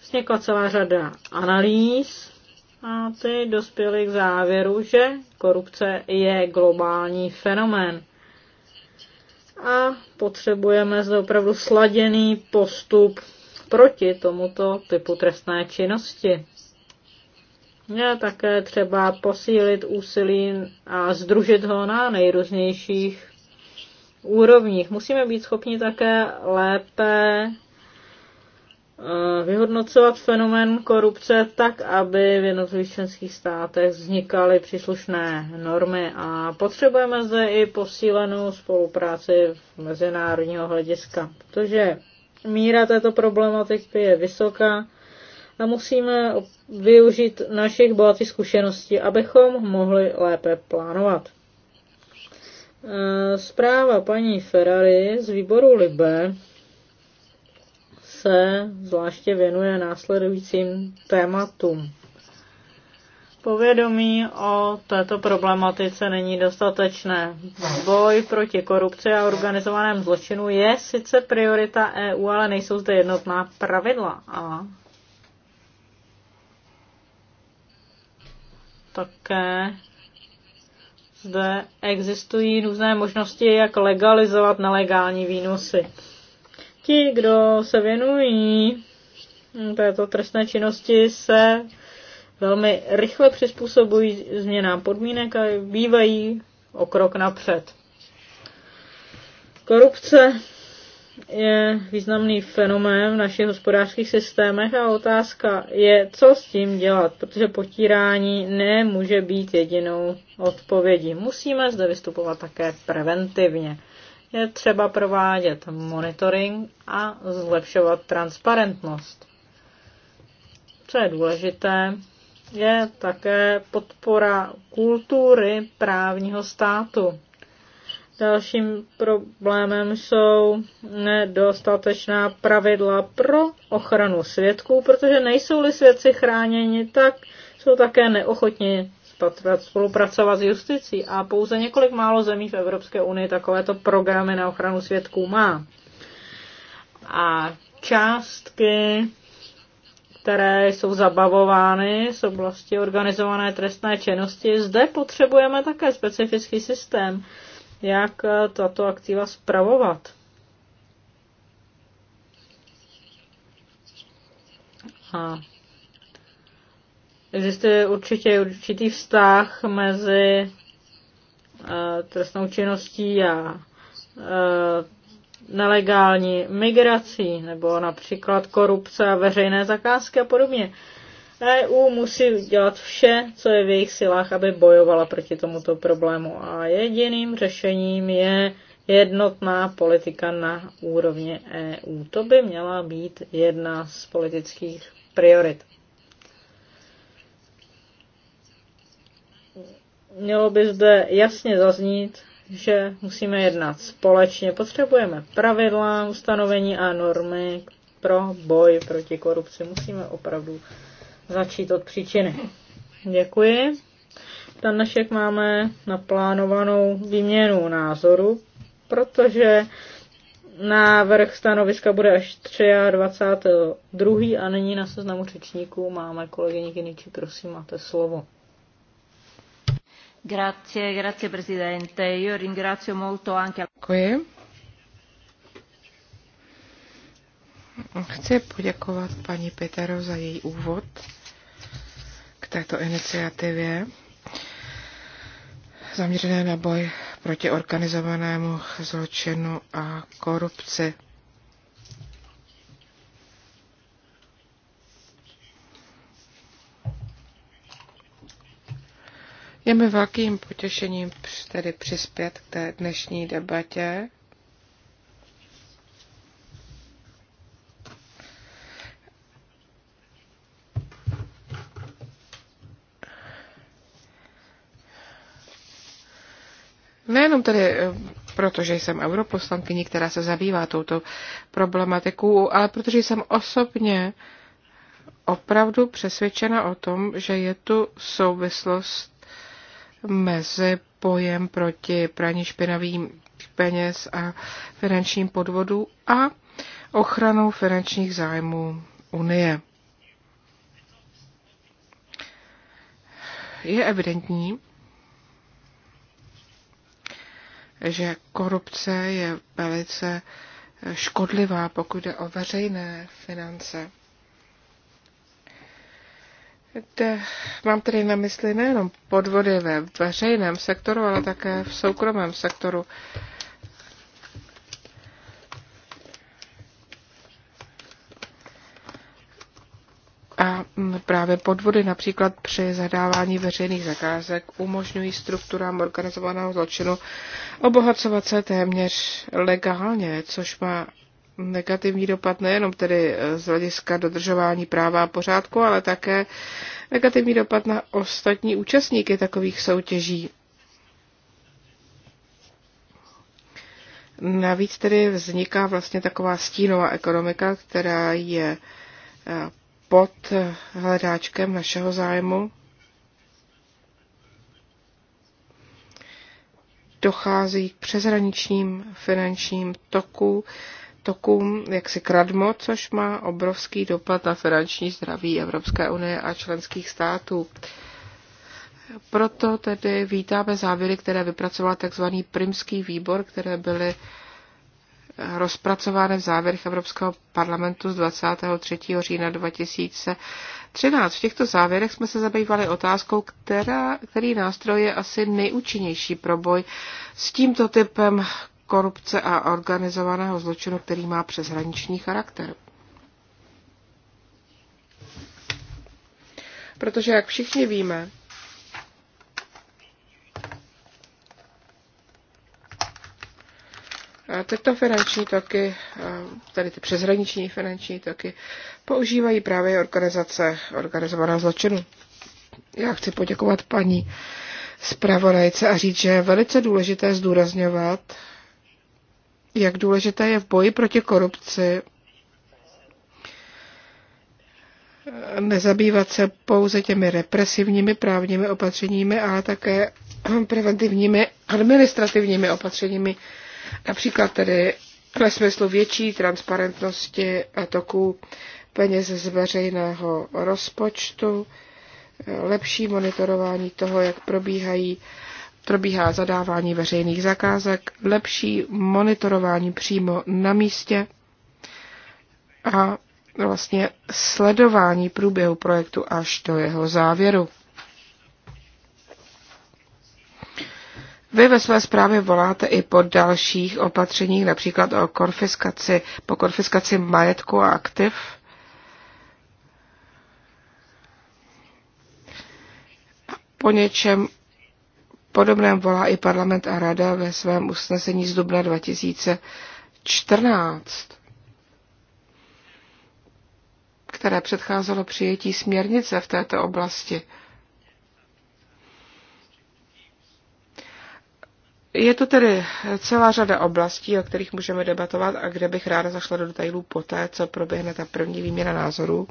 Vznikla celá řada analýz a ty dospěly k závěru, že korupce je globální fenomén a potřebujeme zde opravdu sladěný postup proti tomuto typu trestné činnosti. Je také třeba posílit úsilí a združit ho na nejrůznějších úrovních. Musíme být schopni také lépe Eh, vyhodnocovat fenomén korupce tak, aby v jednotlivých členských státech vznikaly příslušné normy a potřebujeme zde i posílenou spolupráci mezinárodního hlediska, protože míra této problematiky je vysoká a musíme využít našich bohatých zkušeností, abychom mohli lépe plánovat. Eh, zpráva paní Ferrari z výboru Libe se zvláště věnuje následujícím tématům. Povědomí o této problematice není dostatečné. Boj proti korupci a organizovaném zločinu je sice priorita EU, ale nejsou zde jednotná pravidla. A také zde existují různé možnosti, jak legalizovat nelegální výnosy. Ti, kdo se věnují této trestné činnosti, se velmi rychle přizpůsobují změnám podmínek a bývají o krok napřed. Korupce je významný fenomén v našich hospodářských systémech a otázka je, co s tím dělat, protože potírání nemůže být jedinou odpovědí. Musíme zde vystupovat také preventivně je třeba provádět monitoring a zlepšovat transparentnost. Co je důležité, je také podpora kultury právního státu. Dalším problémem jsou nedostatečná pravidla pro ochranu svědků, protože nejsou-li svědci chráněni, tak jsou také neochotni spolupracovat s justicí a pouze několik málo zemí v Evropské unii takovéto programy na ochranu svědků má. A částky, které jsou zabavovány z oblasti organizované trestné činnosti, zde potřebujeme také specifický systém, jak tato aktiva spravovat. A Existuje určitě určitý vztah mezi eh, trestnou činností a eh, nelegální migrací nebo například korupce a veřejné zakázky a podobně. EU musí dělat vše, co je v jejich silách, aby bojovala proti tomuto problému. A jediným řešením je jednotná politika na úrovni EU. To by měla být jedna z politických priorit. mělo by zde jasně zaznít, že musíme jednat společně. Potřebujeme pravidla, ustanovení a normy pro boj proti korupci. Musíme opravdu začít od příčiny. Děkuji. Tam našek máme naplánovanou výměnu názoru, protože návrh stanoviska bude až 23. a nyní na seznamu řečníků máme kolegyně Kiniči, prosím, máte slovo. Grazie, grazie Presidente. Io ringrazio molto anche... Děkuji. Chci poděkovat paní Petero za její úvod k této iniciativě zaměřené na boj proti organizovanému zločinu a korupci. Je mi velkým potěšením tedy přispět k té dnešní debatě. Nejenom tedy eh, protože jsem europoslankyní, která se zabývá touto problematikou, ale protože jsem osobně opravdu přesvědčena o tom, že je tu souvislost mezi pojem proti praní špinavým peněz a finančním podvodu a ochranou finančních zájmů Unie. Je evidentní, že korupce je velice škodlivá, pokud jde o veřejné finance. De, mám tedy na mysli nejenom podvody ve veřejném sektoru, ale také v soukromém sektoru. A právě podvody například při zadávání veřejných zakázek umožňují strukturám organizovaného zločinu obohacovat se téměř legálně, což má negativní dopad nejenom tedy eh, z hlediska dodržování práva a pořádku, ale také negativní dopad na ostatní účastníky takových soutěží. Navíc tedy vzniká vlastně taková stínová ekonomika, která je eh, pod hledáčkem našeho zájmu. Dochází k přeshraničním finančním toku, tokům si kradmo, což má obrovský dopad na finanční zdraví Evropské unie a členských států. Proto tedy vítáme závěry, které vypracoval tzv. Primský výbor, které byly rozpracovány v závěrech Evropského parlamentu z 23. října 2013. V těchto závěrech jsme se zabývali otázkou, která, který nástroj je asi nejúčinnější pro boj s tímto typem korupce a organizovaného zločinu, který má přeshraniční charakter. Protože, jak všichni víme, tyto finanční toky, tady ty přeshraniční finanční toky, používají právě organizace organizovaného zločinu. Já chci poděkovat paní zpravodajce a říct, že je velice důležité zdůrazňovat, jak důležité je v boji proti korupci nezabývat se pouze těmi represivními právními opatřeními, ale také preventivními administrativními opatřeními, například tedy ve smyslu větší transparentnosti a toků peněz z veřejného rozpočtu, lepší monitorování toho, jak probíhají probíhá zadávání veřejných zakázek, lepší monitorování přímo na místě a vlastně sledování průběhu projektu až do jeho závěru. Vy ve své zprávě voláte i po dalších opatřeních, například o konfiskaci, po konfiskaci majetku a aktiv. Po něčem podobném volá i parlament a rada ve svém usnesení z dubna 2014, které předcházelo přijetí směrnice v této oblasti. Je to tedy celá řada oblastí, o kterých můžeme debatovat a kde bych ráda zašla do detailů poté, co proběhne ta první výměna názorů.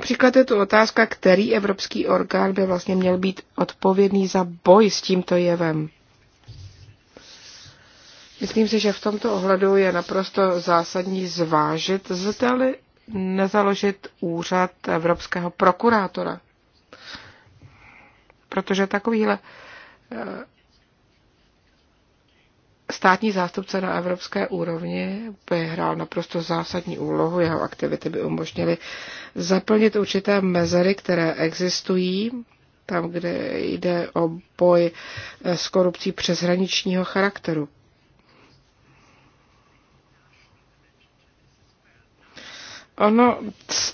Příklad je tu otázka, který evropský orgán by vlastně měl být odpovědný za boj s tímto jevem. Myslím si, že v tomto ohledu je naprosto zásadní zvážit, zda-li nezaložit úřad evropského prokurátora. Protože takovýhle eh, státní zástupce na evropské úrovni by hrál naprosto zásadní úlohu. Jeho aktivity by umožnily zaplnit určité mezery, které existují, tam, kde jde o boj eh, s korupcí přeshraničního charakteru. Ono,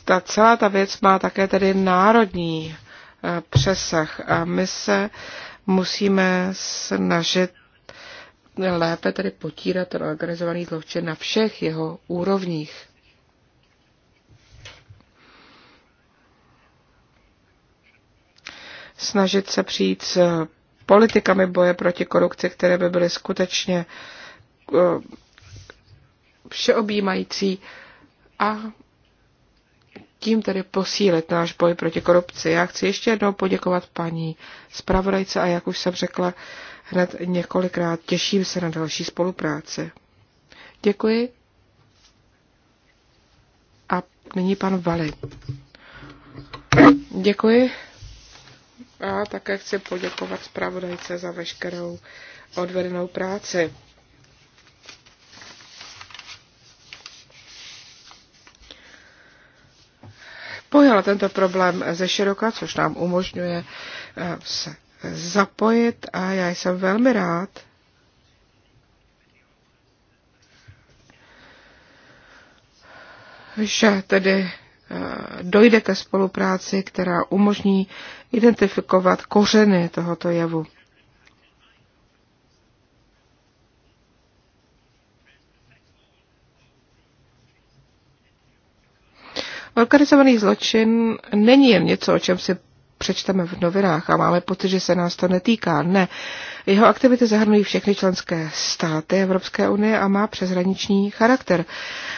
ta celá ta věc má také tedy národní eh, přesah a my se musíme snažit lépe tedy potírat ten organizovaný zločin na všech jeho úrovních. Snažit se přijít s politikami boje proti korupci, které by byly skutečně eh, všeobjímající a tím tedy posílit náš boj proti korupci. Já chci ještě jednou poděkovat paní zpravodajce a jak už jsem řekla, hned několikrát. Těším se na další spolupráce. Děkuji. A nyní pan Vali. Děkuji. A také chci poděkovat zpravodajce za veškerou odvedenou práci. pojala tento problém ze široka, což nám umožňuje eh, se zapojit a já jsem velmi rád, že tedy eh, dojde ke spolupráci, která umožní identifikovat kořeny tohoto jevu. Organizovaný zločin není jen něco, o čem si přečteme v novinách a máme pocit, že se nás to netýká. Ne. Jeho aktivity zahrnují všechny členské státy Evropské unie a má přeshraniční charakter.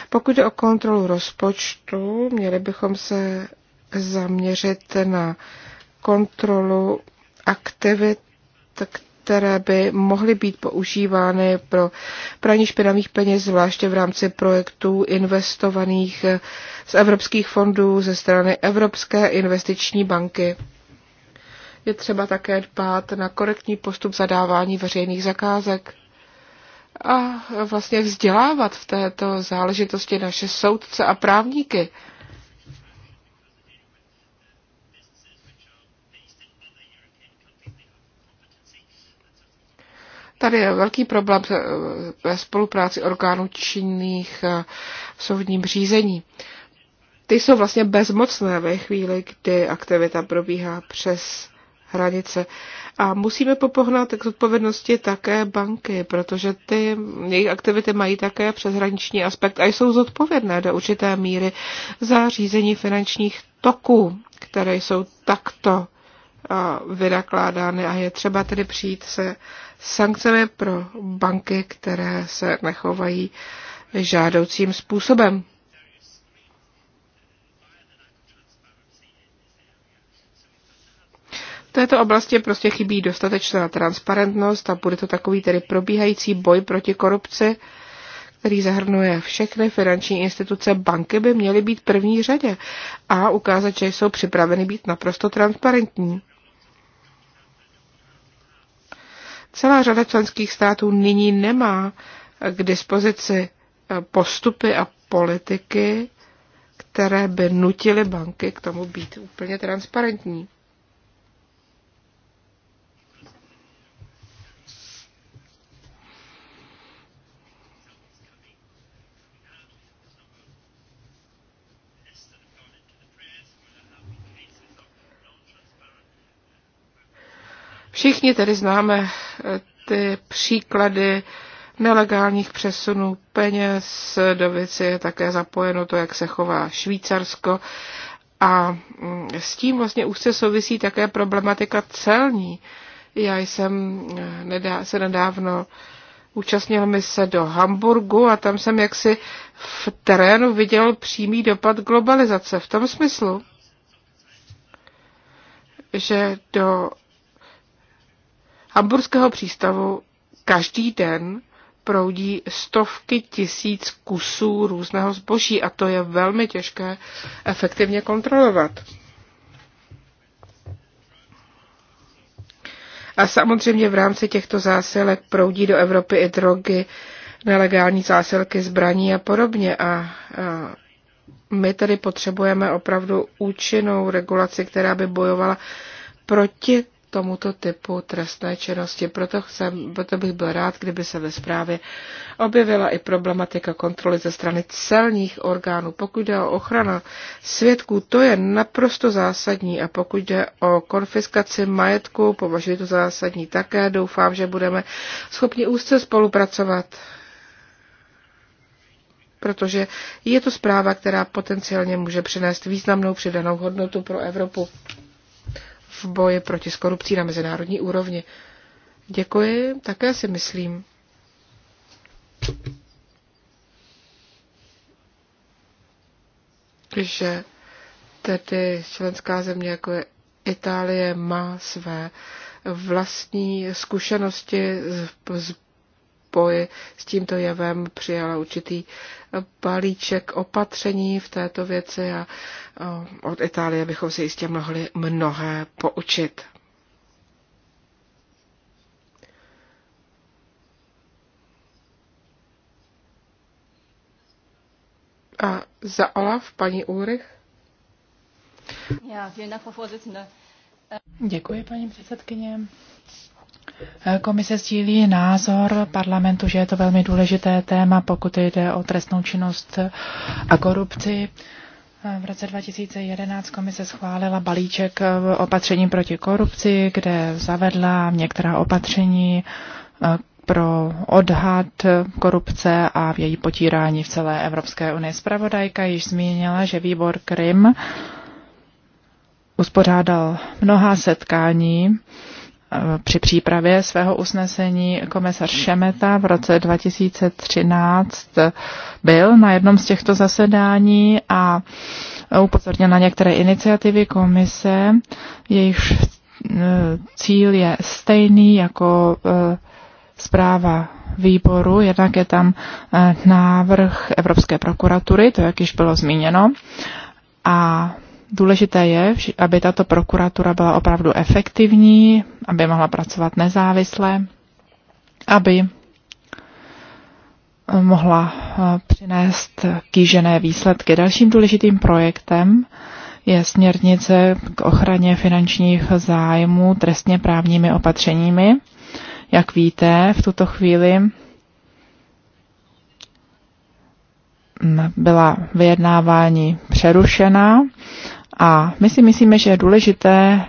Pokud jde o kontrolu rozpočtu, měli bychom se zaměřit na kontrolu aktivit, které by mohly být používány pro praní špinavých peněz, zvláště v rámci projektů investovaných z evropských fondů ze strany Evropské investiční banky. Je třeba také dbát na korektní postup zadávání veřejných zakázek a vlastně vzdělávat v této záležitosti naše soudce a právníky. Tady je velký problém ve spolupráci orgánů činných eh, v soudním řízení. Ty jsou vlastně bezmocné ve chvíli, kdy aktivita probíhá přes hranice. A musíme popohnat k odpovědnosti také banky, protože ty jejich aktivity mají také přeshraniční aspekt a jsou zodpovědné do určité míry za řízení finančních toků, které jsou takto eh, vynakládány a je třeba tedy přijít se sankcemi pro banky, které se nechovají žádoucím způsobem. V této oblasti prostě chybí dostatečná transparentnost a bude to takový tedy probíhající boj proti korupci, který zahrnuje všechny finanční instituce. Banky by měly být první řadě a ukázat, že jsou připraveny být naprosto transparentní. Celá řada členských států nyní nemá k dispozici eh, postupy a politiky, které by nutily banky k tomu být úplně transparentní. Všichni tedy známe eh, ty příklady nelegálních přesunů peněz. Do věci je také zapojeno to, jak se chová Švýcarsko. A mm, s tím vlastně už se souvisí také problematika celní. Já jsem eh, nedá, se nedávno účastnil mi se do Hamburgu a tam jsem jaksi v terénu viděl přímý dopad globalizace v tom smyslu, že do Hamburského přístavu každý den proudí stovky tisíc kusů různého zboží a to je velmi těžké efektivně kontrolovat. A samozřejmě v rámci těchto zásilek proudí do Evropy i drogy, nelegální zásilky zbraní a podobně. A, a my tedy potřebujeme opravdu účinnou regulaci, která by bojovala proti tomuto typu trestné činnosti. Proto, chcem, proto bych byl rád, kdyby se ve zprávě objevila i problematika kontroly ze strany celních orgánů. Pokud jde o ochranu svědků, to je naprosto zásadní a pokud jde o konfiskaci majetku, považuji to zásadní také. Doufám, že budeme schopni úzce spolupracovat protože je to zpráva, která potenciálně může přinést významnou přidanou hodnotu pro Evropu v boji proti korupcí na mezinárodní úrovni. Děkuji, také si myslím. že tedy členská země jako je Itálie má své vlastní zkušenosti s boji s tímto jevem přijala určitý balíček opatření v této věci a od Itálie bychom se jistě mohli mnohé poučit. A za Olaf, paní Úrych. Děkuji, paní předsedkyně. Komise sdílí názor parlamentu, že je to velmi důležité téma, pokud jde o trestnou činnost a korupci. V roce 2011 komise schválila balíček opatření proti korupci, kde zavedla některá opatření eh, pro odhad korupce a v její potírání v celé Evropské unii. Spravodajka již zmínila, že výbor Krim uspořádal mnoha setkání Eh, při přípravě svého usnesení komisař Šemeta v roce 2013 byl na jednom z těchto zasedání a upozornil na některé iniciativy komise, jejichž eh, cíl je stejný jako eh, zpráva výboru, jednak je tam návrh Evropské prokuratury, to jak již bylo zmíněno, a Důležité je, aby tato prokuratura byla opravdu efektivní, aby mohla pracovat nezávisle, aby eh, mohla eh, přinést kýžené výsledky. Dalším důležitým projektem je směrnice k ochraně finančních zájmů trestně právními opatřeními. Jak víte, v tuto chvíli mm, byla vyjednávání přerušena a my si myslíme, že je důležité,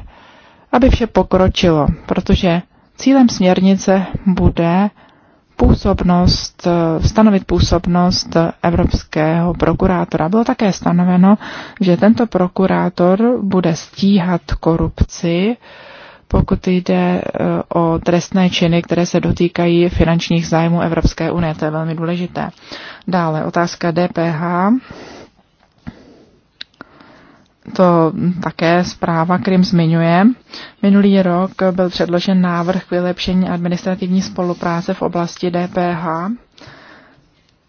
aby vše pokročilo, protože cílem směrnice bude působnost, stanovit působnost evropského prokurátora. Bylo také stanoveno, že tento prokurátor bude stíhat korupci, pokud jde eh, o trestné činy, které se dotýkají finančních zájmů Evropské unie. To je velmi důležité. Dále otázka DPH to také zpráva Krim zmiňuje. Minulý rok byl předložen návrh k vylepšení administrativní spolupráce v oblasti DPH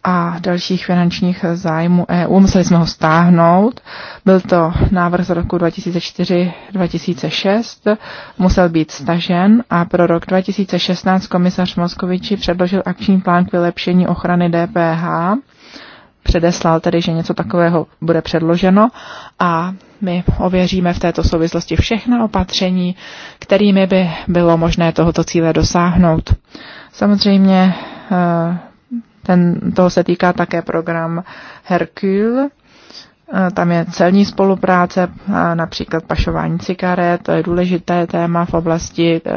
a dalších finančních zájmů EU. Museli jsme ho stáhnout. Byl to návrh z roku 2004-2006. Musel být stažen a pro rok 2016 komisař Moskoviči předložil akční plán k vylepšení ochrany DPH předeslal tedy, že něco takového bude předloženo a my ověříme v této souvislosti všechna opatření, kterými by bylo možné tohoto cíle dosáhnout. Samozřejmě eh, ten, toho se týká také program Hercule, Eh, tam je celní spolupráce, eh, například pašování cigaret, to je důležité téma v oblasti eh,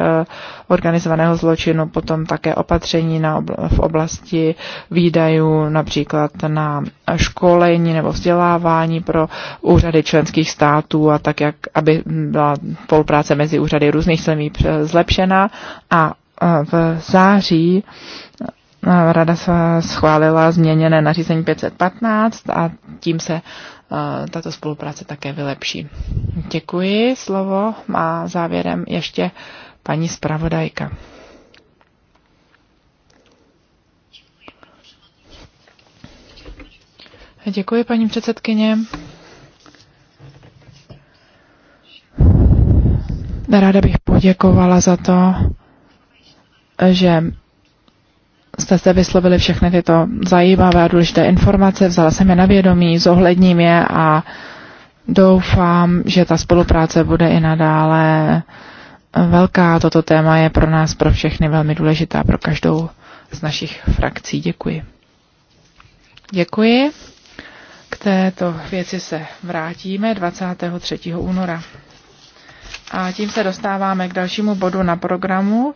organizovaného zločinu, potom také opatření na obl- v oblasti výdajů, například na školení nebo vzdělávání pro úřady členských států a tak, jak aby byla spolupráce mezi úřady různých zemí zlepšena. A v září Rada schválila změněné nařízení 515 a tím se tato spolupráce také vylepší. Děkuji. Slovo má závěrem ještě paní zpravodajka. Děkuji, paní předsedkyně. Ráda bych poděkovala za to, že jste zde vyslovili všechny tyto zajímavé a důležité informace, vzala jsem je na vědomí, zohledním je a doufám, že ta spolupráce bude i nadále velká. Toto téma je pro nás, pro všechny velmi důležitá, pro každou z našich frakcí. Děkuji. Děkuji. K této věci se vrátíme 23. února. A tím se dostáváme k dalšímu bodu na programu,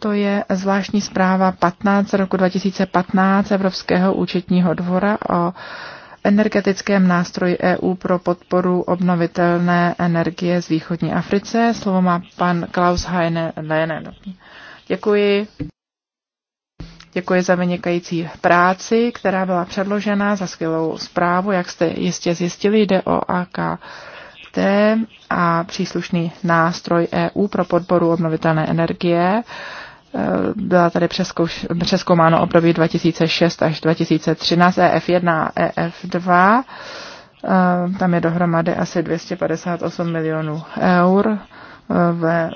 to je zvláštní zpráva 15 roku 2015 Evropského účetního dvora o energetickém nástroji EU pro podporu obnovitelné energie z východní Africe. Slovo má pan Klaus Heine Lehnen. Děkuji. Děkuji za vynikající práci, která byla předložena, za skvělou zprávu. Jak jste jistě zjistili, jde o AKT a příslušný nástroj EU pro podporu obnovitelné energie. Eh, byla tady přeskouš, přeskoumáno období 2006 až 2013 EF1 a EF2. Eh, tam je dohromady asi 258 milionů eur eh, ve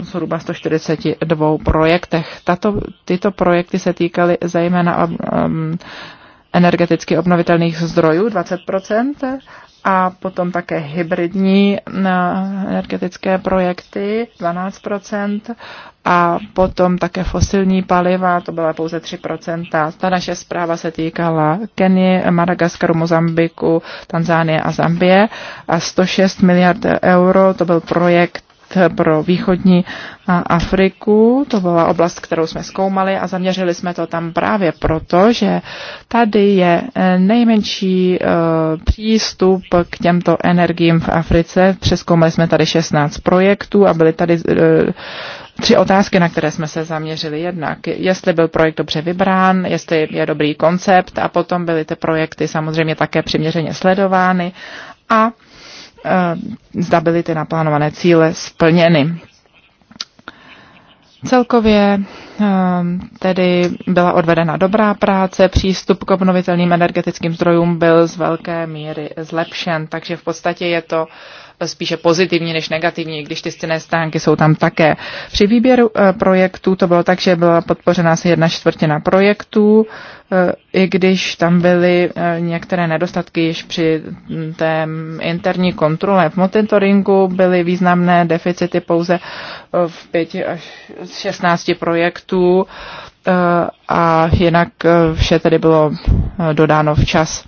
zhruba 142 projektech. Tato, tyto projekty se týkaly zejména um, energeticky obnovitelných zdrojů 20% a potom také hybridní eh, energetické projekty 12% a potom také fosilní paliva, to byla pouze 3%. Ta naše zpráva se týkala Keny, Madagaskaru, Mozambiku, Tanzánie a Zambie a 106 miliard euro, to byl projekt Eh, pro východní eh, Afriku. To byla oblast, kterou jsme zkoumali a zaměřili jsme to tam právě proto, že tady je eh, nejmenší přístup k těmto energiím v Africe. Přeskoumali jsme tady 16 projektů a byly tady tři otázky, na které jsme se zaměřili. Jednak, jestli byl projekt dobře vybrán, jestli je dobrý koncept a potom byly ty projekty samozřejmě také přiměřeně sledovány a Eh, zda byly ty naplánované cíle splněny. Celkově ehm, tedy byla odvedena dobrá práce, přístup k obnovitelným energetickým zdrojům byl z velké míry zlepšen, takže v podstatě je to spíše pozitivní než negativní, když ty stěné stánky jsou tam také. Při výběru eh, projektů to bylo tak, že byla podpořena asi jedna čtvrtina projektů, Eh, i když tam byly eh, některé nedostatky již při té interní kontrole. V monitoringu byly významné deficity pouze eh, v 5 až 16 projektů a jinak vše tedy bylo dodáno včas.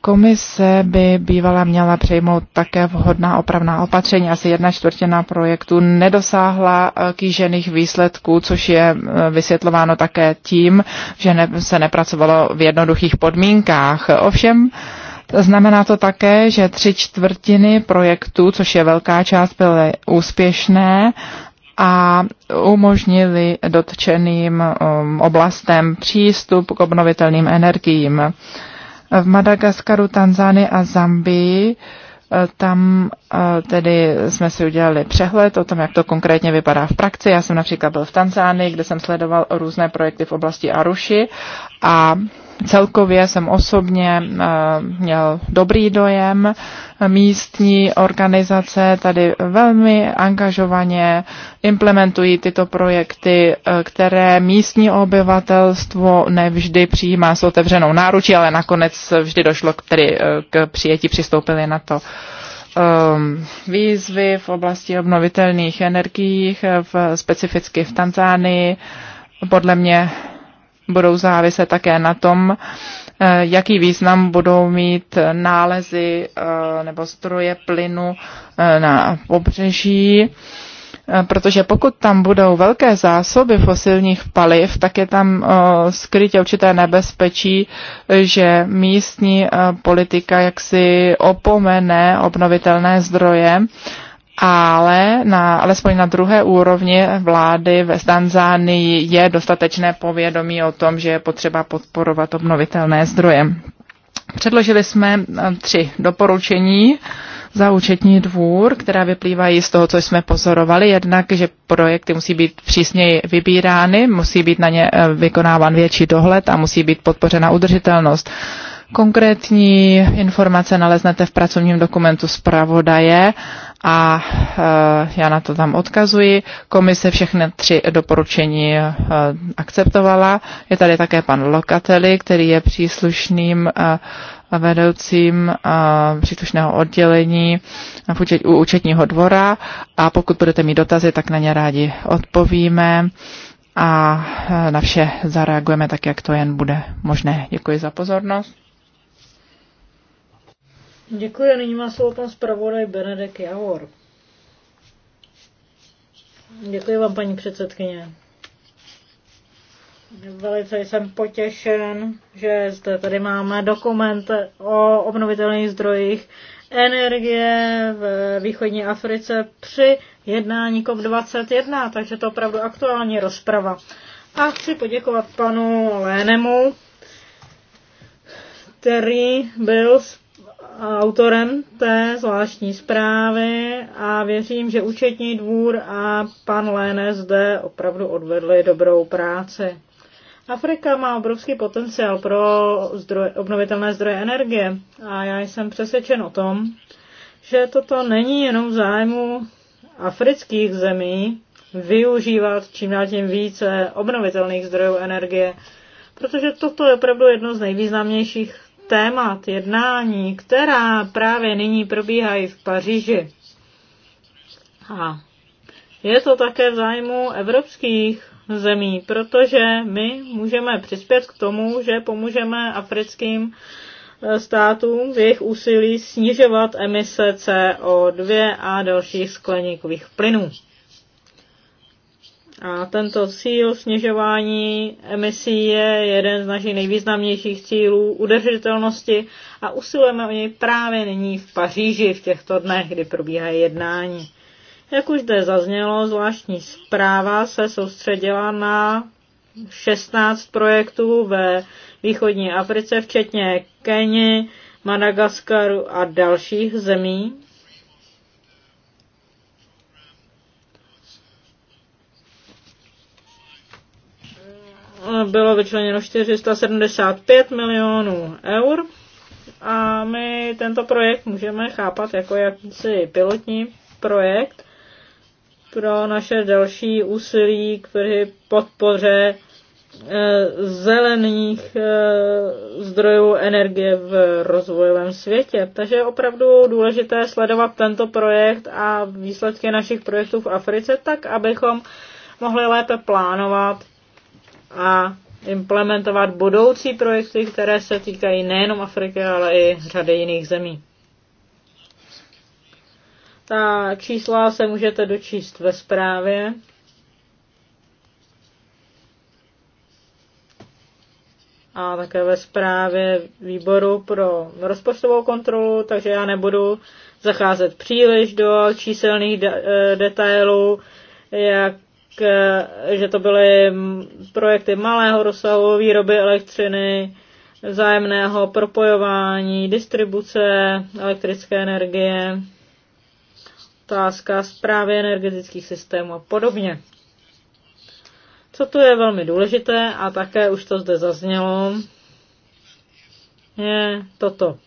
Komise by bývala měla přejmout také vhodná opravná opatření. Asi jedna čtvrtina projektu nedosáhla eh, kýžených výsledků, což je eh, vysvětlováno také tím, že se nepracovalo v jednoduchých podmínkách. Ovšem, Znamená to také, že tři čtvrtiny projektů, což je velká část, byly úspěšné a umožnili dotčeným um, oblastem přístup k obnovitelným energiím v Madagaskaru, Tanzánii a Zambii. Eh, tam eh, tedy jsme si udělali přehled o tom, jak to konkrétně vypadá v praxi. Já jsem například byl v Tanzánii, kde jsem sledoval různé projekty v oblasti Aruši a celkově jsem osobně eh, měl dobrý dojem. Místní organizace tady velmi angažovaně implementují tyto projekty, eh, které místní obyvatelstvo nevždy přijímá s otevřenou náručí, ale nakonec vždy došlo k, tedy, eh, k přijetí, přistoupili na to ehm, výzvy v oblasti obnovitelných energií, v, specificky v Tanzánii. Podle mě budou záviset také na tom, eh, jaký význam budou mít nálezy eh, nebo stroje plynu eh, na pobřeží protože pokud tam budou velké zásoby fosilních paliv, tak je tam skrytě určité nebezpečí, že místní politika jaksi opomene obnovitelné zdroje ale na, alespoň na druhé úrovni vlády ve Tanzánii je dostatečné povědomí o tom, že je potřeba podporovat obnovitelné zdroje. Předložili jsme eh, tři doporučení za účetní dvůr, která vyplývají z toho, co jsme pozorovali. Jednak, že projekty musí být přísněji vybírány, musí být na ně eh, vykonáván větší dohled a musí být podpořena udržitelnost. Konkrétní informace naleznete v pracovním dokumentu zpravodaje a eh, já na to tam odkazuji. Komise všechny tři doporučení eh, akceptovala. Je tady také pan Lokateli, který je příslušným eh, vedoucím příslušného oddělení u účetního dvora a pokud budete mít dotazy, tak na ně rádi odpovíme a na vše zareagujeme tak, jak to jen bude možné. Děkuji za pozornost. Děkuji a nyní má slovo pan zpravodaj Benedek Javor. Děkuji vám, paní předsedkyně. Velice jsem potěšen, že zde tady máme dokument o obnovitelných zdrojích energie v východní Africe při jednání COP21, takže to opravdu aktuální rozprava. A chci poděkovat panu Lénemu, který byl s autorem té zvláštní zprávy a věřím, že účetní dvůr a pan Léne zde opravdu odvedli dobrou práci. Afrika má obrovský potenciál pro zdroje, obnovitelné zdroje energie a já jsem přesvědčen o tom, že toto není jenom v zájmu afrických zemí využívat čím dál tím více obnovitelných zdrojů energie, protože toto je opravdu jedno z nejvýznamnějších témat jednání, která právě nyní probíhají v Paříži. A je to také v zájmu evropských zemí, protože my můžeme přispět k tomu, že pomůžeme africkým eh, státům v jejich úsilí snižovat emise CO2 a dalších skleníkových plynů. A tento cíl snižování emisí je jeden z našich nejvýznamnějších cílů udržitelnosti a usilujeme o něj právě nyní v Paříži v těchto dnech, kdy probíhají jednání. Jak už zde zaznělo, zvláštní zpráva se soustředila na 16 projektů ve východní Africe, včetně Keni, Madagaskaru a dalších zemí, bylo vyčleněno 475 milionů eur a my tento projekt můžeme chápat jako jakýsi pilotní projekt pro naše další úsilí k podpoře e, zelených e, zdrojů energie v rozvojovém světě. Takže je opravdu důležité sledovat tento projekt a výsledky našich projektů v Africe tak, abychom mohli lépe plánovat a implementovat budoucí projekty, které se týkají nejenom Afriky, ale i řady jiných zemí. Ta čísla se můžete dočíst ve zprávě. A také ve zprávě výboru pro rozpočtovou kontrolu, takže já nebudu zacházet příliš do číselných de- eh, detailů, jak že to byly projekty malého rozsahu výroby elektřiny, vzájemného propojování, distribuce elektrické energie, otázka zprávy energetických systémů a podobně. Co tu je velmi důležité a také už to zde zaznělo, je toto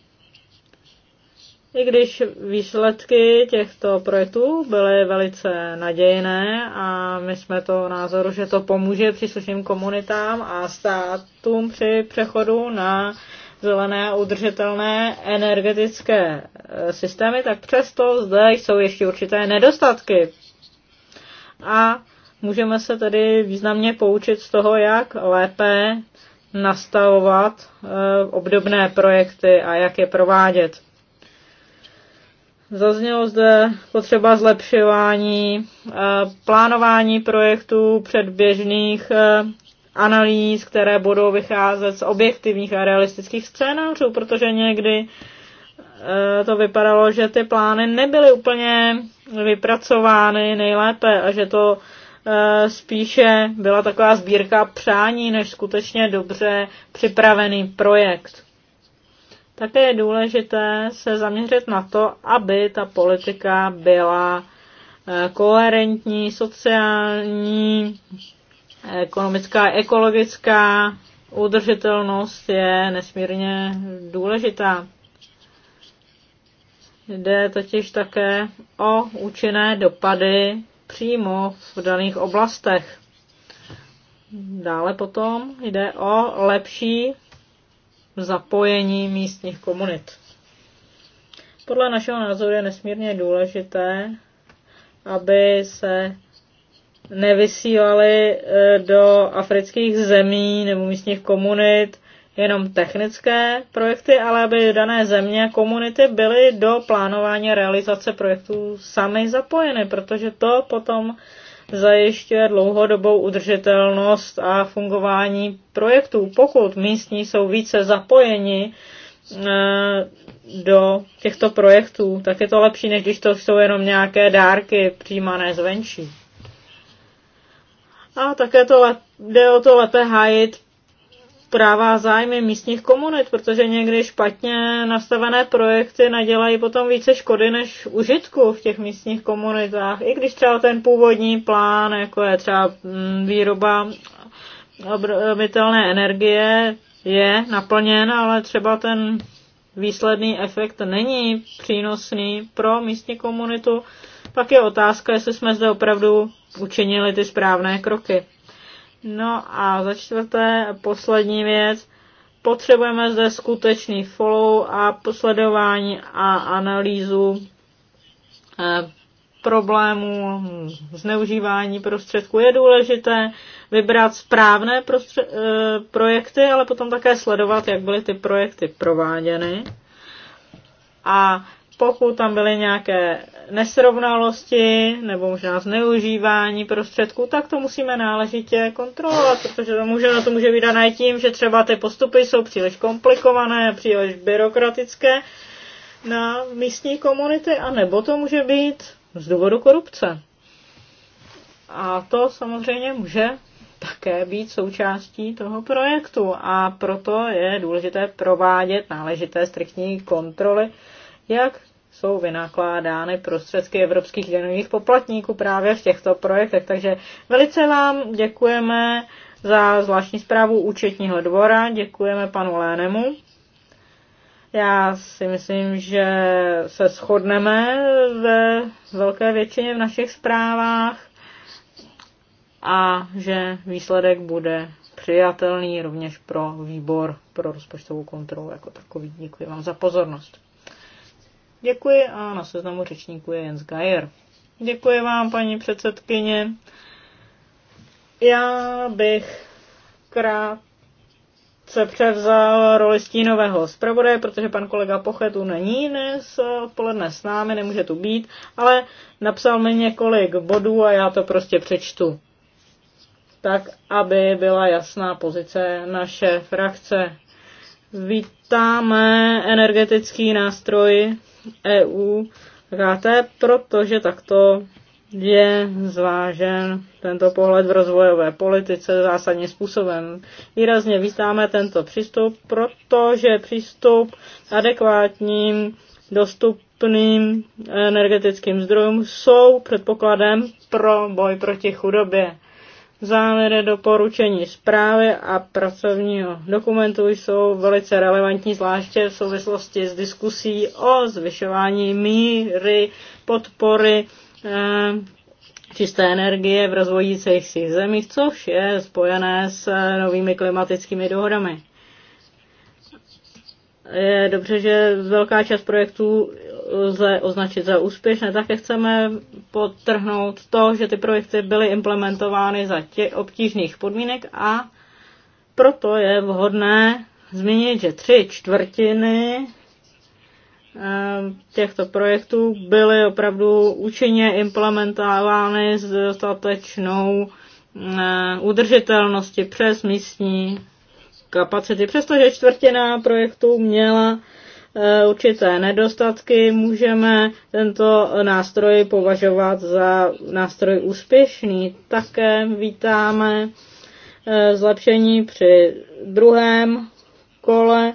i když výsledky těchto projektů byly velice nadějné a my jsme to názoru, že to pomůže příslušným komunitám a státům při přechodu na zelené a udržitelné energetické eh, systémy, tak přesto zde jsou ještě určité nedostatky. A můžeme se tedy významně poučit z toho, jak lépe nastavovat eh, obdobné projekty a jak je provádět. Zaznělo zde potřeba zlepšování eh, plánování projektů předběžných eh, analýz, které budou vycházet z objektivních a realistických scénářů, protože někdy eh, to vypadalo, že ty plány nebyly úplně vypracovány nejlépe a že to spíše byla taková sbírka přání než skutečně dobře připravený projekt. Také je důležité se zaměřit na to, aby ta politika byla eh, koherentní, sociální, ekonomická, ekologická. Udržitelnost je nesmírně důležitá. Jde totiž také o účinné dopady přímo v daných oblastech. Dále potom jde o lepší zapojení místních komunit. Podle našeho názoru je nesmírně důležité, aby se nevysílali e, do afrických zemí nebo místních komunit jenom technické projekty, ale aby dané země, komunity byly do plánování realizace projektů sami zapojeny, protože to potom zajišťuje dlouhodobou udržitelnost a fungování projektů. Pokud místní jsou více zapojeni eh, do těchto projektů, tak je to lepší, než když to jsou jenom nějaké dárky přijímané zvenčí. A také to jde o to lépe hájit zpráva zájmy místních komunit, protože někdy špatně nastavené projekty nadělají potom více škody než užitku v těch místních komunitách. I když třeba ten původní plán, jako je třeba mm, výroba obnovitelné energie, je naplněn, ale třeba ten výsledný efekt není přínosný pro místní komunitu, pak je otázka, jestli jsme zde opravdu učinili ty správné kroky. No a za čtvrté, poslední věc, potřebujeme zde skutečný follow a posledování a analýzu eh, problémů zneužívání prostředků. Je důležité vybrat správné prostře- eh, projekty, ale potom také sledovat, jak byly ty projekty prováděny. A pokud tam byly nějaké nesrovnalosti nebo možná zneužívání prostředků, tak to musíme náležitě kontrolovat, protože to může, na to může být dané tím, že třeba ty postupy jsou příliš komplikované, příliš byrokratické na místní komunity, a nebo to může být z důvodu korupce. A to samozřejmě může také být součástí toho projektu a proto je důležité provádět náležité striktní kontroly, jak jsou vynakládány prostředky evropských daňových poplatníků právě v těchto projektech. Takže velice vám děkujeme za zvláštní zprávu účetního dvora, děkujeme panu Lénemu. Já si myslím, že se shodneme ve velké většině v našich zprávách a že výsledek bude přijatelný rovněž pro výbor pro rozpočtovou kontrolu jako takový. Děkuji vám za pozornost. Děkuji a na seznamu řečníků je Jens Geier. Děkuji vám, paní předsedkyně. Já bych krátce převzal roli stínového zpravodaje, protože pan kolega Pochetu není dnes odpoledne s námi, nemůže tu být, ale napsal mi několik bodů a já to prostě přečtu. Tak, aby byla jasná pozice naše frakce. Vítáme energetický nástroj EU KT, protože takto je zvážen tento pohled v rozvojové politice zásadním způsobem. Výrazně vítáme tento přístup, protože přístup adekvátním dostupným energetickým zdrojům jsou předpokladem pro boj proti chudobě. Závěry doporučení zprávy a pracovního dokumentu jsou velice relevantní, zvláště v souvislosti s diskusí o zvyšování míry podpory eh, čisté energie v rozvojících si zemích, což je spojené s novými klimatickými dohodami. Je dobře, že velká část projektů lze označit za úspěšné. Také chceme podtrhnout to, že ty projekty byly implementovány za tě obtížných podmínek a proto je vhodné zmínit, že tři čtvrtiny eh, těchto projektů byly opravdu účinně implementovány s dostatečnou eh, udržitelností přes místní kapacity. Přestože čtvrtina projektů měla E, určité nedostatky, můžeme tento nástroj považovat za nástroj úspěšný. Také vítáme e, zlepšení při druhém kole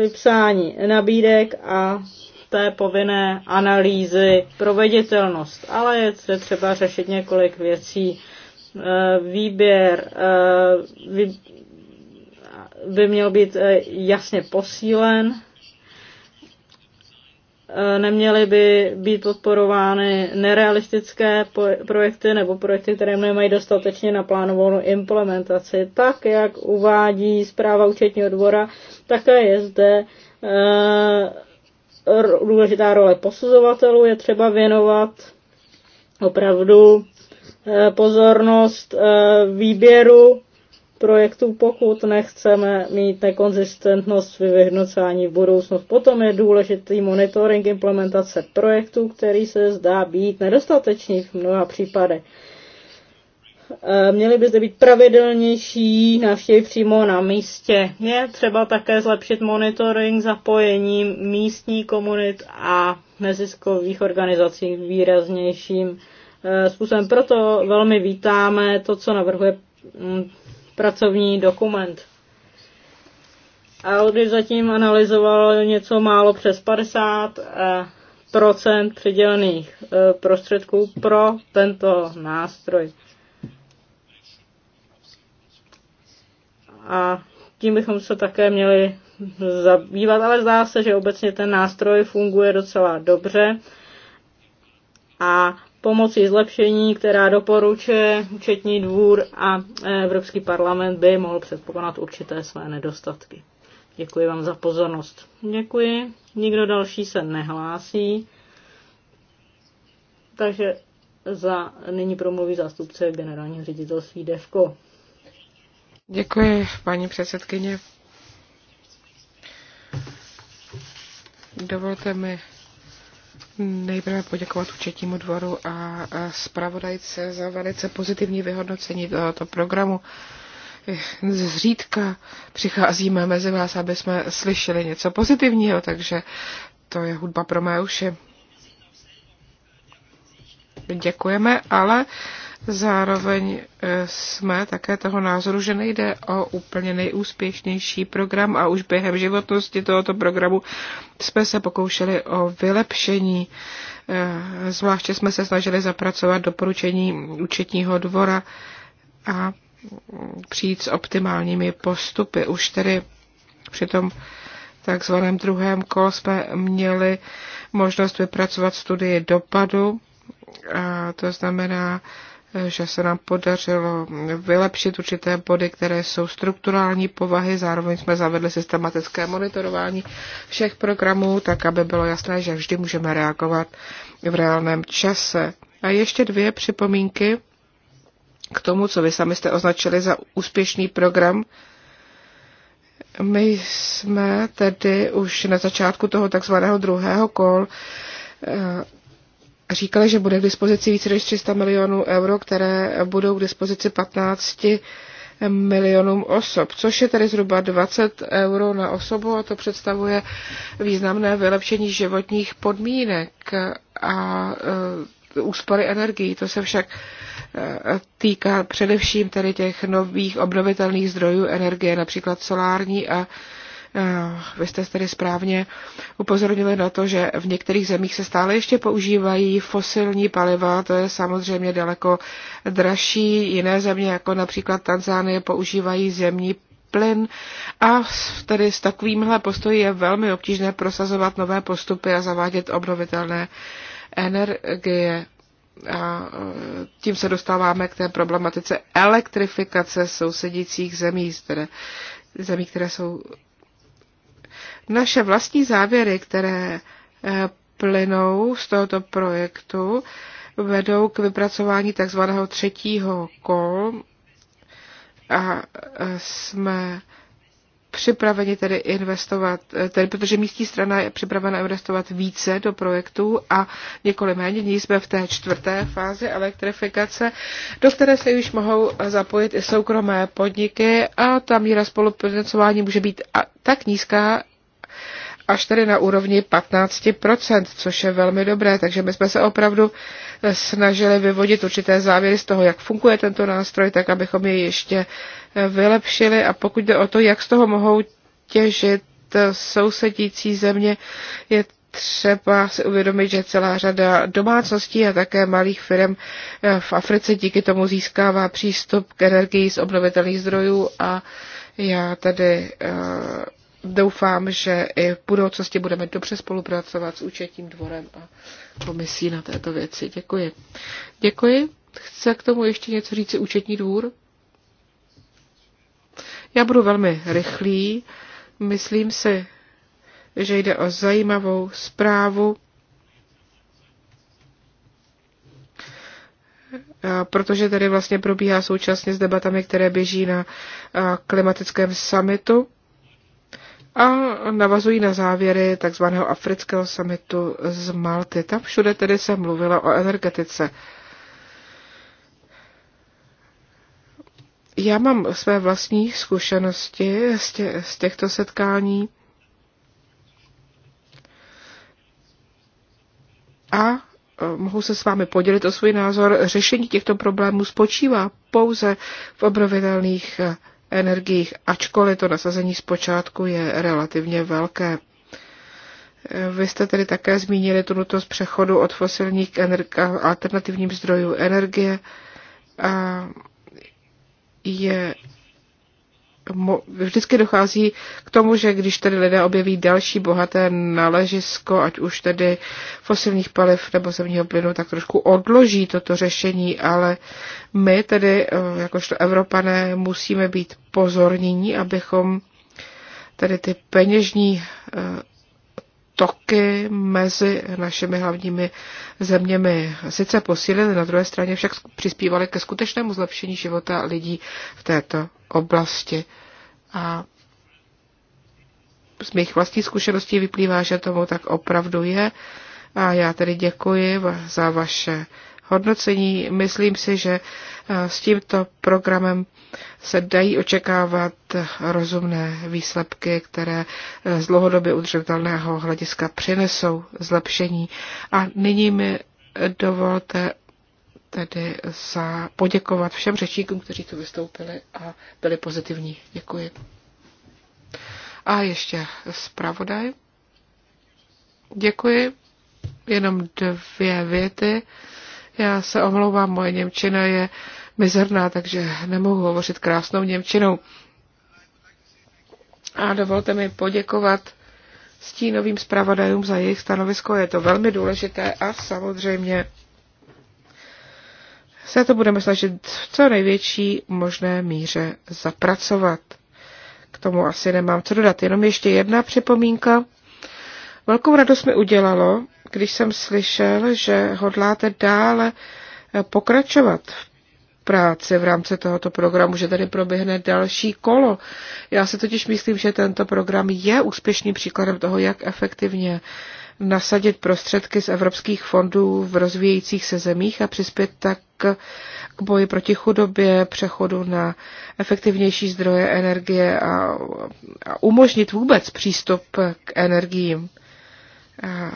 vypsání e, nabídek a té povinné analýzy proveditelnost. Ale je třeba řešit několik věcí výběr by měl být eh, jasně posílen. Eh, neměly by být podporovány nerealistické projekty nebo projekty, které nemají dostatečně naplánovanou implementaci. Tak, jak uvádí zpráva účetního dvora, také je zde eh, důležitá role posuzovatelů. Je třeba věnovat opravdu pozornost výběru projektů, pokud nechceme mít nekonzistentnost v vyhodnocování v budoucnu. Potom je důležitý monitoring implementace projektů, který se zdá být nedostatečný v mnoha případech. Eh, měly by zde být pravidelnější návštěvy přímo na místě. Je třeba také zlepšit monitoring zapojením místní komunit a neziskových organizací výraznějším eh, způsobem. Proto velmi vítáme to, co navrhuje mm, pracovní dokument. Audi zatím analyzoval něco málo přes 50 eh, procent přidělených eh, prostředků pro tento nástroj. A tím bychom se také měli zabývat, ale zdá se, že obecně ten nástroj funguje docela dobře a pomocí zlepšení, která doporučuje účetní dvůr a Evropský parlament by mohl předpokonat určité své nedostatky. Děkuji vám za pozornost. Děkuji. Nikdo další se nehlásí. Takže za, nyní promluví zástupce generálního ředitelství DEVKO. Děkuji, paní předsedkyně. Dovolte mi Nejprve poděkovat účetnímu dvoru a zpravodajce za velice pozitivní vyhodnocení tohoto programu. Zřídka přicházíme mezi vás, aby jsme slyšeli něco pozitivního, takže to je hudba pro mé uši. Děkujeme, ale uh, Zároveň e, jsme také toho názoru, že nejde o úplně nejúspěšnější program a už během životnosti tohoto programu jsme se pokoušeli o vylepšení. E, zvláště jsme se snažili zapracovat doporučení účetního dvora a přijít s optimálními postupy. Už tedy při tom takzvaném druhém kole jsme měli možnost vypracovat studii dopadu, a to znamená, že se nám podařilo vylepšit určité body, které jsou strukturální povahy. Zároveň jsme zavedli systematické monitorování všech programů, tak aby bylo jasné, že vždy můžeme reagovat v reálném čase. A ještě dvě připomínky k tomu, co vy sami jste označili za úspěšný program. My jsme tedy už na začátku toho takzvaného druhého kol eh, říkali, že bude k dispozici více než 300 milionů euro, které budou k dispozici 15 milionům osob, což je tedy zhruba 20 euro na osobu a to představuje významné vylepšení životních podmínek a e, úspory energií. To se však e, týká především tedy těch nových obnovitelných zdrojů energie, například solární a Eh, vy jste tedy správně upozornili na to, že v některých zemích se stále ještě používají fosilní paliva, to je samozřejmě daleko dražší. Jiné země, jako například Tanzánie, používají zemní plyn a tedy s takovýmhle postoji je velmi obtížné prosazovat nové postupy a zavádět obnovitelné energie. A eh, tím se dostáváme k té problematice elektrifikace sousedících zemí, které, zemí, které jsou naše vlastní závěry, které eh, plynou z tohoto projektu, vedou k vypracování takzvaného třetího kol a eh, jsme připraveni tedy investovat, eh, tedy protože místní strana je připravena investovat více do projektů a nikoli méně, nyní jsme v té čtvrté fázi elektrifikace, do které se již mohou zapojit i soukromé podniky a ta míra spolupracování může být tak nízká, až tedy na úrovni 15%, což je velmi dobré, takže my jsme se opravdu eh, snažili vyvodit určité závěry z toho, jak funguje tento nástroj, tak abychom je ještě eh, vylepšili a pokud jde o to, jak z toho mohou těžit eh, sousedící země, je třeba si uvědomit, že celá řada domácností a také malých firm v Africe díky tomu získává přístup k energii z obnovitelných zdrojů a já tady doufám, že i v budoucnosti budeme dobře spolupracovat s účetním dvorem a komisí na této věci. Děkuji. Děkuji. Chce k tomu ještě něco říct účetní dvůr? Já budu velmi rychlý. Myslím si, že jde o zajímavou zprávu, protože tady vlastně probíhá současně s debatami, které běží na klimatickém summitu a navazují na závěry tzv. afrického samitu z Malty. Tam všude tedy se mluvilo o energetice. Já mám své vlastní zkušenosti z, tě, z těchto setkání a e, mohu se s vámi podělit o svůj názor. Řešení těchto problémů spočívá pouze v obrovitelných e, energiích, ačkoliv to nasazení zpočátku je relativně velké. Vy jste tedy také zmínili tu nutnost přechodu od fosilních k alternativním zdrojů energie. A je vždycky dochází k tomu, že když tedy lidé objeví další bohaté naležisko, ať už tedy fosilních paliv nebo zemního plynu, tak trošku odloží toto řešení, ale my tedy, eh, jakožto Evropané, musíme být pozornění, abychom tedy ty peněžní eh, toky mezi našimi hlavními zeměmi sice posílily, na druhé straně však přispívaly ke skutečnému zlepšení života lidí v této oblasti. A z mých vlastních zkušeností vyplývá, že tomu tak opravdu je. A já tedy děkuji za vaše hodnocení. Myslím si, že eh, s tímto programem se dají očekávat rozumné výsledky, které eh, z dlouhodobě udržitelného hlediska přinesou zlepšení. A nyní mi dovolte, tedy za poděkovat všem řečníkům, kteří tu vystoupili a byli pozitivní. Děkuji. A ještě zpravodaj. Děkuji. Jenom dvě věty. Já se omlouvám, moje Němčina je mizerná, takže nemohu hovořit krásnou Němčinou. A dovolte mi poděkovat stínovým zpravodajům za jejich stanovisko. Je to velmi důležité a samozřejmě se to budeme snažit v co největší možné míře zapracovat. K tomu asi nemám co dodat. Jenom ještě jedna připomínka. Velkou radost mi udělalo, když jsem slyšel, že hodláte dále eh, pokračovat v práci v rámci tohoto programu, že tady proběhne další kolo. Já si totiž myslím, že tento program je úspěšným příkladem toho, jak efektivně nasadit prostředky z evropských fondů v rozvíjejících se zemích a přispět tak k boji proti chudobě, přechodu na efektivnější zdroje energie a, a umožnit vůbec přístup k energiím. A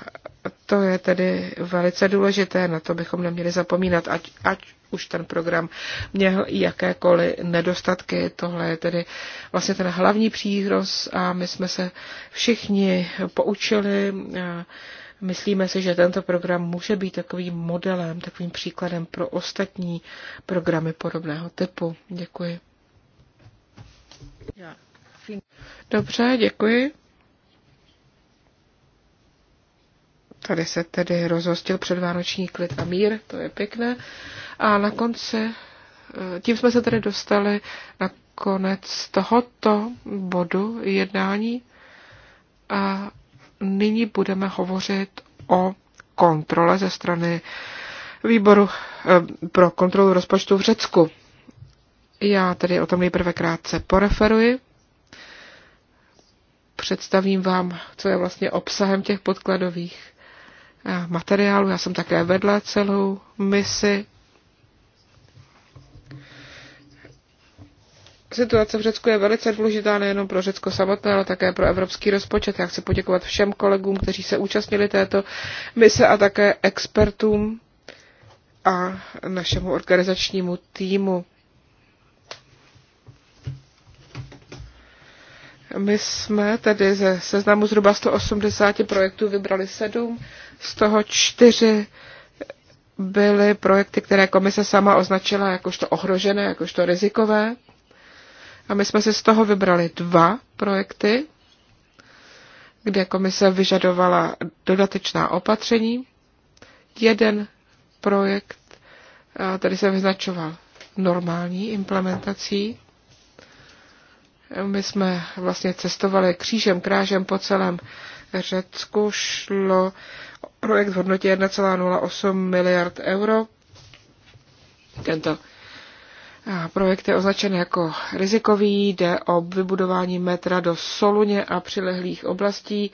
to je tedy velice důležité, na to bychom neměli zapomínat, ať, ať už ten program měl jakékoliv nedostatky. Tohle je tedy vlastně ten hlavní příhroz a my jsme se všichni poučili. Myslíme si, že tento program může být takovým modelem, takovým příkladem pro ostatní programy podobného typu. Děkuji. Dobře, děkuji. Tady se tedy rozhostil předvánoční klid a mír, to je pěkné. A na konci, eh, tím jsme se tedy dostali na konec tohoto bodu jednání a nyní budeme hovořit o kontrole ze strany výboru eh, pro kontrolu rozpočtu v Řecku. Já tedy o tom nejprve krátce poreferuji. Představím vám, co je vlastně obsahem těch podkladových materiálu. Já jsem také vedla celou misi. Situace v Řecku je velice důležitá nejenom pro Řecko samotné, ale také pro evropský rozpočet. Já chci poděkovat všem kolegům, kteří se účastnili této mise a také expertům a našemu organizačnímu týmu. My jsme tedy ze seznamu zhruba 180 projektů vybrali sedm z toho čtyři byly projekty, které komise sama označila jakožto ohrožené, jakožto rizikové. A my jsme si z toho vybrali dva projekty, kde komise vyžadovala dodatečná opatření. Jeden projekt tady se vyznačoval normální implementací. My jsme vlastně cestovali křížem krážem po celém Řecku. Šlo projekt v hodnotě 1,08 miliard euro. Tento projekt je označen jako rizikový, jde o vybudování metra do Soluně a přilehlých oblastí,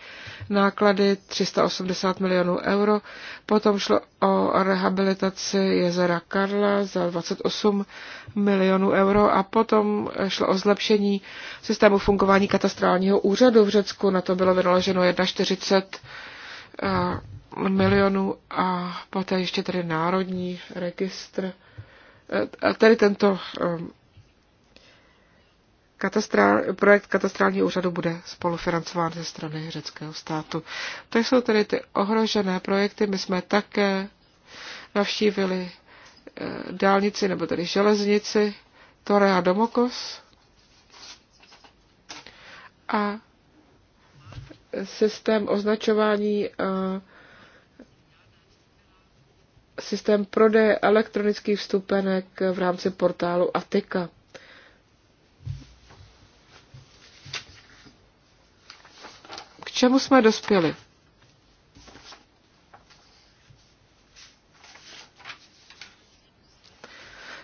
náklady 380 milionů euro, potom šlo o rehabilitaci jezera Karla za 28 milionů euro a potom šlo o zlepšení systému fungování katastrálního úřadu v Řecku, na to bylo vynaloženo 1,40 milionů a poté ještě tady národní registr. E, a tady tento um, katastrál, projekt katastrálního úřadu bude spolufinancován ze strany řeckého státu. To jsou tady ty ohrožené projekty. My jsme také navštívili e, dálnici nebo tady železnici Torea Domokos a systém označování uh, systém prodeje elektronických vstupenek v rámci portálu Atika. K čemu jsme dospěli?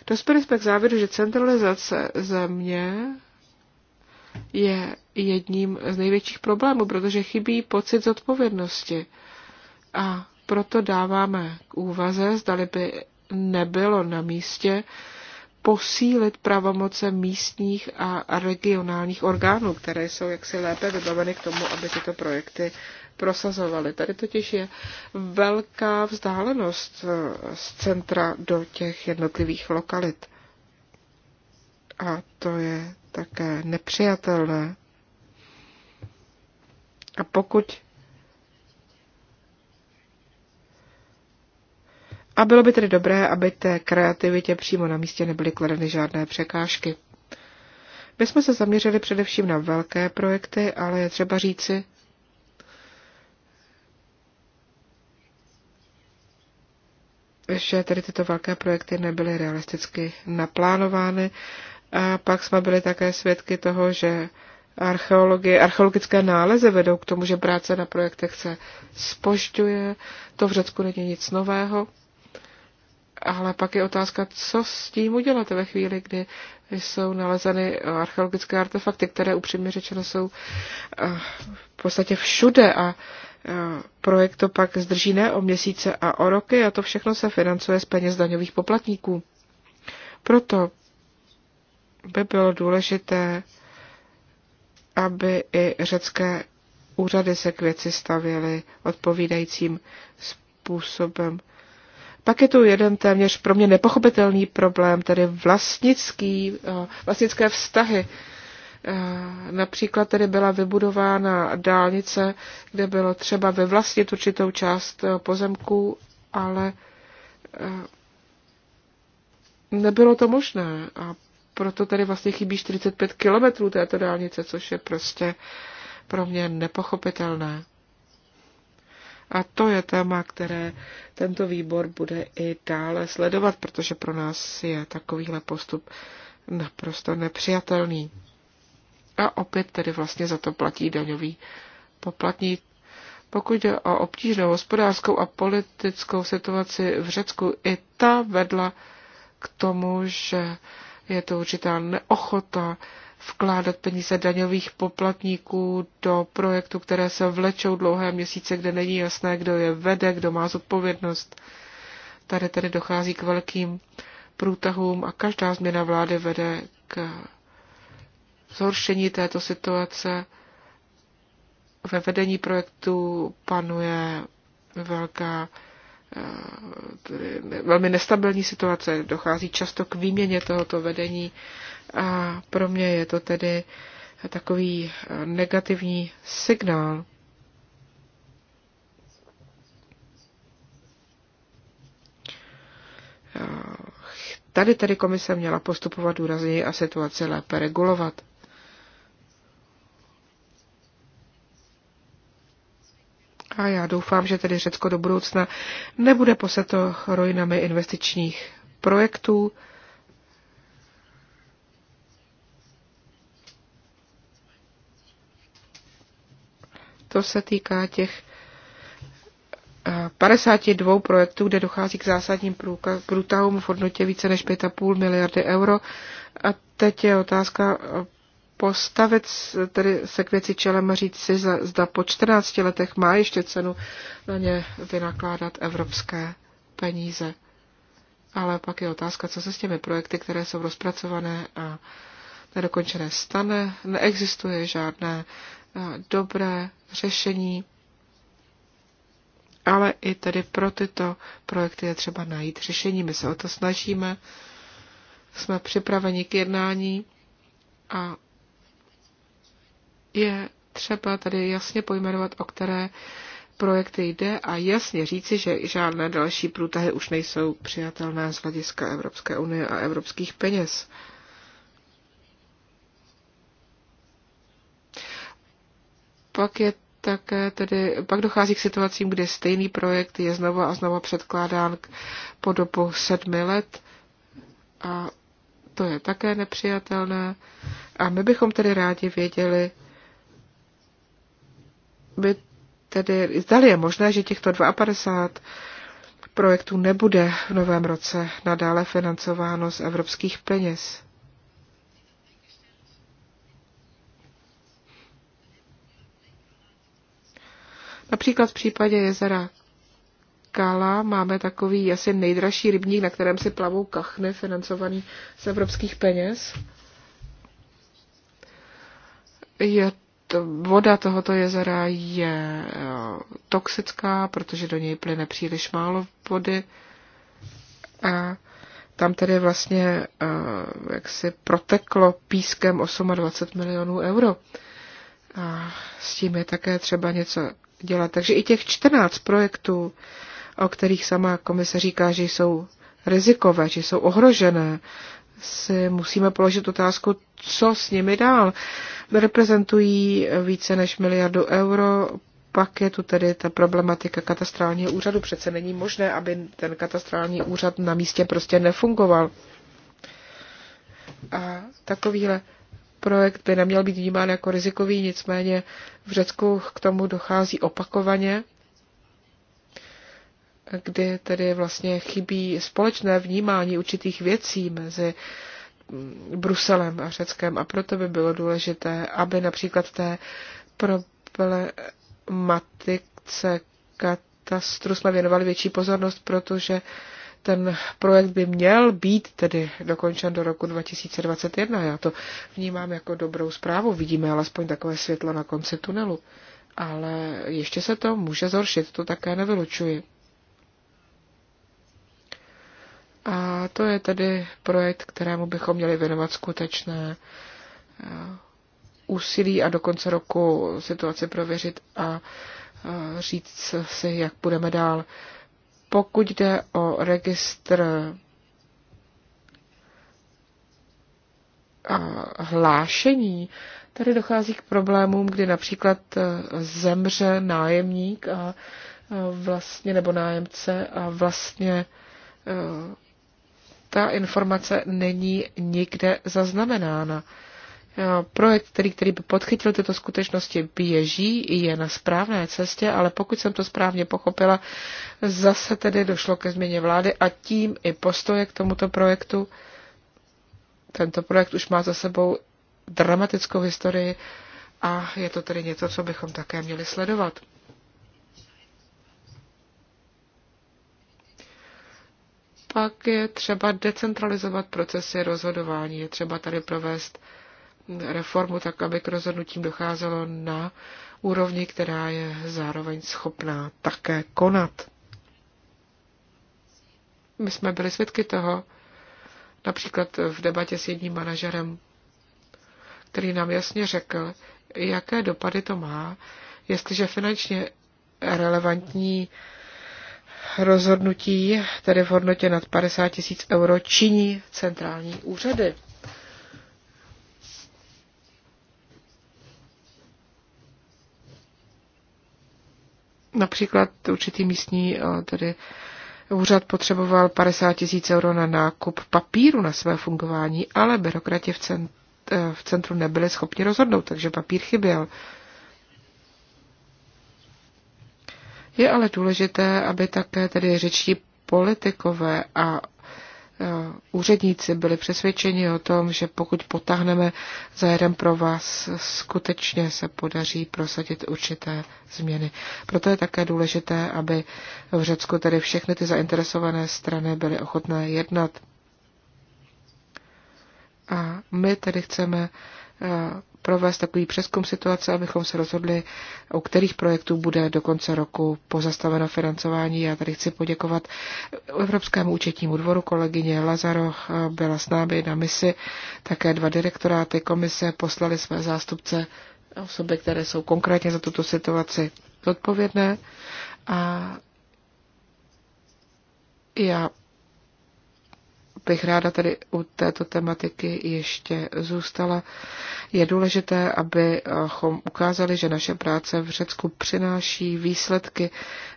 Dospěli jsme k závěru, že centralizace země je jedním z největších problémů, protože chybí pocit zodpovědnosti. A proto dáváme k úvaze, zdali by nebylo na místě posílit pravomoce místních a regionálních orgánů, které jsou jaksi lépe vybaveny k tomu, aby tyto projekty prosazovaly. Tady totiž je velká vzdálenost eh, z centra do těch jednotlivých lokalit. A to je také nepřijatelné. A pokud A bylo by tedy dobré, aby té kreativitě přímo na místě nebyly kladeny žádné překážky. My jsme se zaměřili především na velké projekty, ale je třeba říci, že tedy tyto velké projekty nebyly realisticky naplánovány. A pak jsme byli také svědky toho, že archeologie, archeologické nálezy vedou k tomu, že práce na projektech se spožďuje. To v Řecku není nic nového. Ale pak je otázka, co s tím udělat ve chvíli, kdy jsou nalezeny archeologické artefakty, které upřímně řečeno jsou eh, v podstatě všude a eh, projekt to pak zdrží ne o měsíce a o roky a to všechno se financuje z peněz daňových poplatníků. Proto by bylo důležité, aby i řecké úřady se k věci stavěly odpovídajícím způsobem. Pak je tu jeden téměř pro mě nepochopitelný problém, tedy vlastnický, eh, vlastnické vztahy. Eh, například tedy byla vybudována dálnice, kde bylo třeba vyvlastnit určitou část eh, pozemků, ale nebylo to možné a proto tady vlastně chybí 45 kilometrů této dálnice, což je prostě pro mě nepochopitelné. A to je téma, které tento výbor bude i dále sledovat, protože pro nás je takovýhle postup naprosto nepřijatelný. A opět tedy vlastně za to platí daňový poplatník. Pokud jde o obtížnou hospodářskou a politickou situaci v Řecku, i ta vedla k tomu, že je to určitá neochota vkládat peníze daňových poplatníků do projektu, které se vlečou dlouhé měsíce, kde není jasné, kdo je vede, kdo má zodpovědnost. Tady tedy dochází k velkým průtahům a každá změna vlády vede k zhoršení této situace. Ve vedení projektu panuje velká tedy velmi nestabilní situace, dochází často k výměně tohoto vedení a pro mě je to tedy takový eh, negativní signál. Eh, tady tedy komise měla postupovat důrazněji a situaci lépe regulovat. A já doufám, že tedy Řecko do budoucna nebude poseto ruinami investičních projektů. To se týká těch 52 eh, projektů, kde dochází k zásadním průtahům v hodnotě více než 5,5 miliardy euro. A teď je otázka, eh, postavit tedy se k věci čelem a říct si, zda po 14 letech má ještě cenu na ně vynakládat evropské peníze. Ale pak je otázka, co se s těmi projekty, které jsou rozpracované a nedokončené stane. Neexistuje žádné eh, dobré řešení, ale i tedy pro tyto projekty je třeba najít řešení. My se o to snažíme, jsme připraveni k jednání a je třeba tady jasně pojmenovat, o které projekty jde a jasně říci, že žádné další průtahy už nejsou přijatelné z hlediska Evropské unie a evropských peněz. Pak je také tedy, pak dochází k situacím, kde stejný projekt je znova a znova předkládán po dobu sedmi let a to je také nepřijatelné. A my bychom tedy rádi věděli, by tedy, zdali je možné, že těchto 52 projektů nebude v novém roce nadále financováno z evropských peněz. Například v případě jezera Kala máme takový asi nejdražší rybník, na kterém si plavou kachny, financovaný z evropských peněz. Je voda tohoto jezera je eh, toxická, protože do něj plyne příliš málo vody a tam tedy vlastně eh, jak si proteklo pískem 28 milionů euro. A s tím je také třeba něco dělat. Takže i těch 14 projektů, o kterých sama komise říká, že jsou rizikové, že jsou ohrožené, si musíme položit otázku, co s nimi dál. Reprezentují více než miliardu euro, pak je tu tedy ta problematika katastrálního úřadu. Přece není možné, aby ten katastrální úřad na místě prostě nefungoval. A takovýhle projekt by neměl být vnímán jako rizikový, nicméně v Řecku k tomu dochází opakovaně, kdy tedy vlastně chybí společné vnímání určitých věcí mezi Bruselem a Řeckem a proto by bylo důležité, aby například té problematice katastru jsme věnovali větší pozornost, protože ten projekt by měl být tedy dokončen do roku 2021. Já to vnímám jako dobrou zprávu, vidíme alespoň takové světlo na konci tunelu. Ale ještě se to může zhoršit, to také nevylučuji. A to je tedy projekt, kterému bychom měli věnovat skutečné eh, úsilí a do konce roku situaci prověřit a eh, říct si, jak budeme dál. Pokud jde o registr eh, hlášení, tady dochází k problémům, kdy například zemře nájemník a vlastně, nebo nájemce a vlastně ta informace není nikde zaznamenána. Eh, projekt, který, který by podchytil tyto skutečnosti, běží, je na správné cestě, ale pokud jsem to správně pochopila, zase tedy došlo ke změně vlády a tím i postoje k tomuto projektu. Tento projekt už má za sebou dramatickou historii a je to tedy něco, co bychom také měli sledovat. pak je třeba decentralizovat procesy rozhodování. Je třeba tady provést reformu tak, aby k rozhodnutím docházelo na úrovni, která je zároveň schopná také konat. My jsme byli svědky toho, například v debatě s jedním manažerem, který nám jasně řekl, jaké dopady to má, jestliže finančně relevantní rozhodnutí, tedy v hodnotě nad 50 tisíc euro, činí centrální úřady. Například určitý místní eh, tedy úřad potřeboval 50 tisíc euro na nákup papíru na své fungování, ale byrokrati v, eh, centru nebyli schopni rozhodnout, takže papír chyběl. Je ale důležité, aby také tedy řečtí politikové a e, úředníci byli přesvědčeni o tom, že pokud potáhneme za jeden pro vás, skutečně se podaří prosadit určité změny. Proto je také důležité, aby v Řecku tedy všechny ty zainteresované strany byly ochotné jednat. A my tedy chceme e, provést takový přeskum situace, abychom se rozhodli, u kterých projektů bude do konce roku pozastaveno financování. Já tady chci poděkovat Evropskému účetnímu dvoru kolegyně Lazaro, eh, byla s námi na misi, také dva direktoráty komise poslali své zástupce osoby, které jsou konkrétně za tuto situaci odpovědné. A já bych ráda tedy u této tematiky ještě zůstala. Je důležité, abychom ukázali, že naše práce v Řecku přináší výsledky.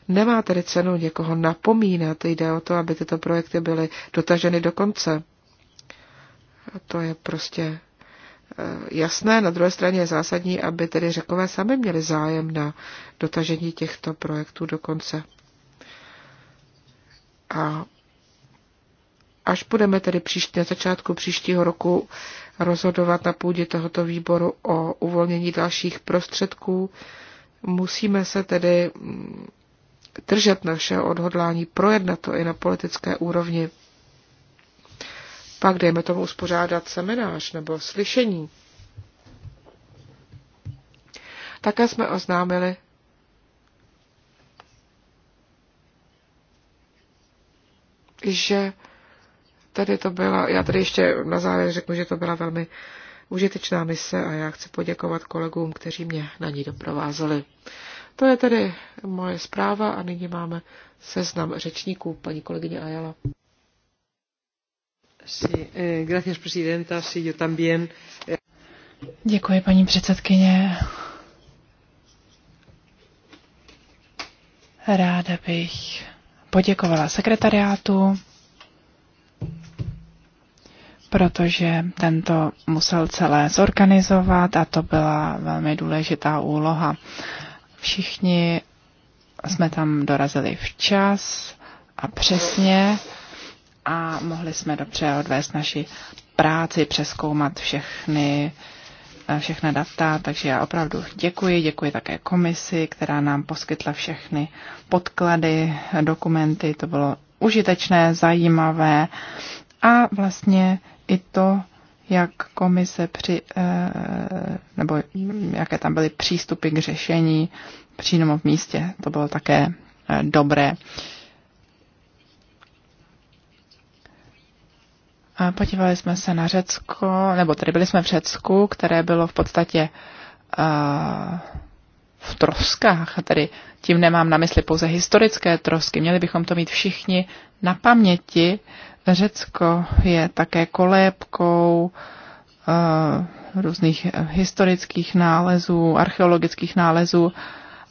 Nemá tedy cenu někoho napomínat, jde o to, aby tyto projekty byly dotaženy do konce. A to je prostě eh, jasné. Na druhé straně je zásadní, aby tedy Řekové sami měli zájem na dotažení těchto projektů do konce. A až budeme tedy příští, na začátku příštího roku rozhodovat na půdě tohoto výboru o uvolnění dalších prostředků, musíme se tedy mm, držet našeho odhodlání, projednat to i na politické úrovni. Pak dejme tomu uspořádat seminář nebo slyšení. Také jsme oznámili že Tady to byla, já tady ještě na závěr řeknu, že to byla velmi užitečná mise a já chci poděkovat kolegům, kteří mě na ní doprovázeli. To je tedy moje zpráva a nyní máme seznam řečníků, paní kolegyně Ajala. Eh, Děkuji, paní předsedkyně. Ráda bych poděkovala sekretariátu protože tento musel celé zorganizovat a to byla velmi důležitá úloha. Všichni jsme tam dorazili včas a přesně a mohli jsme dobře odvést naši práci, přeskoumat všechny, všechna data, takže já opravdu děkuji, děkuji také komisi, která nám poskytla všechny podklady, dokumenty, to bylo užitečné, zajímavé a vlastně i to, jak komise při, eh, nebo jaké tam byly přístupy k řešení přímo v místě. To bylo také eh, dobré. A podívali jsme se na Řecko, nebo tady byli jsme v Řecku, které bylo v podstatě eh, v troskách, tedy tím nemám na mysli pouze historické trosky, měli bychom to mít všichni na paměti. Řecko je také kolébkou uh, různých eh, historických nálezů, archeologických nálezů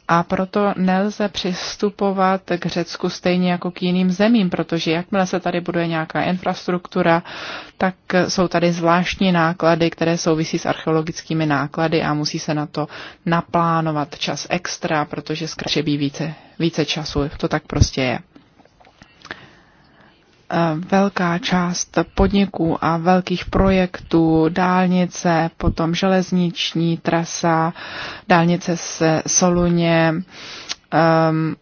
a proto nelze přistupovat k Řecku stejně jako k jiným zemím, protože jakmile se tady buduje nějaká infrastruktura, tak jsou tady zvláštní náklady, které souvisí s archeologickými náklady a musí se na to naplánovat čas extra, protože zkratřebí více, více času. To tak prostě je. Eh, velká část podniků a velkých projektů, dálnice, potom železniční trasa, dálnice se Soluně, um,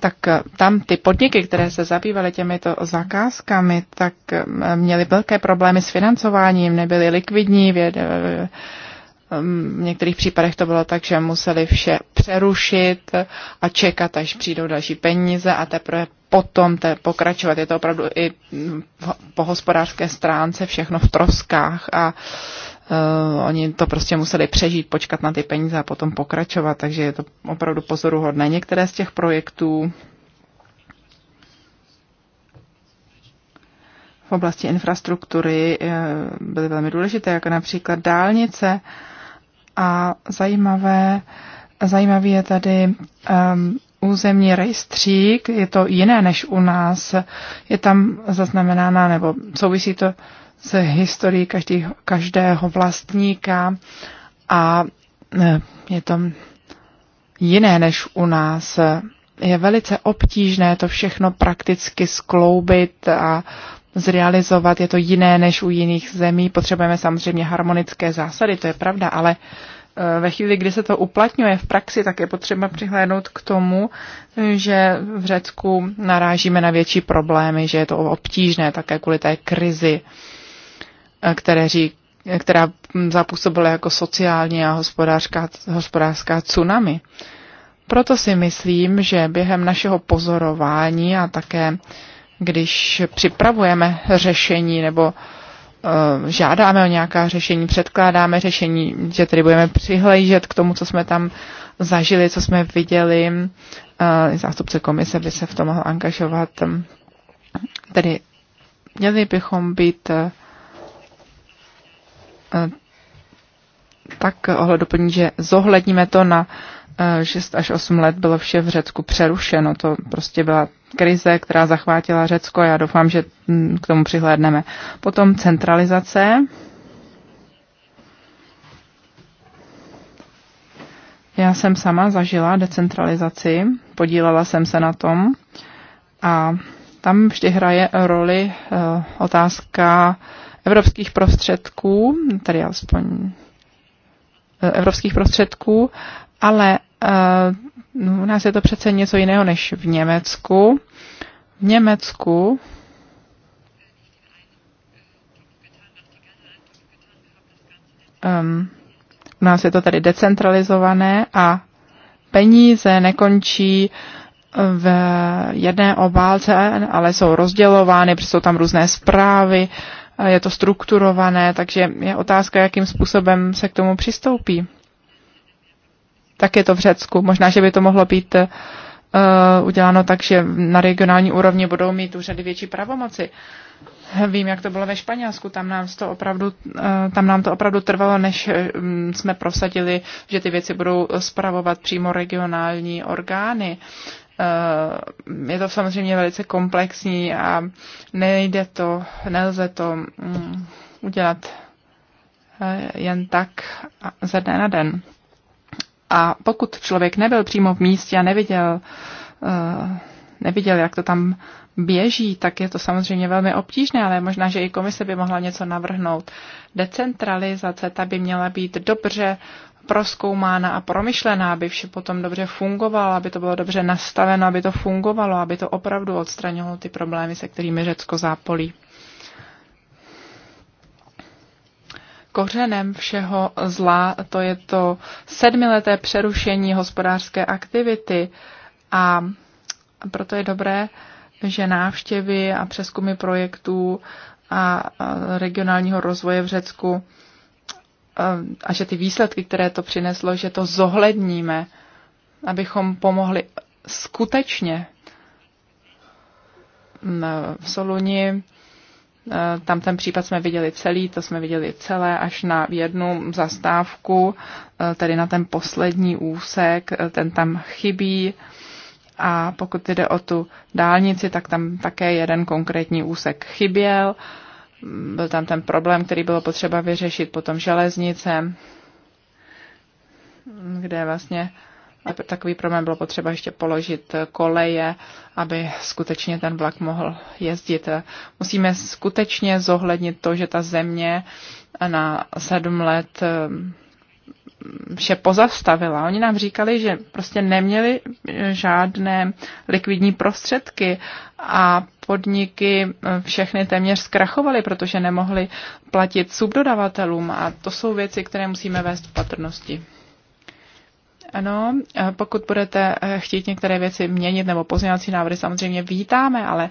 tak tam ty podniky, které se zabývaly těmito zakázkami, tak eh, měly velké problémy s financováním, nebyly likvidní, věd, v některých případech to bylo tak, že museli vše přerušit a čekat, až přijdou další peníze a teprve potom te pokračovat. Je to opravdu i po hospodářské stránce všechno v troskách a uh, oni to prostě museli přežít, počkat na ty peníze a potom pokračovat, takže je to opravdu pozoruhodné. Některé z těch projektů v oblasti infrastruktury eh, byly velmi důležité, jako například dálnice. Uh, a zajímavé, zajímavý je tady um, územní rejstřík, je to jiné než u nás. Je tam zaznamenána, nebo souvisí to s historií každý, každého vlastníka a e, je to jiné než u nás. Je velice obtížné to všechno prakticky skloubit a zrealizovat, je to jiné než u jiných zemí. Potřebujeme samozřejmě harmonické zásady, to je pravda, ale e, ve chvíli, kdy se to uplatňuje v praxi, tak je potřeba přihlédnout k tomu, že v Řecku narážíme na větší problémy, že je to obtížné také kvůli té krizi, e, které řík, e, která zapůsobila jako sociální a hospodářská, hospodářská tsunami. Proto si myslím, že během našeho pozorování a také uh, když připravujeme řešení nebo eh, žádáme o nějaká řešení, předkládáme řešení, že tedy budeme přihlížet k tomu, co jsme tam zažili, co jsme viděli. Eh, zástupce komise by se v tom mohl angažovat. Tedy měli bychom být eh, tak ohleduplní, že zohledníme to na 6 až 8 let bylo vše v Řecku přerušeno. To prostě byla krize, která zachvátila Řecko a já doufám, že mm, k tomu přihlédneme. Potom centralizace. Já jsem sama zažila decentralizaci, podílela jsem se na tom a tam vždy hraje roli eh, otázka evropských prostředků, tedy alespoň eh, evropských prostředků ale uh, u nás je to přece něco jiného než v Německu. V Německu um, u nás je to tady decentralizované a peníze nekončí v jedné obálce, ale jsou rozdělovány, protože jsou tam různé zprávy, je to strukturované, takže je otázka, jakým způsobem se k tomu přistoupí tak je to v Řecku. Možná, že by to mohlo být uh, uděláno tak, že na regionální úrovni budou mít úřady větší pravomoci. Vím, jak to bylo ve Španělsku, tam nám to opravdu, eh, tam nám to opravdu trvalo, než eh, jsme prosadili, že ty věci budou spravovat přímo regionální orgány. je to samozřejmě velice komplexní a nejde to, nelze to mm, udělat jen tak ze dne na den. A pokud člověk nebyl přímo v místě a neviděl, eh, neviděl, jak to tam běží, tak je to samozřejmě velmi obtížné, ale možná, že i komise by mohla něco navrhnout. Decentralizace ta by měla být dobře proskoumána a promyšlená, aby vše potom dobře fungovalo, aby to bylo dobře nastaveno, aby to fungovalo, aby to opravdu odstranilo ty problémy, se kterými Řecko zápolí. kořenem všeho zla, to je to sedmileté přerušení hospodářské aktivity a proto je dobré, že návštěvy a přeskumy projektů a regionálního rozvoje v Řecku a že ty výsledky, které to přineslo, že to zohledníme, abychom pomohli skutečně v Soluni Eh, tam ten případ jsme viděli celý, to jsme viděli celé až na jednu zastávku, eh, tedy na ten poslední úsek, eh, ten tam chybí. A pokud jde o tu dálnici, tak tam také jeden konkrétní úsek chyběl. Mm, byl tam ten problém, který bylo potřeba vyřešit potom železnice, kde vlastně uh, takový problém bylo potřeba ještě položit koleje, aby skutečně ten vlak mohl jezdit. Musíme skutečně zohlednit to, že ta země na sedm let um, vše pozastavila. Oni nám říkali, že prostě neměli eh, žádné likvidní prostředky a podniky eh, všechny téměř zkrachovaly, protože nemohli platit subdodavatelům a to jsou věci, které musíme vést v patrnosti. Ano, eh, pokud budete eh, chtít některé věci měnit nebo pozměňovací návrhy, samozřejmě vítáme, ale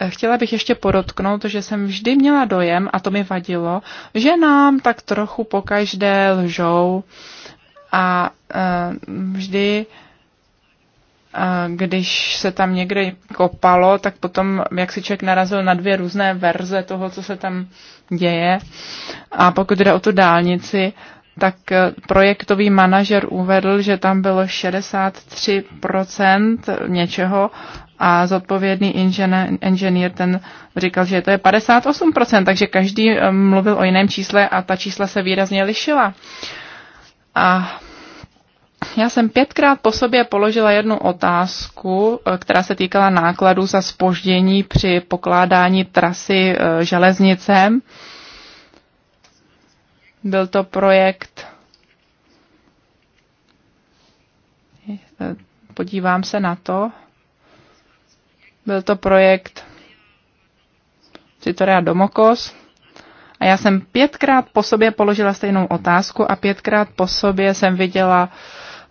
eh, Chtěla bych ještě podotknout, že jsem vždy měla dojem, a to mi vadilo, že nám tak trochu pokaždé lžou a vždy, když se tam někde kopalo, tak potom, jak si člověk narazil na dvě různé verze toho, co se tam děje. A pokud jde o tu dálnici, tak eh, projektový manažer uvedl, že tam bylo 63% něčeho a zodpovědný inženýr, ten říkal, že to je 58%, takže každý eh, mluvil o jiném čísle a ta čísla se výrazně lišila. A já jsem pětkrát po sobě položila jednu otázku, eh, která se týkala nákladů za spoždění při pokládání trasy železnicem. Byl to projekt, podívám se na to, byl to projekt Citoria Domokos a já jsem pětkrát po sobě položila stejnou otázku a pětkrát po sobě jsem viděla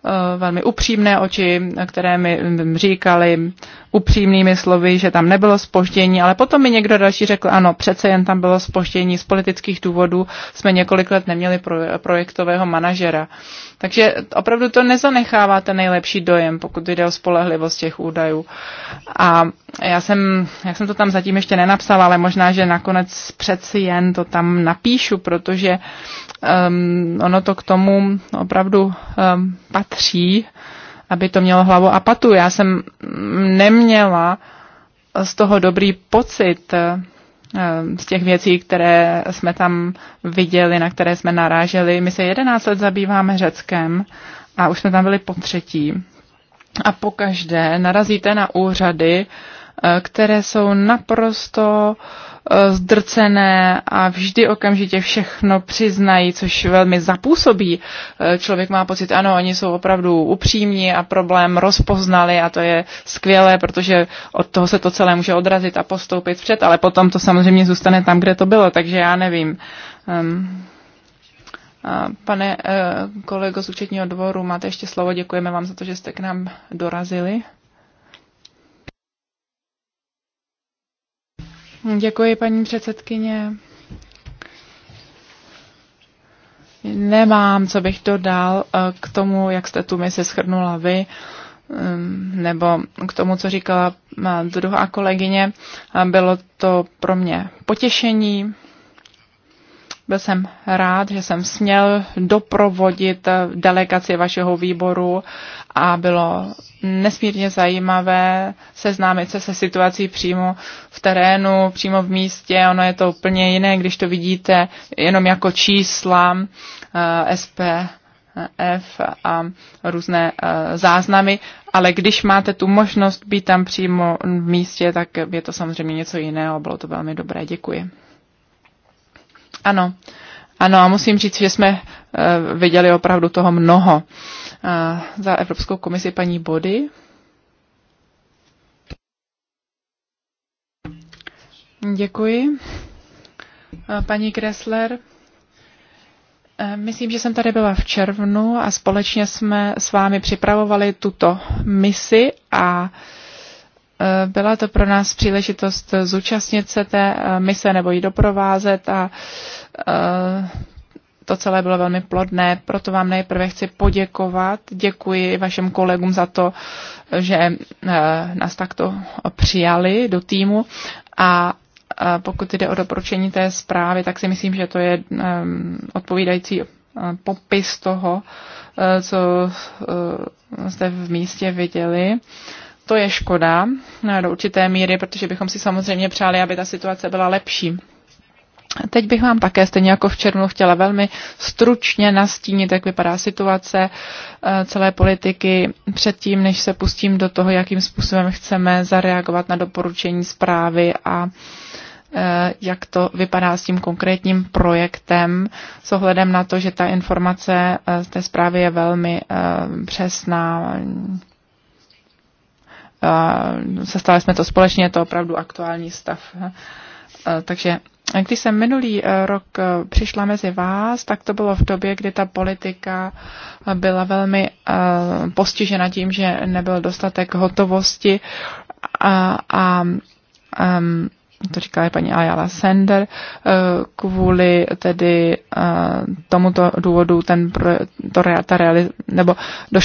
eh, velmi upřímné oči, které mi říkali, upřímnými slovy, že tam nebylo spoždění, ale potom mi někdo další řekl, ano, přece jen tam bylo spoždění z politických důvodů, jsme několik let neměli projektového manažera. Takže opravdu to nezanechává ten nejlepší dojem, pokud jde o spolehlivost těch údajů. A já jsem, já jsem to tam zatím ještě nenapsala, ale možná, že nakonec přeci jen to tam napíšu, protože um, ono to k tomu opravdu um, patří aby to mělo hlavu a patu. Já jsem neměla z toho dobrý pocit eh, z těch věcí, které jsme tam viděli, na které jsme naráželi. My se 11 let zabýváme Řeckem a už jsme tam byli po třetí. A pokaždé narazíte na úřady, eh, které jsou naprosto uh, Eh, zdrcené a vždy okamžitě všechno přiznají, což velmi zapůsobí. Eh, člověk má pocit, ano, oni jsou opravdu upřímní a problém rozpoznali a to je skvělé, protože od toho se to celé může odrazit a postoupit před, ale potom to samozřejmě zůstane tam, kde to bylo, takže já nevím. Um, pane eh, kolego z účetního dvoru, máte ještě slovo, děkujeme vám za to, že jste k nám dorazili. Děkuji, paní předsedkyně. Nemám, co bych dodal eh, k tomu, jak jste tu misi schrnula vy, eh, nebo k tomu, co říkala druhá kolegyně. Eh, Bylo to pro mě potěšení byl jsem rád, že jsem směl doprovodit delegaci vašeho výboru a bylo nesmírně zajímavé seznámit se se situací přímo v terénu, přímo v místě. Ono je to úplně jiné, když to vidíte jenom jako čísla eh, SPF a různé eh, záznamy, ale když máte tu možnost být tam přímo v místě, tak je to samozřejmě něco jiného. Bylo to velmi dobré. Děkuji. Ano, ano, a musím říct, že jsme eh, viděli opravdu toho mnoho. Eh, za Evropskou komisi paní Body. Děkuji. Eh, paní Kressler. myslím, že jsem tady byla v červnu a společně jsme s vámi připravovali tuto misi a Eh, byla to pro nás příležitost zúčastnit se té eh, mise nebo ji doprovázet a eh, to celé bylo velmi plodné, proto vám nejprve chci poděkovat. Děkuji vašim kolegům za to, že nás takto přijali do týmu a pokud jde o doporučení té zprávy, tak si myslím, že to je odpovídající popis toho, co jste v místě viděli. To je škoda no, do určité míry, protože bychom si samozřejmě přáli, aby ta situace byla lepší. Teď bych vám také, stejně jako v červnu, chtěla velmi stručně nastínit, jak vypadá situace eh, celé politiky předtím, než se pustím do toho, jakým způsobem chceme zareagovat na doporučení zprávy a eh, jak to vypadá s tím konkrétním projektem, s ohledem na to, že ta informace eh, z té zprávy je velmi přesná, Sestali jsme to společně, je to opravdu aktuální stav. Takže když jsem minulý e, rok e, přišla mezi vás, tak to bylo v době, kdy ta politika byla velmi e, postižena tím, že nebyl dostatek hotovosti a, a um, to říká i paní Ayala Sender, eh, kvůli tedy eh, tomuto důvodu ten, to, ta reali, nebo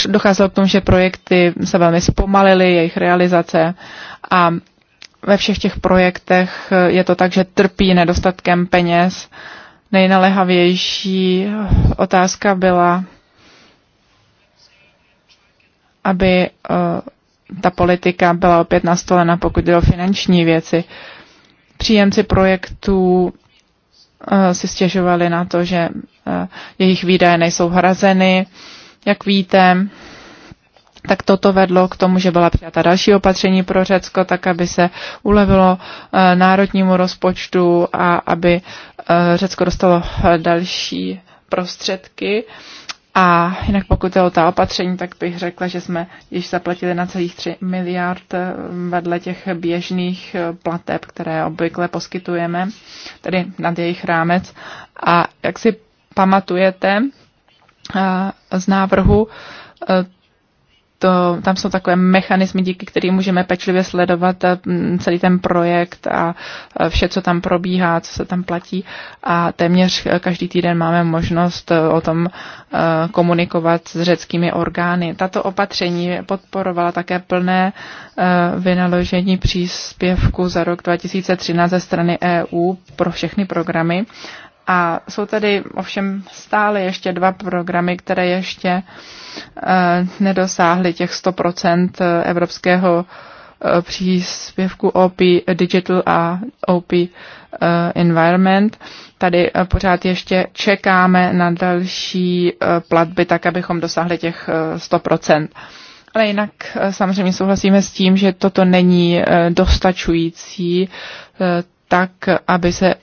docházelo k tomu, že projekty se velmi zpomalily, jejich realizace a ve všech těch projektech eh, je to tak, že trpí nedostatkem peněz. Nejnalehavější otázka byla, aby ta politika byla opět nastolena, pokud jde o finanční věci. Uh, Příjemci projektů eh, si stěžovali na to, že eh, jejich výdaje nejsou hrazeny. Jak víte, tak toto vedlo k tomu, že byla přijata další opatření pro Řecko, tak aby se ulevilo eh, národnímu rozpočtu a aby Řecko dostalo další prostředky. A jinak pokud je o ta opatření, tak bych řekla, že jsme již zaplatili na celých 3 miliard eh, vedle těch běžných eh, plateb, které obvykle poskytujeme, tedy nad jejich rámec. A jak si pamatujete eh, z návrhu, to, tam jsou takové mechanismy, díky kterým můžeme pečlivě sledovat eh, celý ten projekt a eh, vše, co tam probíhá, co se tam platí. A téměř eh, každý týden máme možnost o tom komunikovat s řeckými orgány. Tato opatření podporovala také plné vynaložení příspěvku za rok 2013 ze strany EU pro všechny programy a jsou tady ovšem stále ještě dva programy, které ještě eh, nedosáhly těch 100% evropského eh, příspěvku OP Digital a OP eh, Environment. Tady pořád ještě čekáme na další platby, tak abychom dosáhli těch 100%. Ale jinak samozřejmě souhlasíme s tím, že toto není dostačující, tak aby se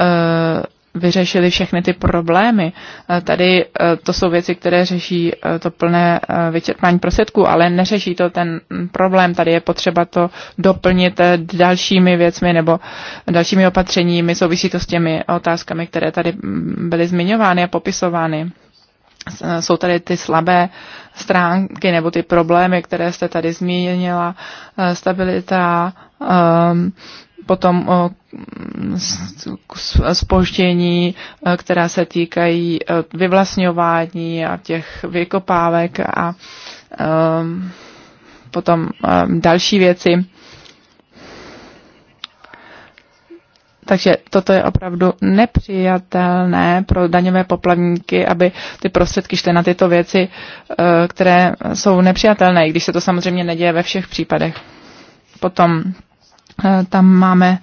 Eh, vyřešili všechny ty problémy. Eh, tady eh, to jsou věci, které řeší to plné vyčerpání prostředků, ale neřeší to ten mm, problém. Tady je potřeba to doplnit dalšími věcmi nebo dalšími opatřeními. Souvisí to s těmi otázkami, které tady mm, byly zmiňovány a popisovány. Jsou tady ty slabé stránky nebo ty problémy, které jste tady zmínila, stabilita, ehm, potom spoždění, e, která se týkají e, vyvlastňování a těch vykopávek a e, potom další věci. Takže toto je opravdu nepřijatelné pro daňové poplavníky, aby ty prostředky šly na tyto věci, které jsou nepřijatelné, i když se to samozřejmě neděje ve všech případech. Potom Eh, tam máme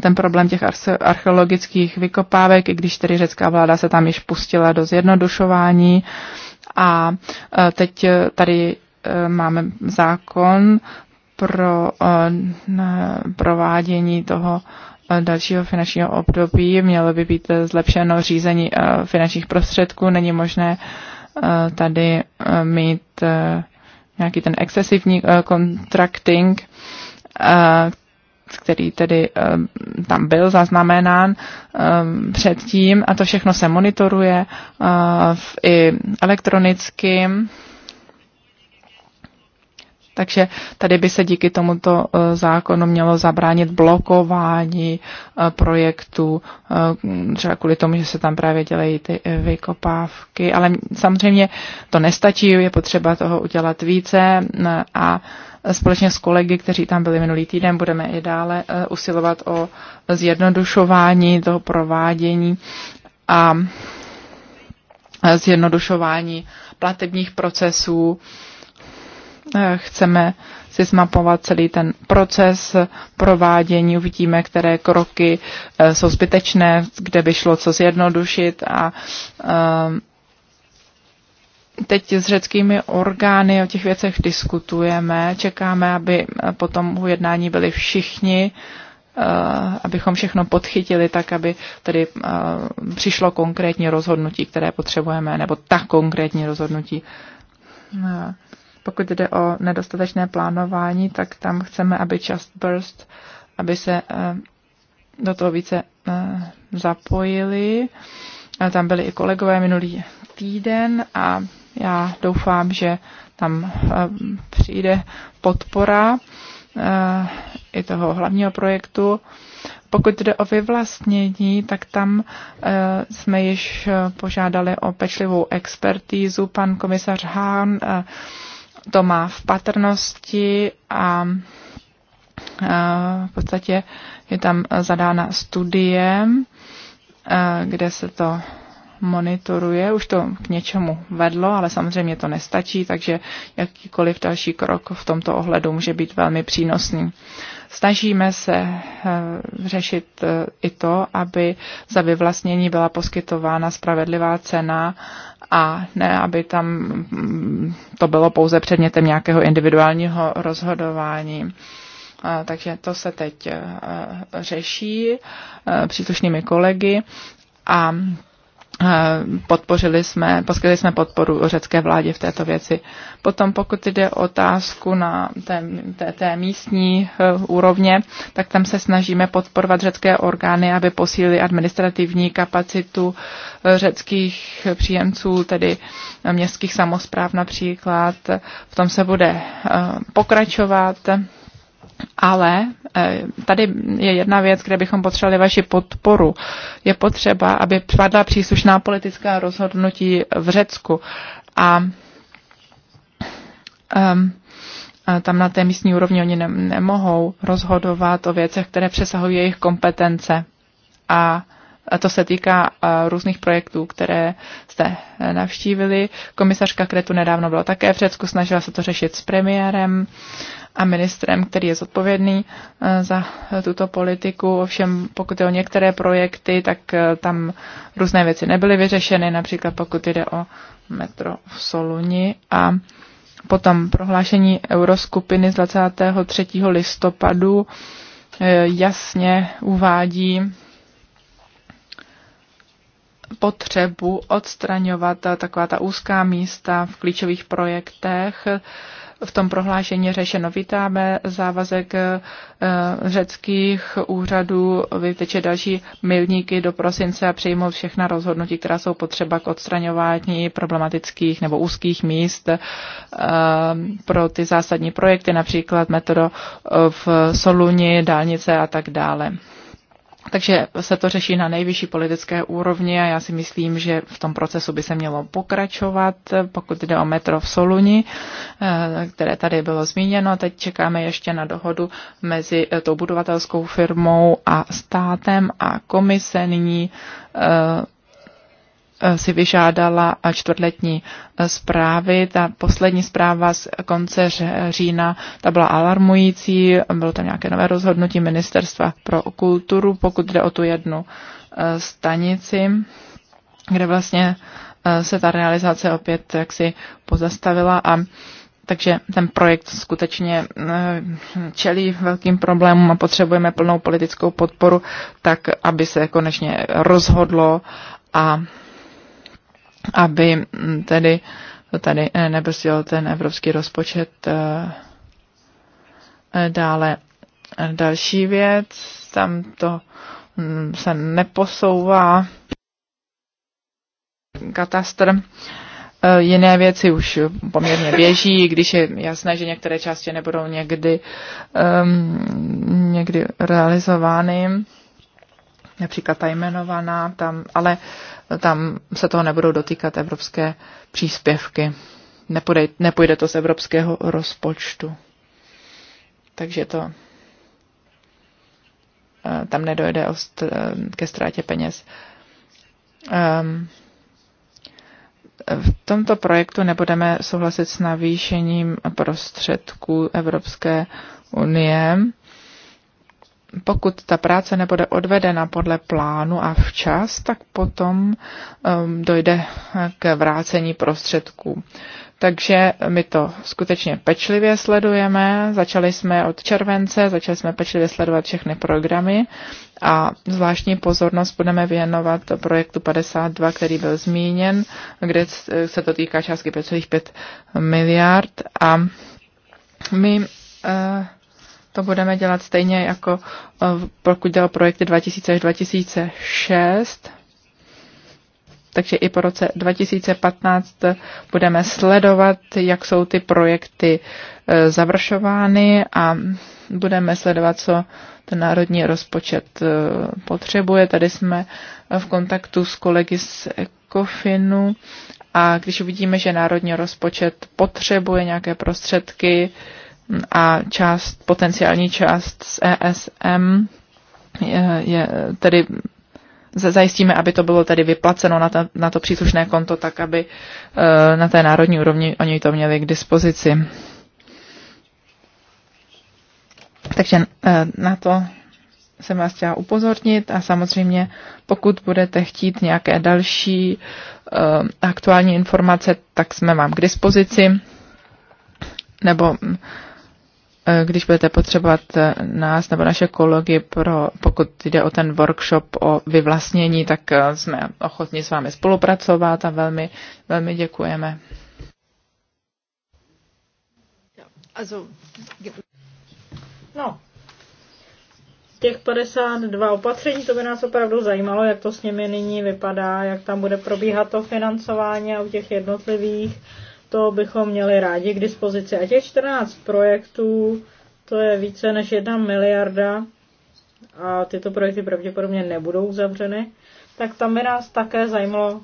ten problém těch archeologických vykopávek, i když tedy řecká vláda se tam již pustila do zjednodušování. A eh, teď eh, tady máme zákon pro provádění toho dalšího finančního období. Mělo by být zlepšeno řízení finančních prostředků. Není možné tady mít nějaký ten excesivní contracting, který tedy ehm, tam byl zaznamenán ehm, předtím a to všechno se monitoruje eh, i elektronicky. Takže tady by se díky tomuto eh, zákonu mělo zabránit blokování eh, projektu, třeba kvůli tomu, že se tam právě dělají ty vykopávky. Ale samozřejmě to nestačí, je potřeba toho udělat více a Společně s kolegy, kteří tam byli minulý týden, budeme i dále eh, usilovat o zjednodušování toho provádění a eh, zjednodušování platebních procesů. Eh, chceme si zmapovat celý ten proces provádění, uvidíme, které kroky jsou zbytečné, kde by šlo co zjednodušit a teď s řeckými orgány o těch věcech diskutujeme. Čekáme, aby potom u jednání byli všichni, eh, abychom všechno podchytili tak, aby tedy eh, přišlo konkrétní rozhodnutí, které potřebujeme, nebo ta konkrétní rozhodnutí. Eh, pokud jde o nedostatečné plánování, tak tam chceme, aby Just Burst, aby se do toho více zapojili. Tam byli i kolegové minulý týden a já doufám, že tam eh, přijde podpora eh, i toho hlavního projektu. Pokud jde o vyvlastnění, tak tam eh, jsme již požádali o pečlivou expertízu. Pan komisař Hahn to má v patrnosti a v podstatě je tam zadána studie, kde se to monitoruje, už to k něčemu vedlo, ale samozřejmě to nestačí, takže jakýkoliv další krok v tomto ohledu může být velmi přínosný. Snažíme se eh, řešit eh, i to, aby za vyvlastnění byla poskytována spravedlivá cena a ne, aby tam mm, to bylo pouze předmětem nějakého individuálního rozhodování. Eh, takže to se teď řeší příslušnými kolegy a Eh, podpořili jsme, poskytli jsme podporu řecké vládě v této věci. Potom pokud jde o otázku na té, té, té místní eh, úrovně, tak tam se snažíme podporovat řecké orgány, aby posílili administrativní kapacitu eh, řeckých příjemců, tedy městských samozpráv například. V tom se bude pokračovat ale eh, tady je jedna věc, kde bychom potřebovali vaši podporu. Je potřeba, aby padla příslušná politická rozhodnutí v Řecku. A um, tam na té místní úrovni oni ne- nemohou rozhodovat o věcech, které přesahují jejich kompetence. A to se týká eh, různých projektů, které jste eh, navštívili. Komisařka Kretu nedávno byla také v Řecku, snažila se to řešit s premiérem a ministrem, který je zodpovědný eh, za tuto politiku. Ovšem, pokud je o některé projekty, tak eh, tam různé věci nebyly vyřešeny, například pokud jde o metro v Soluni a potom prohlášení euroskupiny z 23. listopadu eh, jasně uvádí potřebu odstraňovat taková ta úzká místa v klíčových projektech, v tom prohlášení řešeno. Vítáme závazek eh, řeckých úřadů vyteče další milníky do prosince a přijmout všechna rozhodnutí, která jsou potřeba k odstraňování problematických nebo úzkých míst eh, pro ty zásadní projekty, například metodo eh, v Soluni, dálnice a tak dále. Takže se to řeší na nejvyšší politické úrovni a já si myslím, že v tom procesu by se mělo pokračovat, pokud jde o metro v Soluni, eh, které tady bylo zmíněno. Teď čekáme ještě na dohodu mezi eh, tou budovatelskou firmou a státem a komise nyní eh, si vyžádala čtvrtletní zprávy. Ta poslední zpráva z konce října, ta byla alarmující, bylo tam nějaké nové rozhodnutí Ministerstva pro kulturu, pokud jde o tu jednu e, stanici, kde vlastně e, se ta realizace opět jaksi pozastavila a takže ten projekt skutečně e, čelí velkým problémům a potřebujeme plnou politickou podporu, tak aby se konečně rozhodlo a aby mm, tedy to tady eh, nebrzdil ten evropský rozpočet eh, eh, dále. Další věc, tam to mm, se neposouvá katastr. Jiné věci už poměrně běží, když je jasné, že některé části nebudou někdy, um, někdy realizovány, například ta jmenovaná tam, ale tam se toho nebudou dotýkat evropské příspěvky. Nepůjde, nepůjde to z evropského rozpočtu. Takže to eh, tam nedojde eh, ke ztrátě peněz. Ehm, v tomto projektu nebudeme souhlasit s navýšením prostředků Evropské unie pokud ta práce nebude odvedena podle plánu a včas, tak potom um, dojde k vrácení prostředků. Takže my to skutečně pečlivě sledujeme. Začali jsme od července, začali jsme pečlivě sledovat všechny programy a zvláštní pozornost budeme věnovat projektu 52, který byl zmíněn, kde se to týká částky 5,5 miliard a my uh, to budeme dělat stejně jako eh, pokud jde o projekty 2000 až 2006. Takže i po roce 2015 budeme sledovat, jak jsou ty projekty eh, završovány a budeme sledovat, co ten národní rozpočet eh, potřebuje. Tady jsme v kontaktu s kolegy z Ekofinu a když uvidíme, že národní rozpočet potřebuje nějaké prostředky, a část, potenciální část z ESM je, eh, je tedy zajistíme, aby to bylo tedy vyplaceno na, to, na to příslušné konto, tak aby eh, na té národní úrovni oni to měli k dispozici. Takže eh, na to jsem vás chtěla upozornit a samozřejmě, pokud budete chtít nějaké další aktuální informace, tak jsme vám k dispozici. Nebo Eh, když budete potřebovat eh, nás nebo naše kolegy, pro, pokud jde o ten workshop o vyvlastnění, tak eh, jsme ochotni s vámi spolupracovat a velmi, velmi děkujeme. No, těch 52 opatření, to by nás opravdu zajímalo, jak to s nimi nyní vypadá, jak tam bude probíhat to financování a u těch jednotlivých to bychom měli rádi k dispozici. A těch 14 projektů, to je více než 1 miliarda a tyto projekty pravděpodobně nebudou uzavřeny, tak tam by nás také zajímalo,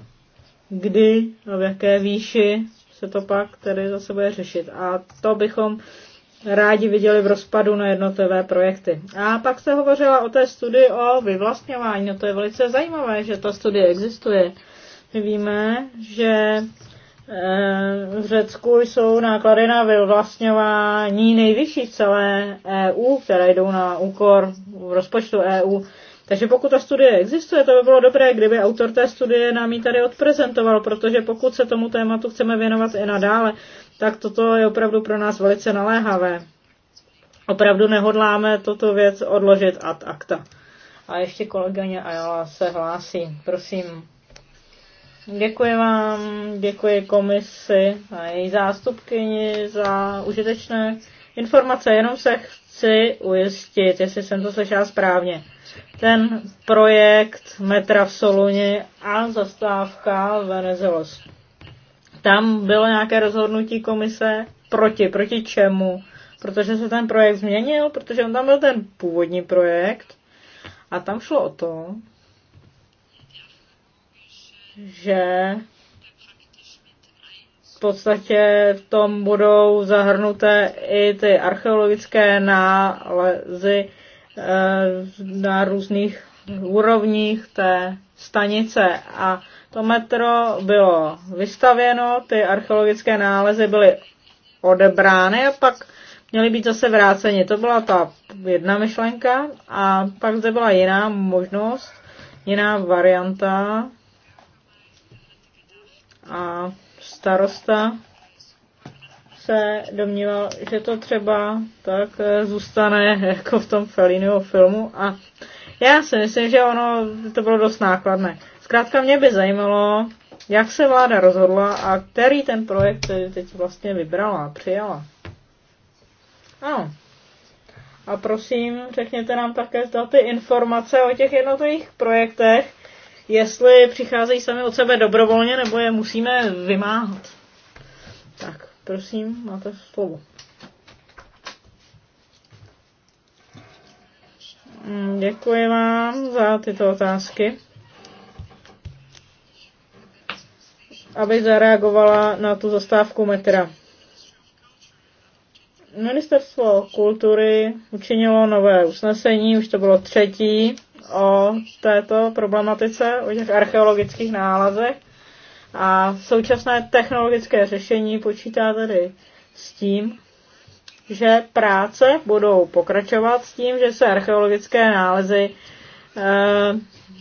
kdy a v jaké výši se to pak tedy zase bude řešit. A to bychom rádi viděli v rozpadu na jednotlivé projekty. A pak se hovořila o té studii o vyvlastňování. No to je velice zajímavé, že ta studie existuje. My víme, že Eh, v Řecku jsou náklady na vyvlastňování nejvyšší v celé EU, které jdou na úkor v rozpočtu EU. Takže pokud ta studie existuje, to by bylo dobré, kdyby autor té studie nám ji tady odprezentoval, protože pokud se tomu tématu chceme věnovat i nadále, tak toto je opravdu pro nás velice naléhavé. Opravdu nehodláme toto věc odložit ad acta. A ještě kolegyně Ayala se hlásí. Prosím. Děkuji vám, děkuji komisi a její zástupkyni za užitečné informace. Jenom se chci ujistit, jestli jsem to slyšela správně. Ten projekt metra v Soluni a zastávka Venezuelos. Tam bylo nějaké rozhodnutí komise proti, proti čemu? Protože se ten projekt změnil, protože on tam byl ten původní projekt a tam šlo o to, že v podstatě v tom budou zahrnuté i ty archeologické nálezy eh, na různých úrovních té stanice. A to metro bylo vystavěno, ty archeologické nálezy byly odebrány a pak měly být zase vráceni. To byla ta jedna myšlenka a pak zde byla jiná možnost, jiná varianta, a starosta se domníval, že to třeba tak eh, zůstane jako v tom Felliniho filmu a já si myslím, že ono to bylo dost nákladné. Zkrátka mě by zajímalo, jak se vláda rozhodla a který ten projekt teď vlastně vybrala a přijala. Ano. A prosím, řekněte nám také, zda ty informace o těch jednotlivých projektech jestli přicházejí sami od sebe dobrovolně, nebo je musíme vymáhat. Tak, prosím, máte slovo. Mm, děkuji vám za tyto otázky. Aby zareagovala na tu zastávku metra. Ministerstvo kultury učinilo nové usnesení, už to bylo třetí o této problematice, o těch archeologických nálezech. A současné technologické řešení počítá tedy s tím, že práce budou pokračovat s tím, že se archeologické nálezy e,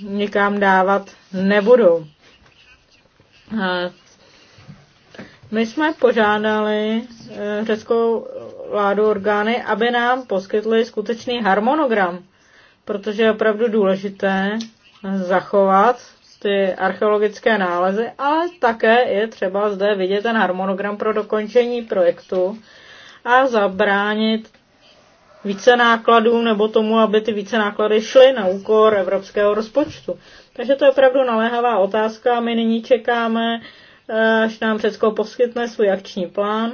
nikam dávat nebudou. E, my jsme požádali e, řeckou vládu orgány, aby nám poskytli skutečný harmonogram protože je opravdu důležité zachovat ty archeologické nálezy, ale také je třeba zde vidět ten harmonogram pro dokončení projektu a zabránit více nákladů nebo tomu, aby ty více náklady šly na úkor evropského rozpočtu. Takže to je opravdu naléhavá otázka. My nyní čekáme, až nám Řecko poskytne svůj akční plán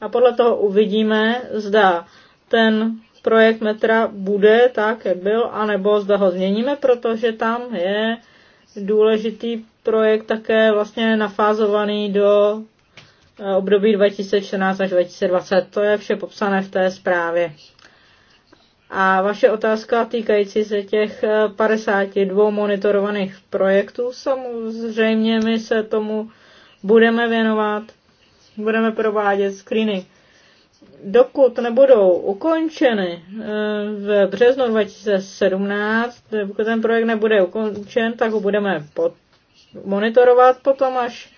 a podle toho uvidíme, zda ten projekt metra bude tak, jak byl, anebo zda ho změníme, protože tam je důležitý projekt také vlastně nafázovaný do eh, období 2014 až 2020. To je vše popsané v té zprávě. A vaše otázka týkající se těch 52 eh, monitorovaných projektů, samozřejmě my se tomu budeme věnovat, budeme provádět screening dokud nebudou ukončeny eh, v březnu 2017, pokud ten projekt nebude ukončen, tak ho budeme monitorovat potom, až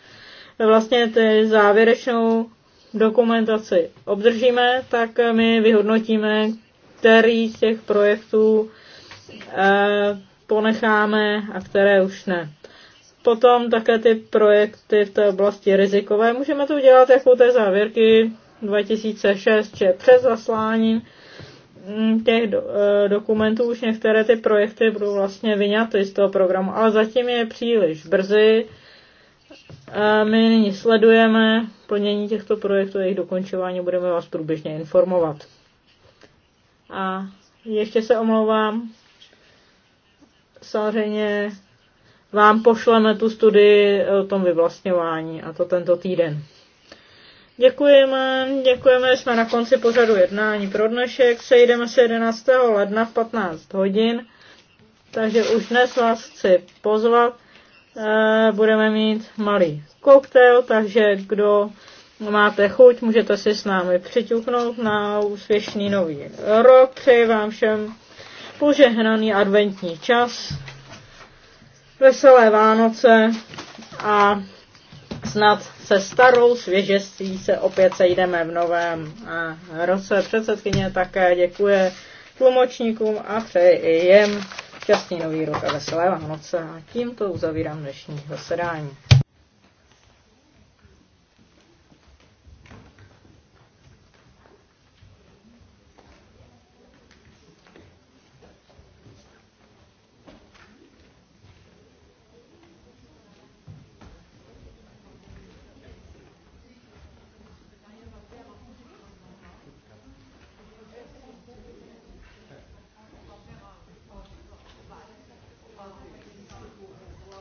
vlastně ty závěrečnou dokumentaci obdržíme, tak eh, my vyhodnotíme, který z těch projektů eh, ponecháme a které už ne. Potom také ty projekty v té oblasti rizikové. Můžeme to udělat jako té závěrky 2006, že přes zaslání mm, těch do, e, dokumentů už některé ty projekty budou vlastně vyňaty z toho programu, ale zatím je příliš brzy. My nyní sledujeme plnění těchto projektů, jejich dokončování, budeme vás průběžně informovat. A ještě se omlouvám, samozřejmě vám pošleme tu studii o tom vyvlastňování a to tento týden. Děkujeme, děkujeme, jsme na konci pořadu jednání pro dnešek, sejdeme se 11. ledna v 15 hodin, takže už dnes vás chci pozvat, eh, budeme mít malý koktejl, takže kdo máte chuť, můžete si s námi přiťuknout na úspěšný nový rok, přeji vám všem požehnaný adventní čas, veselé Vánoce a snad se starou svěžestí se opět sejdeme v novém roce. Předsedkyně také děkuje tlumočníkům a přeji i jim šťastný nový rok a veselé Vánoce. A tímto uzavírám dnešní zasedání.